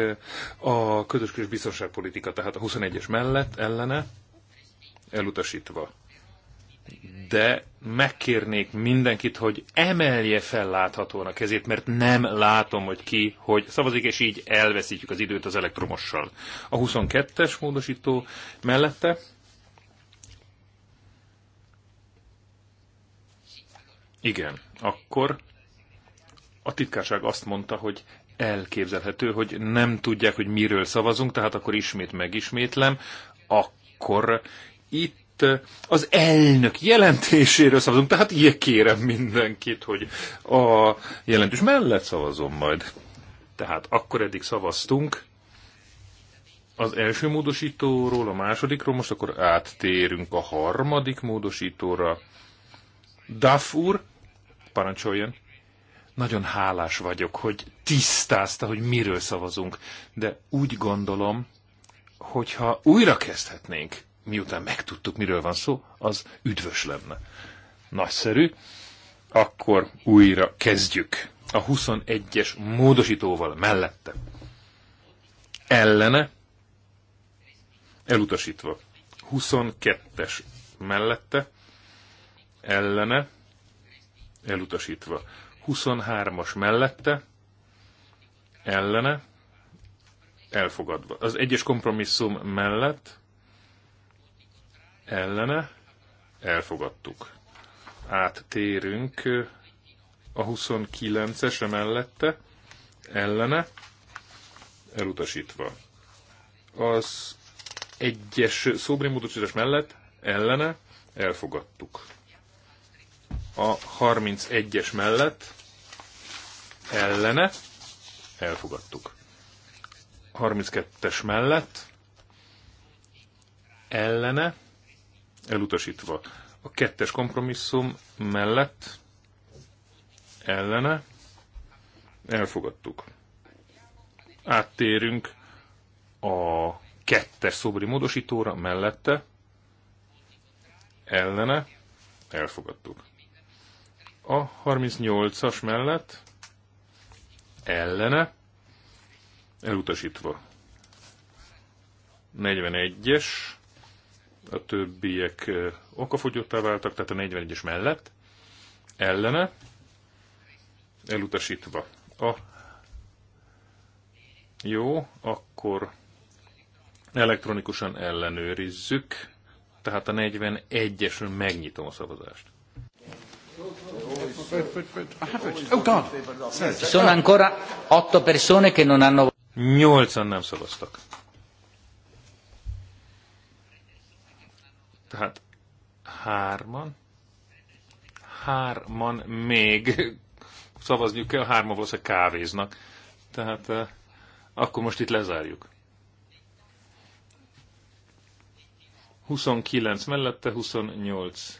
a közös közös biztonságpolitika, tehát a 21-es mellett ellene elutasítva. De megkérnék mindenkit, hogy emelje fel láthatóan a kezét, mert nem látom, hogy ki, hogy szavazik, és így elveszítjük az időt az elektromossal. A 22-es módosító mellette Igen, akkor a titkárság azt mondta, hogy elképzelhető, hogy nem tudják, hogy miről szavazunk, tehát akkor ismét megismétlem, akkor itt az elnök jelentéséről szavazunk, tehát ilyen kérem mindenkit, hogy a jelentős mellett szavazom majd. Tehát akkor eddig szavaztunk az első módosítóról, a másodikról, most akkor áttérünk a harmadik módosítóra. Duff úr, Parancsoljon. Nagyon hálás vagyok, hogy tisztázta, hogy miről szavazunk, de úgy gondolom, hogyha újra kezdhetnénk, miután megtudtuk, miről van szó, az üdvös lenne. Nagyszerű. Akkor újra kezdjük. A 21-es módosítóval mellette. Ellene. Elutasítva. 22-es mellette. Ellene elutasítva. 23-as mellette, ellene, elfogadva. Az egyes kompromisszum mellett, ellene, elfogadtuk. Áttérünk a 29-es mellette, ellene, elutasítva. Az egyes szóbrimódosítás mellett, ellene, elfogadtuk a 31-es mellett ellene elfogadtuk. 32-es mellett ellene elutasítva. A kettes kompromisszum mellett ellene elfogadtuk. Áttérünk a kettes szobri módosítóra mellette ellene elfogadtuk a 38-as mellett ellene elutasítva. 41-es, a többiek okafogyottá váltak, tehát a 41-es mellett ellene elutasítva. A jó, akkor elektronikusan ellenőrizzük, tehát a 41-esről megnyitom a szavazást. Sono ancora otto persone che non hanno Nyolcan nem szavaztak. Tehát hárman. Hárman még szavazniuk kell, hárman valószínűleg kávéznak. Tehát eh, akkor most itt lezárjuk. 29 mellette, 28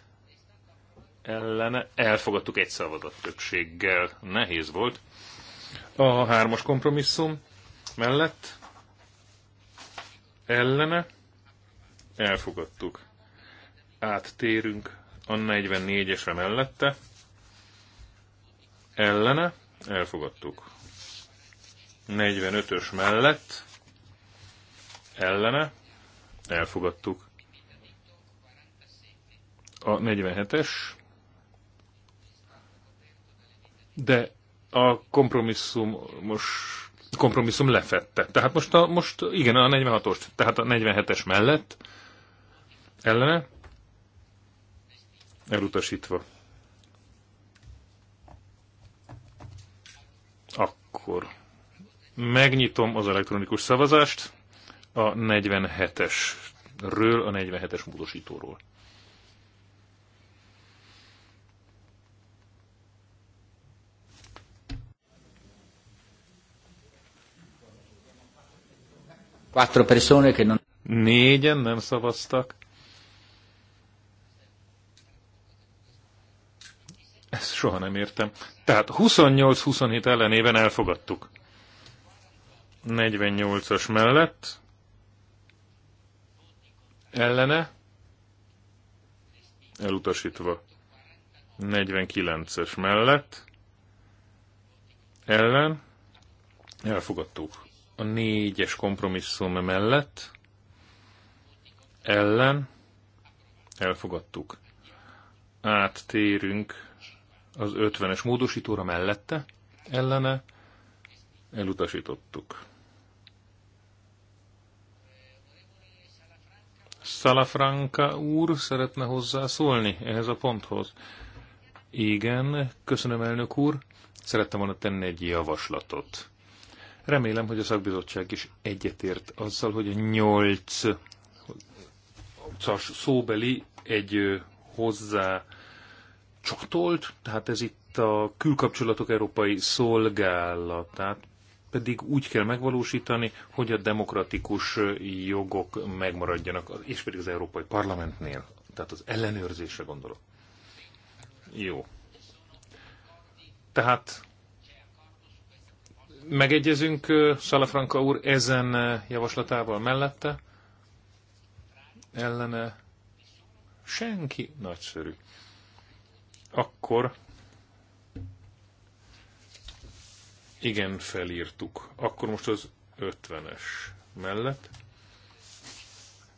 ellene elfogadtuk egy szavazat többséggel. Nehéz volt. A hármas kompromisszum mellett ellene elfogadtuk. Áttérünk a 44-esre mellette. Ellene elfogadtuk. 45-ös mellett ellene elfogadtuk. A 47-es de a kompromisszum most kompromisszum lefette. Tehát most, a, most igen, a 46 os tehát a 47-es mellett ellene elutasítva. Akkor megnyitom az elektronikus szavazást a 47-esről, a 47-es módosítóról. Quattro persone che non... Négyen nem szavaztak. Ezt soha nem értem. Tehát 28-27 ellenében elfogadtuk. 48-as mellett. Ellene. Elutasítva. 49-es mellett. Ellen. Elfogadtuk a négyes kompromisszum mellett ellen elfogadtuk. Áttérünk az 50-es módosítóra mellette ellene elutasítottuk. Salafranca úr szeretne hozzászólni ehhez a ponthoz. Igen, köszönöm elnök úr. Szerettem volna tenni egy javaslatot. Remélem, hogy a szakbizottság is egyetért azzal, hogy a nyolc szóbeli egy hozzá csatolt, tehát ez itt a külkapcsolatok európai szolgálatát pedig úgy kell megvalósítani, hogy a demokratikus jogok megmaradjanak, és pedig az Európai Parlamentnél, tehát az ellenőrzésre gondolok. Jó. Tehát Megegyezünk Salafranka úr ezen javaslatával mellette? Ellene? Senki? Nagyszerű. Akkor igen, felírtuk. Akkor most az 50-es mellett.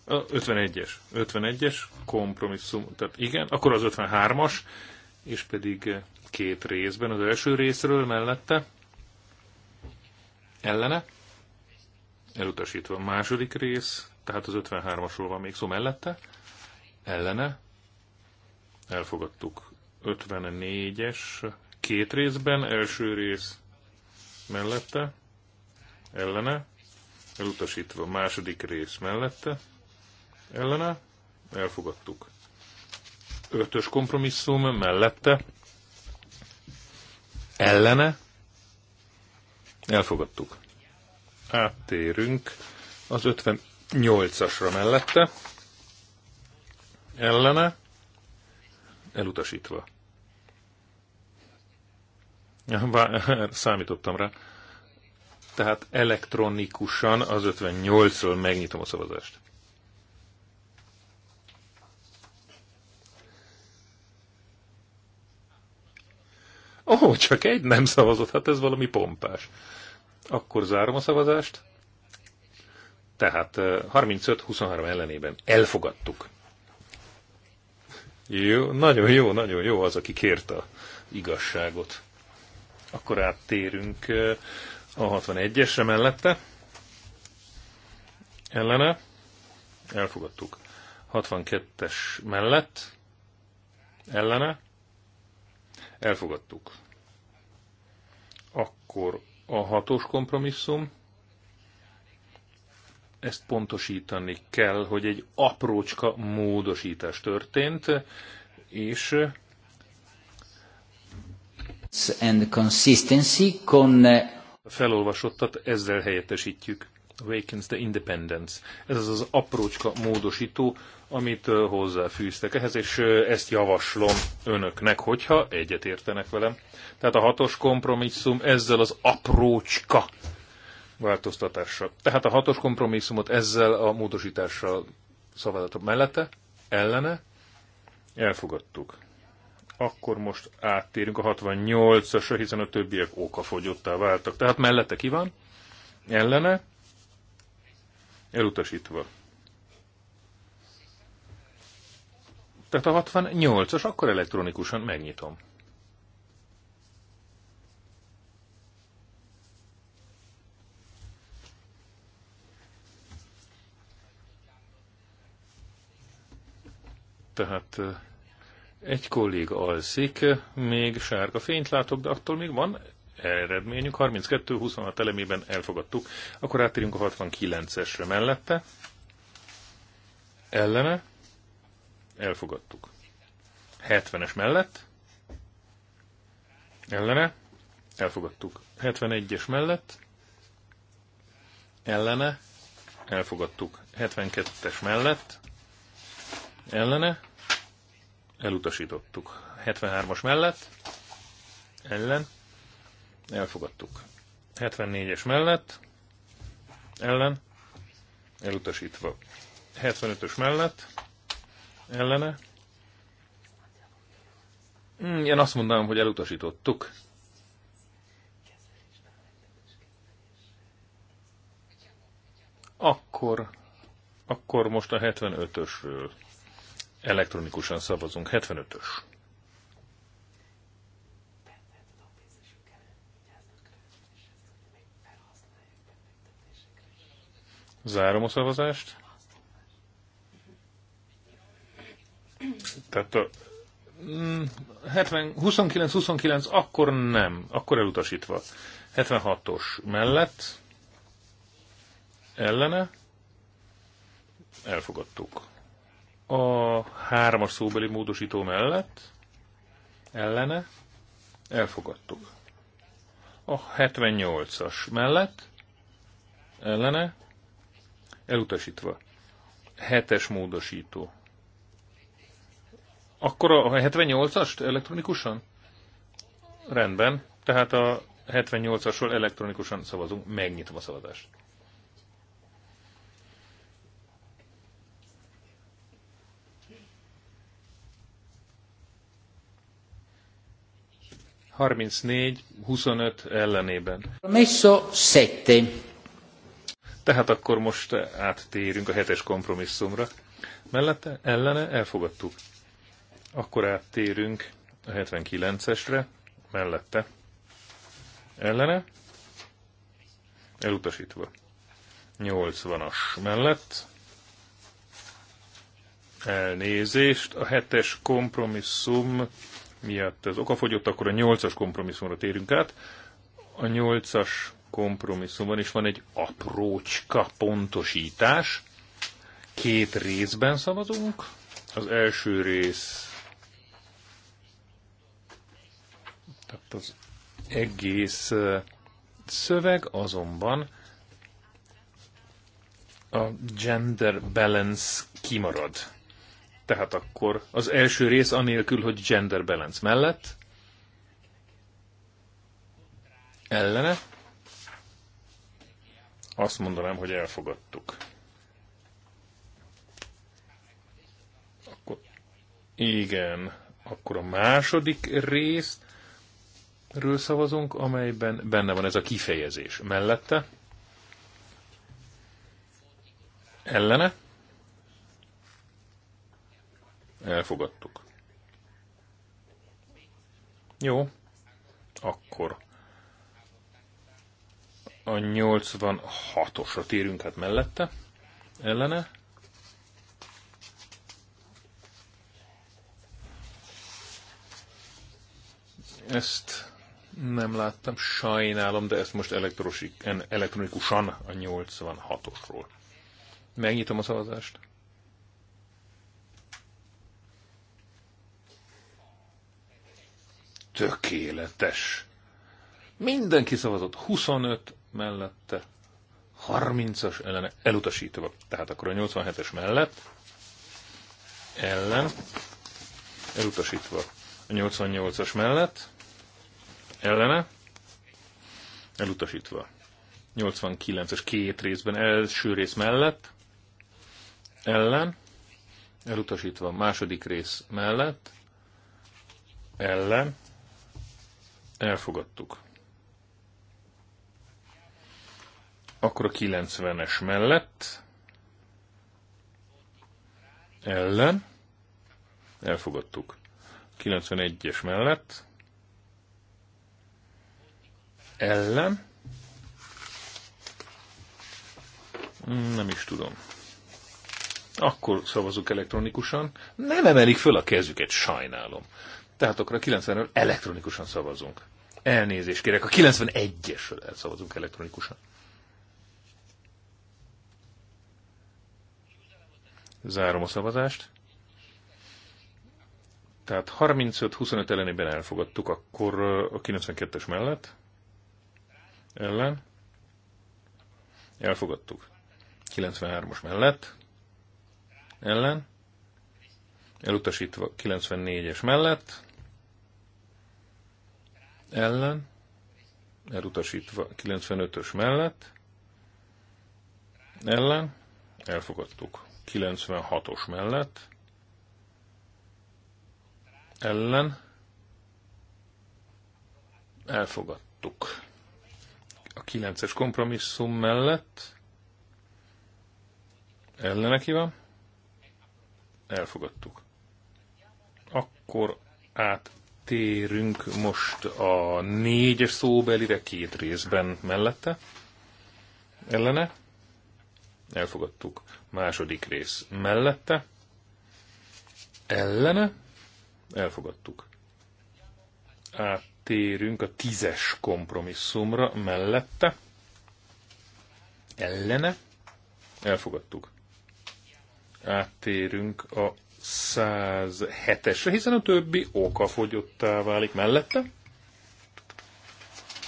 A 51-es. 51-es kompromisszum, tehát igen, akkor az 53-as, és pedig két részben, az első részről mellette ellene, elutasítva a második rész, tehát az 53-asról van még szó mellette, ellene, elfogadtuk 54-es, két részben, első rész mellette, ellene, elutasítva második rész mellette, ellene, elfogadtuk. Ötös kompromisszum mellette, ellene, Elfogadtuk. Áttérünk az 58-asra mellette. Ellene. Elutasítva. Bár, *laughs* számítottam rá. Tehát elektronikusan az 58-ról megnyitom a szavazást. Ó, csak egy nem szavazott, hát ez valami pompás. Akkor zárom a szavazást. Tehát 35-23 ellenében elfogadtuk. Jó, nagyon jó, nagyon jó az, aki kérte a igazságot. Akkor áttérünk a 61-esre mellette. Ellene. Elfogadtuk. 62-es mellett. Ellene. Elfogadtuk. Akkor a hatos kompromisszum, ezt pontosítani kell, hogy egy aprócska módosítás történt, és and consistency con... felolvasottat ezzel helyettesítjük. Awakens the Independence. Ez az az aprócska módosító, amit hozzáfűztek ehhez, és ezt javaslom önöknek, hogyha egyet értenek velem. Tehát a hatos kompromisszum ezzel az aprócska változtatással. Tehát a hatos kompromisszumot ezzel a módosítással szavazatok mellette, ellene elfogadtuk. Akkor most áttérünk a 68-asra, hiszen a többiek okafogyottá váltak. Tehát mellette ki van? Ellene Elutasítva. Tehát a 68-as, akkor elektronikusan megnyitom. Tehát eh, egy kolléga alszik, eh, még sárga fényt látok, de attól még van eredményük. 32-26 elemében elfogadtuk. Akkor átérünk a 69-esre mellette. Ellene. Elfogadtuk. 70-es mellett. Ellene. Elfogadtuk. 71-es mellett. Ellene. Elfogadtuk. 72-es mellett. Ellene. Elutasítottuk. 73-as mellett. Ellen elfogadtuk. 74-es mellett, ellen, elutasítva. 75-ös mellett, ellene. Hmm, én azt mondanám, hogy elutasítottuk. Akkor, akkor most a 75-ösről elektronikusan szavazunk. 75-ös. Zárom a szavazást. Tehát a 29-29 mm, akkor nem, akkor elutasítva. 76-os mellett ellene elfogadtuk. A hármas szóbeli módosító mellett ellene elfogadtuk. A 78-as mellett ellene Elutasítva. Hetes módosító. Akkor a 78-ast elektronikusan? Rendben. Tehát a 78-asról elektronikusan szavazunk. Megnyitom a szavazást. Harmincnégy, huszonöt ellenében. Messo sette. Tehát akkor most áttérünk a hetes kompromisszumra. Mellette ellene elfogadtuk. Akkor áttérünk a 79-esre, mellette ellene, elutasítva. 80-as mellett, elnézést, a hetes kompromisszum miatt ez okafogyott, akkor a 8-as kompromisszumra térünk át. A 8-as van és van egy aprócska pontosítás. Két részben szavazunk. Az első rész tehát az egész szöveg azonban a gender balance kimarad. Tehát akkor az első rész anélkül, hogy gender balance mellett ellene azt mondanám, hogy elfogadtuk. Akkor, igen, akkor a második részről ről szavazunk, amelyben benne van ez a kifejezés. Mellette ellene elfogadtuk. Jó, akkor a 86-osra térünk hát mellette, ellene. Ezt nem láttam, sajnálom, de ezt most elektronikusan a 86-osról. Megnyitom a szavazást. Tökéletes. Mindenki szavazott. 25 mellette 30-as ellen elutasítva. Tehát akkor a 87-es mellett ellen elutasítva. A 88-as mellett ellene elutasítva. 89-es két részben első rész mellett ellen elutasítva. Második rész mellett ellen elfogadtuk. Akkor a 90-es mellett ellen elfogadtuk. 91-es mellett ellen nem is tudom. Akkor szavazunk elektronikusan. Nem emelik föl a kezüket, sajnálom. Tehát akkor a 90-ről elektronikusan szavazunk. Elnézést kérek, a 91-esről elszavazunk elektronikusan. Zárom a szavazást. Tehát 35-25 ellenében elfogadtuk, akkor a 92-es mellett ellen elfogadtuk. 93-os mellett ellen elutasítva 94-es mellett ellen elutasítva 95-ös mellett ellen elfogadtuk. 96-os mellett ellen elfogadtuk. A 9-es kompromisszum mellett ellene ki van? Elfogadtuk. Akkor áttérünk most a négyes szóbelire két részben mellette. Ellene? elfogadtuk. Második rész mellette, ellene, elfogadtuk. Áttérünk a tízes kompromisszumra mellette, ellene, elfogadtuk. Áttérünk a 107-esre, hiszen a többi okafogyottá válik mellette,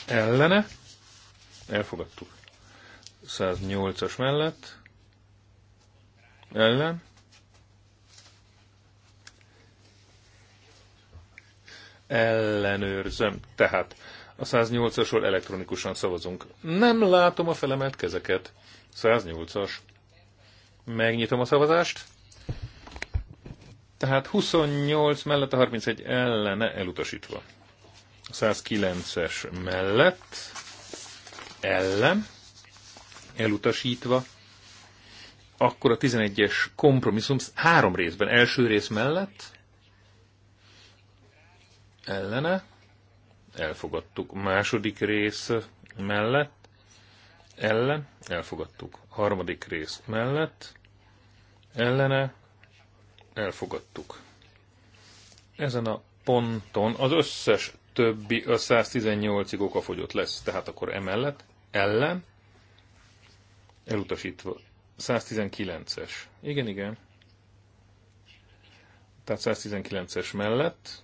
ellene, elfogadtuk. 108-as mellett ellen. Ellenőrzöm. Tehát a 108-asról elektronikusan szavazunk. Nem látom a felemelt kezeket. 108-as. Megnyitom a szavazást. Tehát 28 mellett a 31 ellene elutasítva. 109-es mellett ellen elutasítva, akkor a 11-es kompromisszum három részben, első rész mellett, ellene, elfogadtuk. Második rész mellett, ellen, elfogadtuk. Harmadik rész mellett, ellene, elfogadtuk. Ezen a ponton az összes többi a 118-ig okafogyott lesz, tehát akkor emellett, ellen, Elutasítva. 119-es. Igen, igen. Tehát 119-es mellett.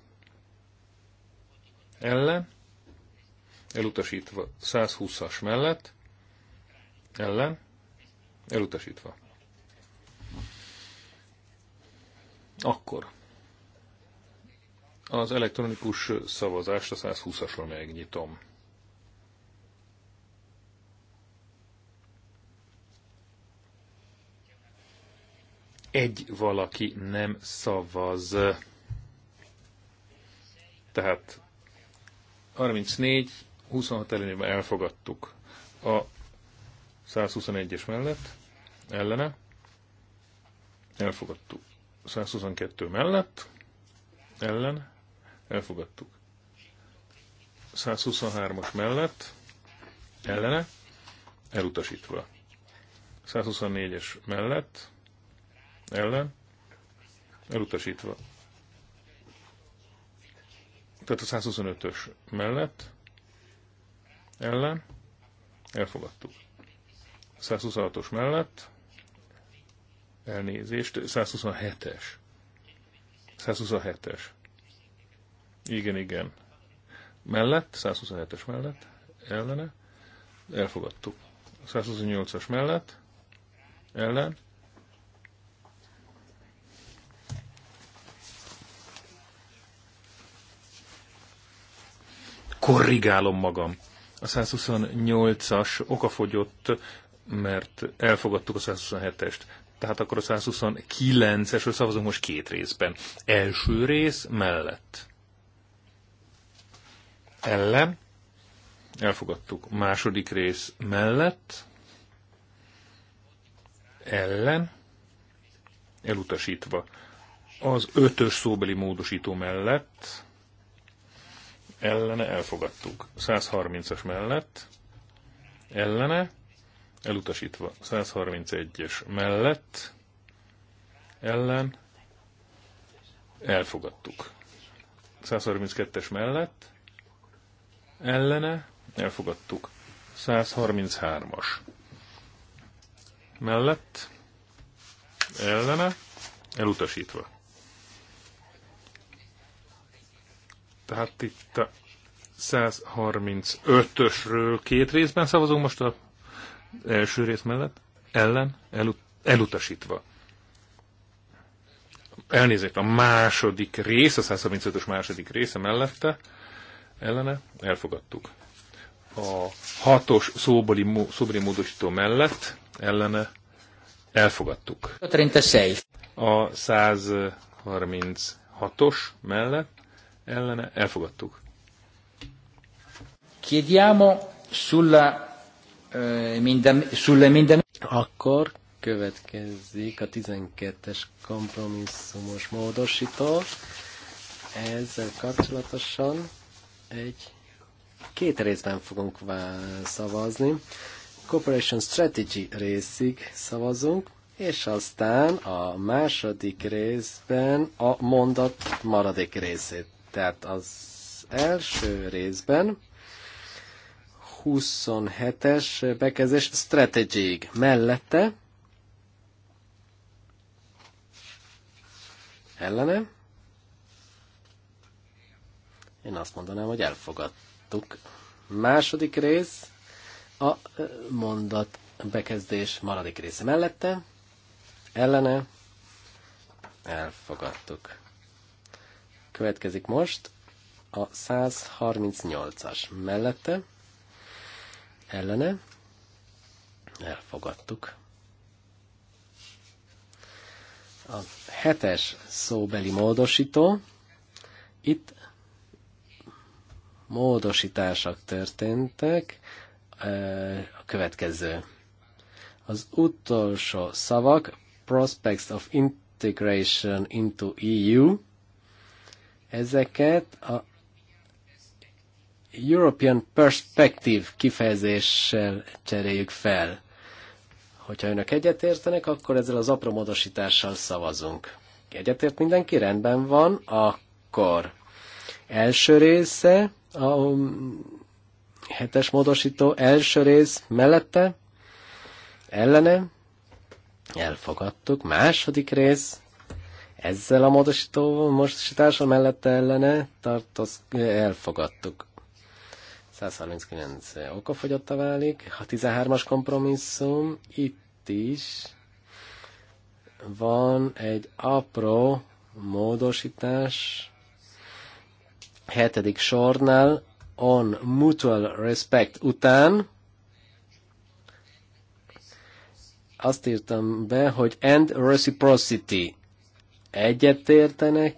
Ellen. Elutasítva. 120-as mellett. Ellen. Elutasítva. Akkor az elektronikus szavazást a 120-asról megnyitom. egy valaki nem szavaz. Tehát 34, 26 ellenében elfogadtuk a 121-es mellett, ellene, elfogadtuk. 122 mellett, ellen, elfogadtuk. 123-as mellett, ellene, elutasítva. 124-es mellett, ellen, elutasítva. Tehát a 125-ös mellett, ellen, elfogadtuk. 126-os mellett, elnézést, 127-es. 127-es. Igen, igen. Mellett, 127-es mellett, ellene, elfogadtuk. 128-as mellett, ellen, korrigálom magam. A 128-as okafogyott, mert elfogadtuk a 127-est. Tehát akkor a 129-esről szavazunk most két részben. Első rész mellett. Ellen. Elfogadtuk. Második rész mellett. Ellen. Elutasítva. Az ötös szóbeli módosító mellett ellene elfogadtuk. 130-as mellett ellene elutasítva. 131-es mellett ellen elfogadtuk. 132-es mellett ellene elfogadtuk. 133-as mellett ellene elutasítva. Tehát itt a 135-ösről két részben szavazunk most a első rész mellett, ellen, elut elutasítva. Elnézést, a második rész, a 135-ös második része mellette, ellene, elfogadtuk. A hatos szóbeli, szóbeli módosító mellett, ellene, elfogadtuk. A 136-os mellett, ellene elfogadtuk. Chiediamo sulla, eh, minden... Akkor következik a 12-es kompromisszumos módosító. Ezzel kapcsolatosan egy két részben fogunk szavazni. Cooperation Strategy részig szavazunk, és aztán a második részben a mondat maradék részét tehát az első részben 27-es bekezdés strategic mellette ellene én azt mondanám, hogy elfogadtuk. Második rész a mondat bekezdés maradik része mellette ellene elfogadtuk. Következik most a 138-as mellette, ellene, elfogadtuk. A hetes szóbeli módosító, itt módosítások történtek, a következő. Az utolsó szavak, prospects of integration into EU, ezeket a European Perspective kifejezéssel cseréljük fel. Hogyha önök egyetértenek, akkor ezzel az apró módosítással szavazunk. Egyetért mindenki? Rendben van. Akkor első része, a hetes módosító első rész mellette, ellene, elfogadtuk. Második rész, ezzel a módosítóval, módosítása mellette ellene tartoz, elfogadtuk. 139 okafogyotta válik. A 13-as kompromisszum itt is van egy apró módosítás hetedik sornál on mutual respect után azt írtam be, hogy and reciprocity Egyetértenek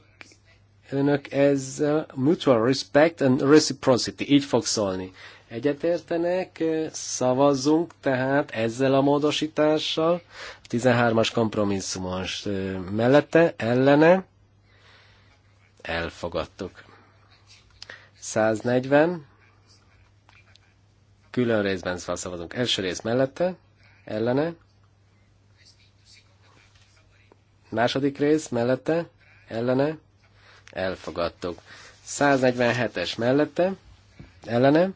önök ezzel? Mutual respect and reciprocity. Így fog szólni. Egyetértenek, szavazzunk tehát ezzel a módosítással, 13-as kompromisszumos mellette, ellene, elfogadtuk. 140, külön részben szavazunk. Első rész mellette, ellene, Második rész mellette, ellene, elfogadtuk. 147-es mellette, ellene,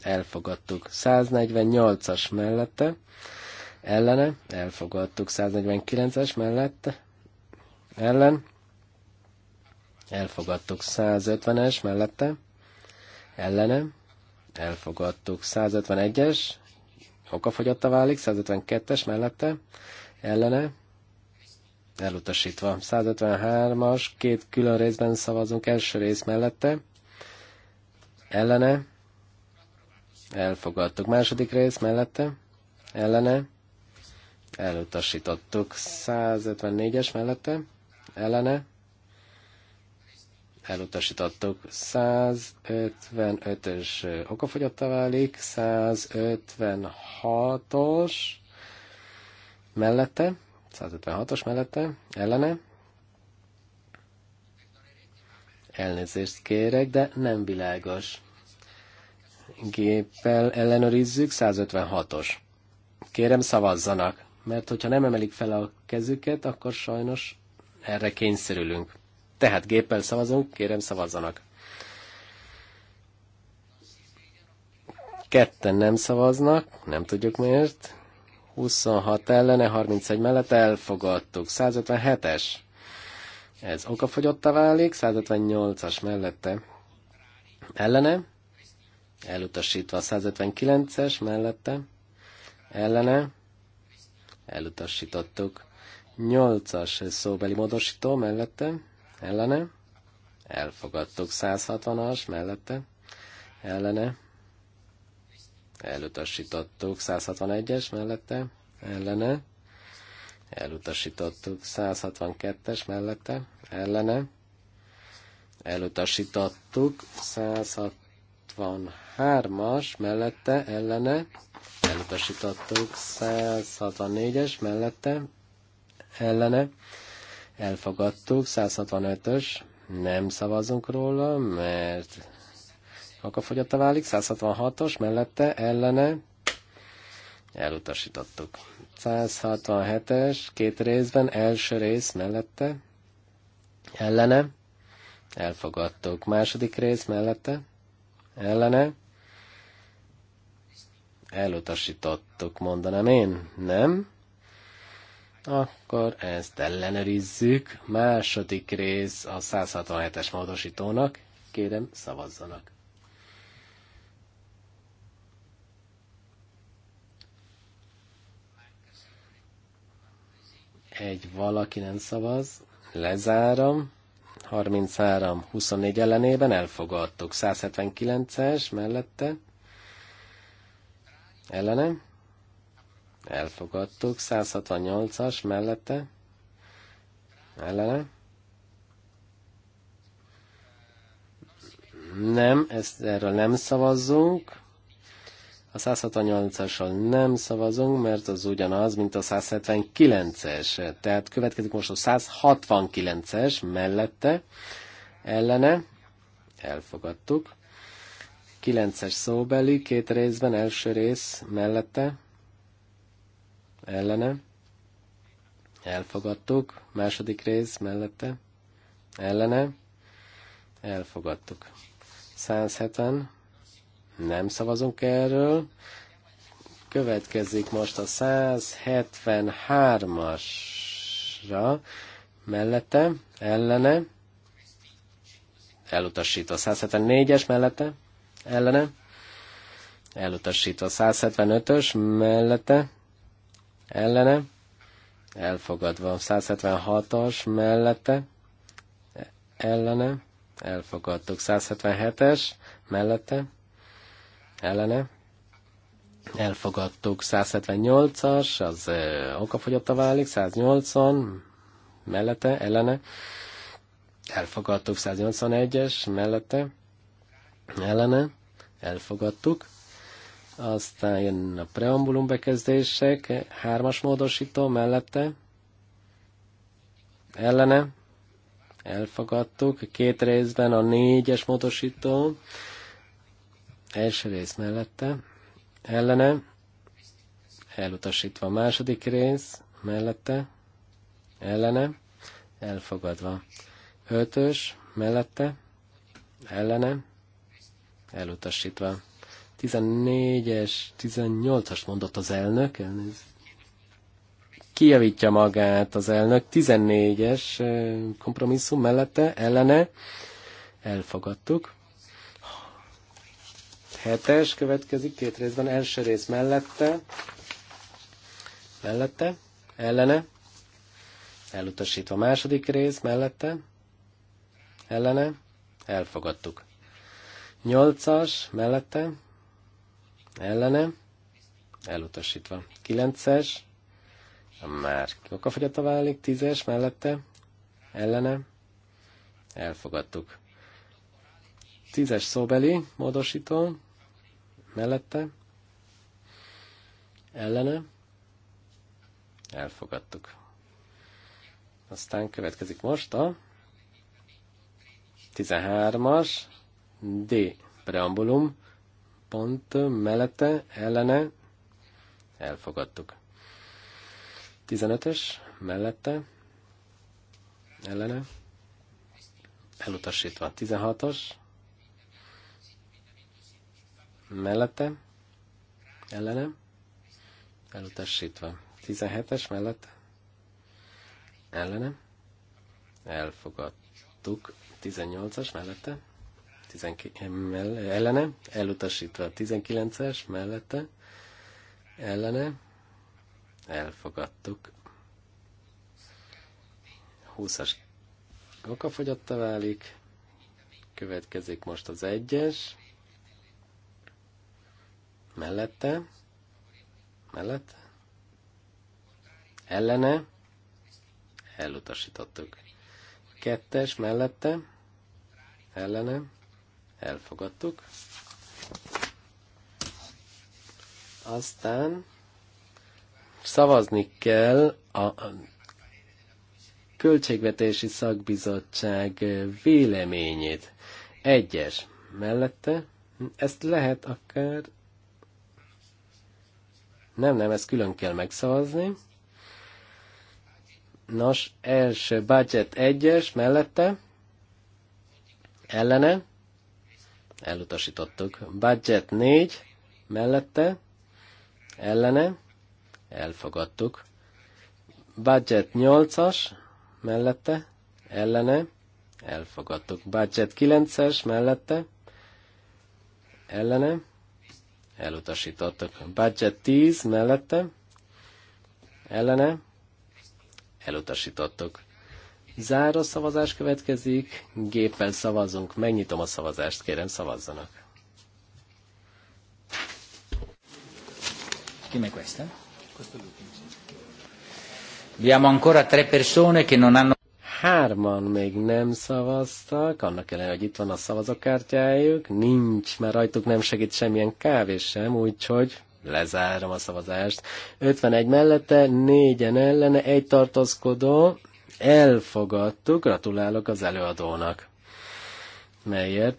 elfogadtuk. 148-as mellette, ellene, elfogadtuk. 149-es mellette, ellen, elfogadtuk. 150-es mellette, ellene, elfogadtuk. 151-es, okafogyatta válik, 152-es mellette, ellene, elutasítva. 153-as, két külön részben szavazunk, első rész mellette, ellene, elfogadtuk. Második rész mellette, ellene, elutasítottuk. 154-es mellette, ellene, elutasítottuk. 155-ös okafogyatta válik, 156-os mellette, 156-os mellette, ellene. Elnézést kérek, de nem világos. Géppel ellenőrizzük, 156-os. Kérem szavazzanak, mert hogyha nem emelik fel a kezüket, akkor sajnos erre kényszerülünk. Tehát géppel szavazunk, kérem szavazzanak. Ketten nem szavaznak, nem tudjuk miért. 26 ellene, 31 mellett elfogadtuk. 157-es. Ez okafogyotta válik, 158-as mellette ellene, elutasítva a 159-es mellette, ellene, elutasítottuk. 8-as szóbeli módosító mellette, ellene, elfogadtuk. 160-as mellette, ellene, elutasítottuk, 161-es mellette, ellene, elutasítottuk, 162-es mellette, ellene, elutasítottuk, 163-as mellette, ellene, elutasítottuk, 164-es mellette, ellene, elfogadtuk, 165-ös, nem szavazunk róla, mert okafogyatta válik, 166-os mellette ellene elutasítottuk. 167-es, két részben, első rész mellette, ellene, elfogadtuk. Második rész mellette, ellene, elutasítottuk, mondanám én, nem? Akkor ezt ellenőrizzük. Második rész a 167-es módosítónak. Kérem, szavazzanak. egy valaki nem szavaz, lezárom. 33-24 ellenében elfogadtuk. 179-es mellette. Ellene. Elfogadtuk. 168-as mellette. Ellene. Nem, ezt, erről nem szavazzunk. A 168 assal nem szavazunk, mert az ugyanaz, mint a 179-es. Tehát következik most a 169-es mellette, ellene, elfogadtuk. 9-es szóbeli, két részben, első rész mellette, ellene, elfogadtuk, második rész mellette, ellene, elfogadtuk. 170 nem szavazunk erről. Következik most a 173-asra mellette, ellene, elutasítva 174-es mellette, ellene, elutasítva 175-ös mellette, ellene, elfogadva 176 as mellette, ellene, elfogadtuk 177-es mellette, ellene elfogadtuk 178-as, az okafogyotta válik, 180 mellette, ellene, elfogadtuk 181-es mellette, ellene, elfogadtuk, aztán jön a preambulum bekezdések, hármas módosító mellette, ellene, elfogadtuk, két részben a négyes módosító, Első rész mellette, ellene, elutasítva a második rész, mellette, ellene, elfogadva. Ötös, mellette, ellene, elutasítva. 14-es, 18-as mondott az elnök, elnéz. Kijavítja magát az elnök, 14-es kompromisszum mellette, ellene, elfogadtuk. Hetes következik két részben, első rész mellette, mellette, ellene, elutasítva második rész, mellette, ellene, elfogadtuk. Nyolcas, mellette, ellene, elutasítva. Kilences, már kokafogyata válik, tízes, mellette, ellene, elfogadtuk. Tízes szóbeli módosító, mellette, ellene, elfogadtuk. Aztán következik most a 13-as D preambulum pont mellette, ellene, elfogadtuk. 15-ös mellette, ellene, elutasítva. 16-os mellette, ellene, elutasítva. 17-es mellette, ellene, elfogadtuk. 18-as mellette, 19 mell ellene, elutasítva. 19-es mellette, ellene, elfogadtuk. 20-as okafogyatta válik, következik most az 1-es, mellette, mellette, ellene, elutasítottuk. Kettes mellette, ellene, elfogadtuk. Aztán szavazni kell a Költségvetési Szakbizottság véleményét. Egyes mellette, ezt lehet akár nem, nem, ezt külön kell megszavazni. Nos, első budget egyes mellette, ellene, elutasítottuk. Budget 4 mellette, ellene, elfogadtuk. Budget 8-as mellette, ellene, elfogadtuk. Budget 9-es mellette, ellene, elutasítottak. Budget 10 mellette, ellene, elutasítottak. Záró szavazás következik, géppel szavazunk, megnyitom a szavazást, kérem szavazzanak. Chi me questa? Abbiamo ancora tre persone che non hanno hárman még nem szavaztak, annak ellenére, hogy itt van a szavazókártyájuk, nincs, mert rajtuk nem segít semmilyen kávé sem, úgyhogy lezárom a szavazást. 51 mellette, 4-en ellene, egy tartózkodó, elfogadtuk, gratulálok az előadónak. Melyért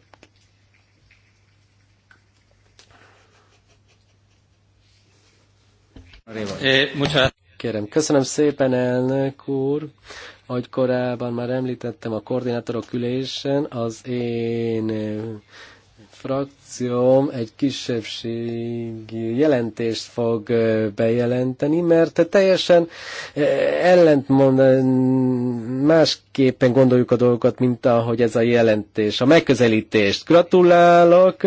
eh, Kérem, köszönöm szépen, elnök úr. Ahogy korábban már említettem a koordinátorok ülésen, az én frakcióm egy kisebbségi jelentést fog bejelenteni, mert teljesen ellentmond, másképpen gondoljuk a dolgokat, mint ahogy ez a jelentés. A megközelítést gratulálok,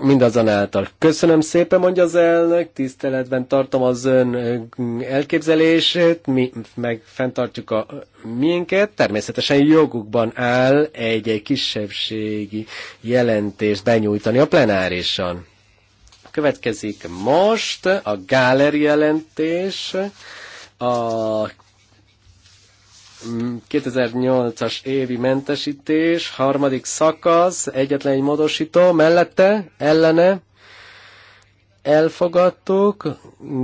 mindazonáltal. Köszönöm szépen, mondja az elnök, tiszteletben tartom az ön elképzelését, mi meg fenntartjuk a miénket. Természetesen jogukban áll egy, egy kisebbségi jelentést benyújtani a plenárisan. Következik most a Gáler jelentés, a 2008-as évi mentesítés, harmadik szakasz, egyetlen egy módosító, mellette, ellene, elfogadtuk,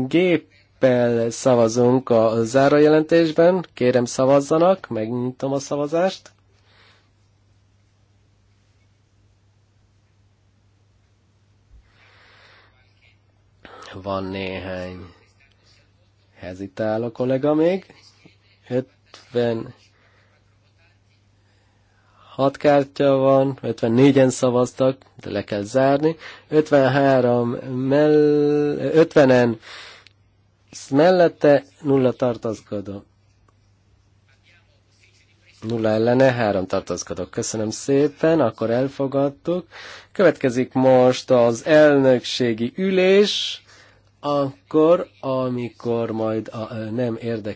géppel szavazunk a zárójelentésben, kérem szavazzanak, megnyitom a szavazást. Van néhány hezitál a kollega még. 50 6 kártya van, 54-en szavaztak, de le kell zárni. 53 mell 50-en mellette, nulla tartozkodó. Nulla ellene, három tartozkodok. Köszönöm szépen, akkor elfogadtuk. Következik most az elnökségi ülés, akkor, amikor majd a nem érdekes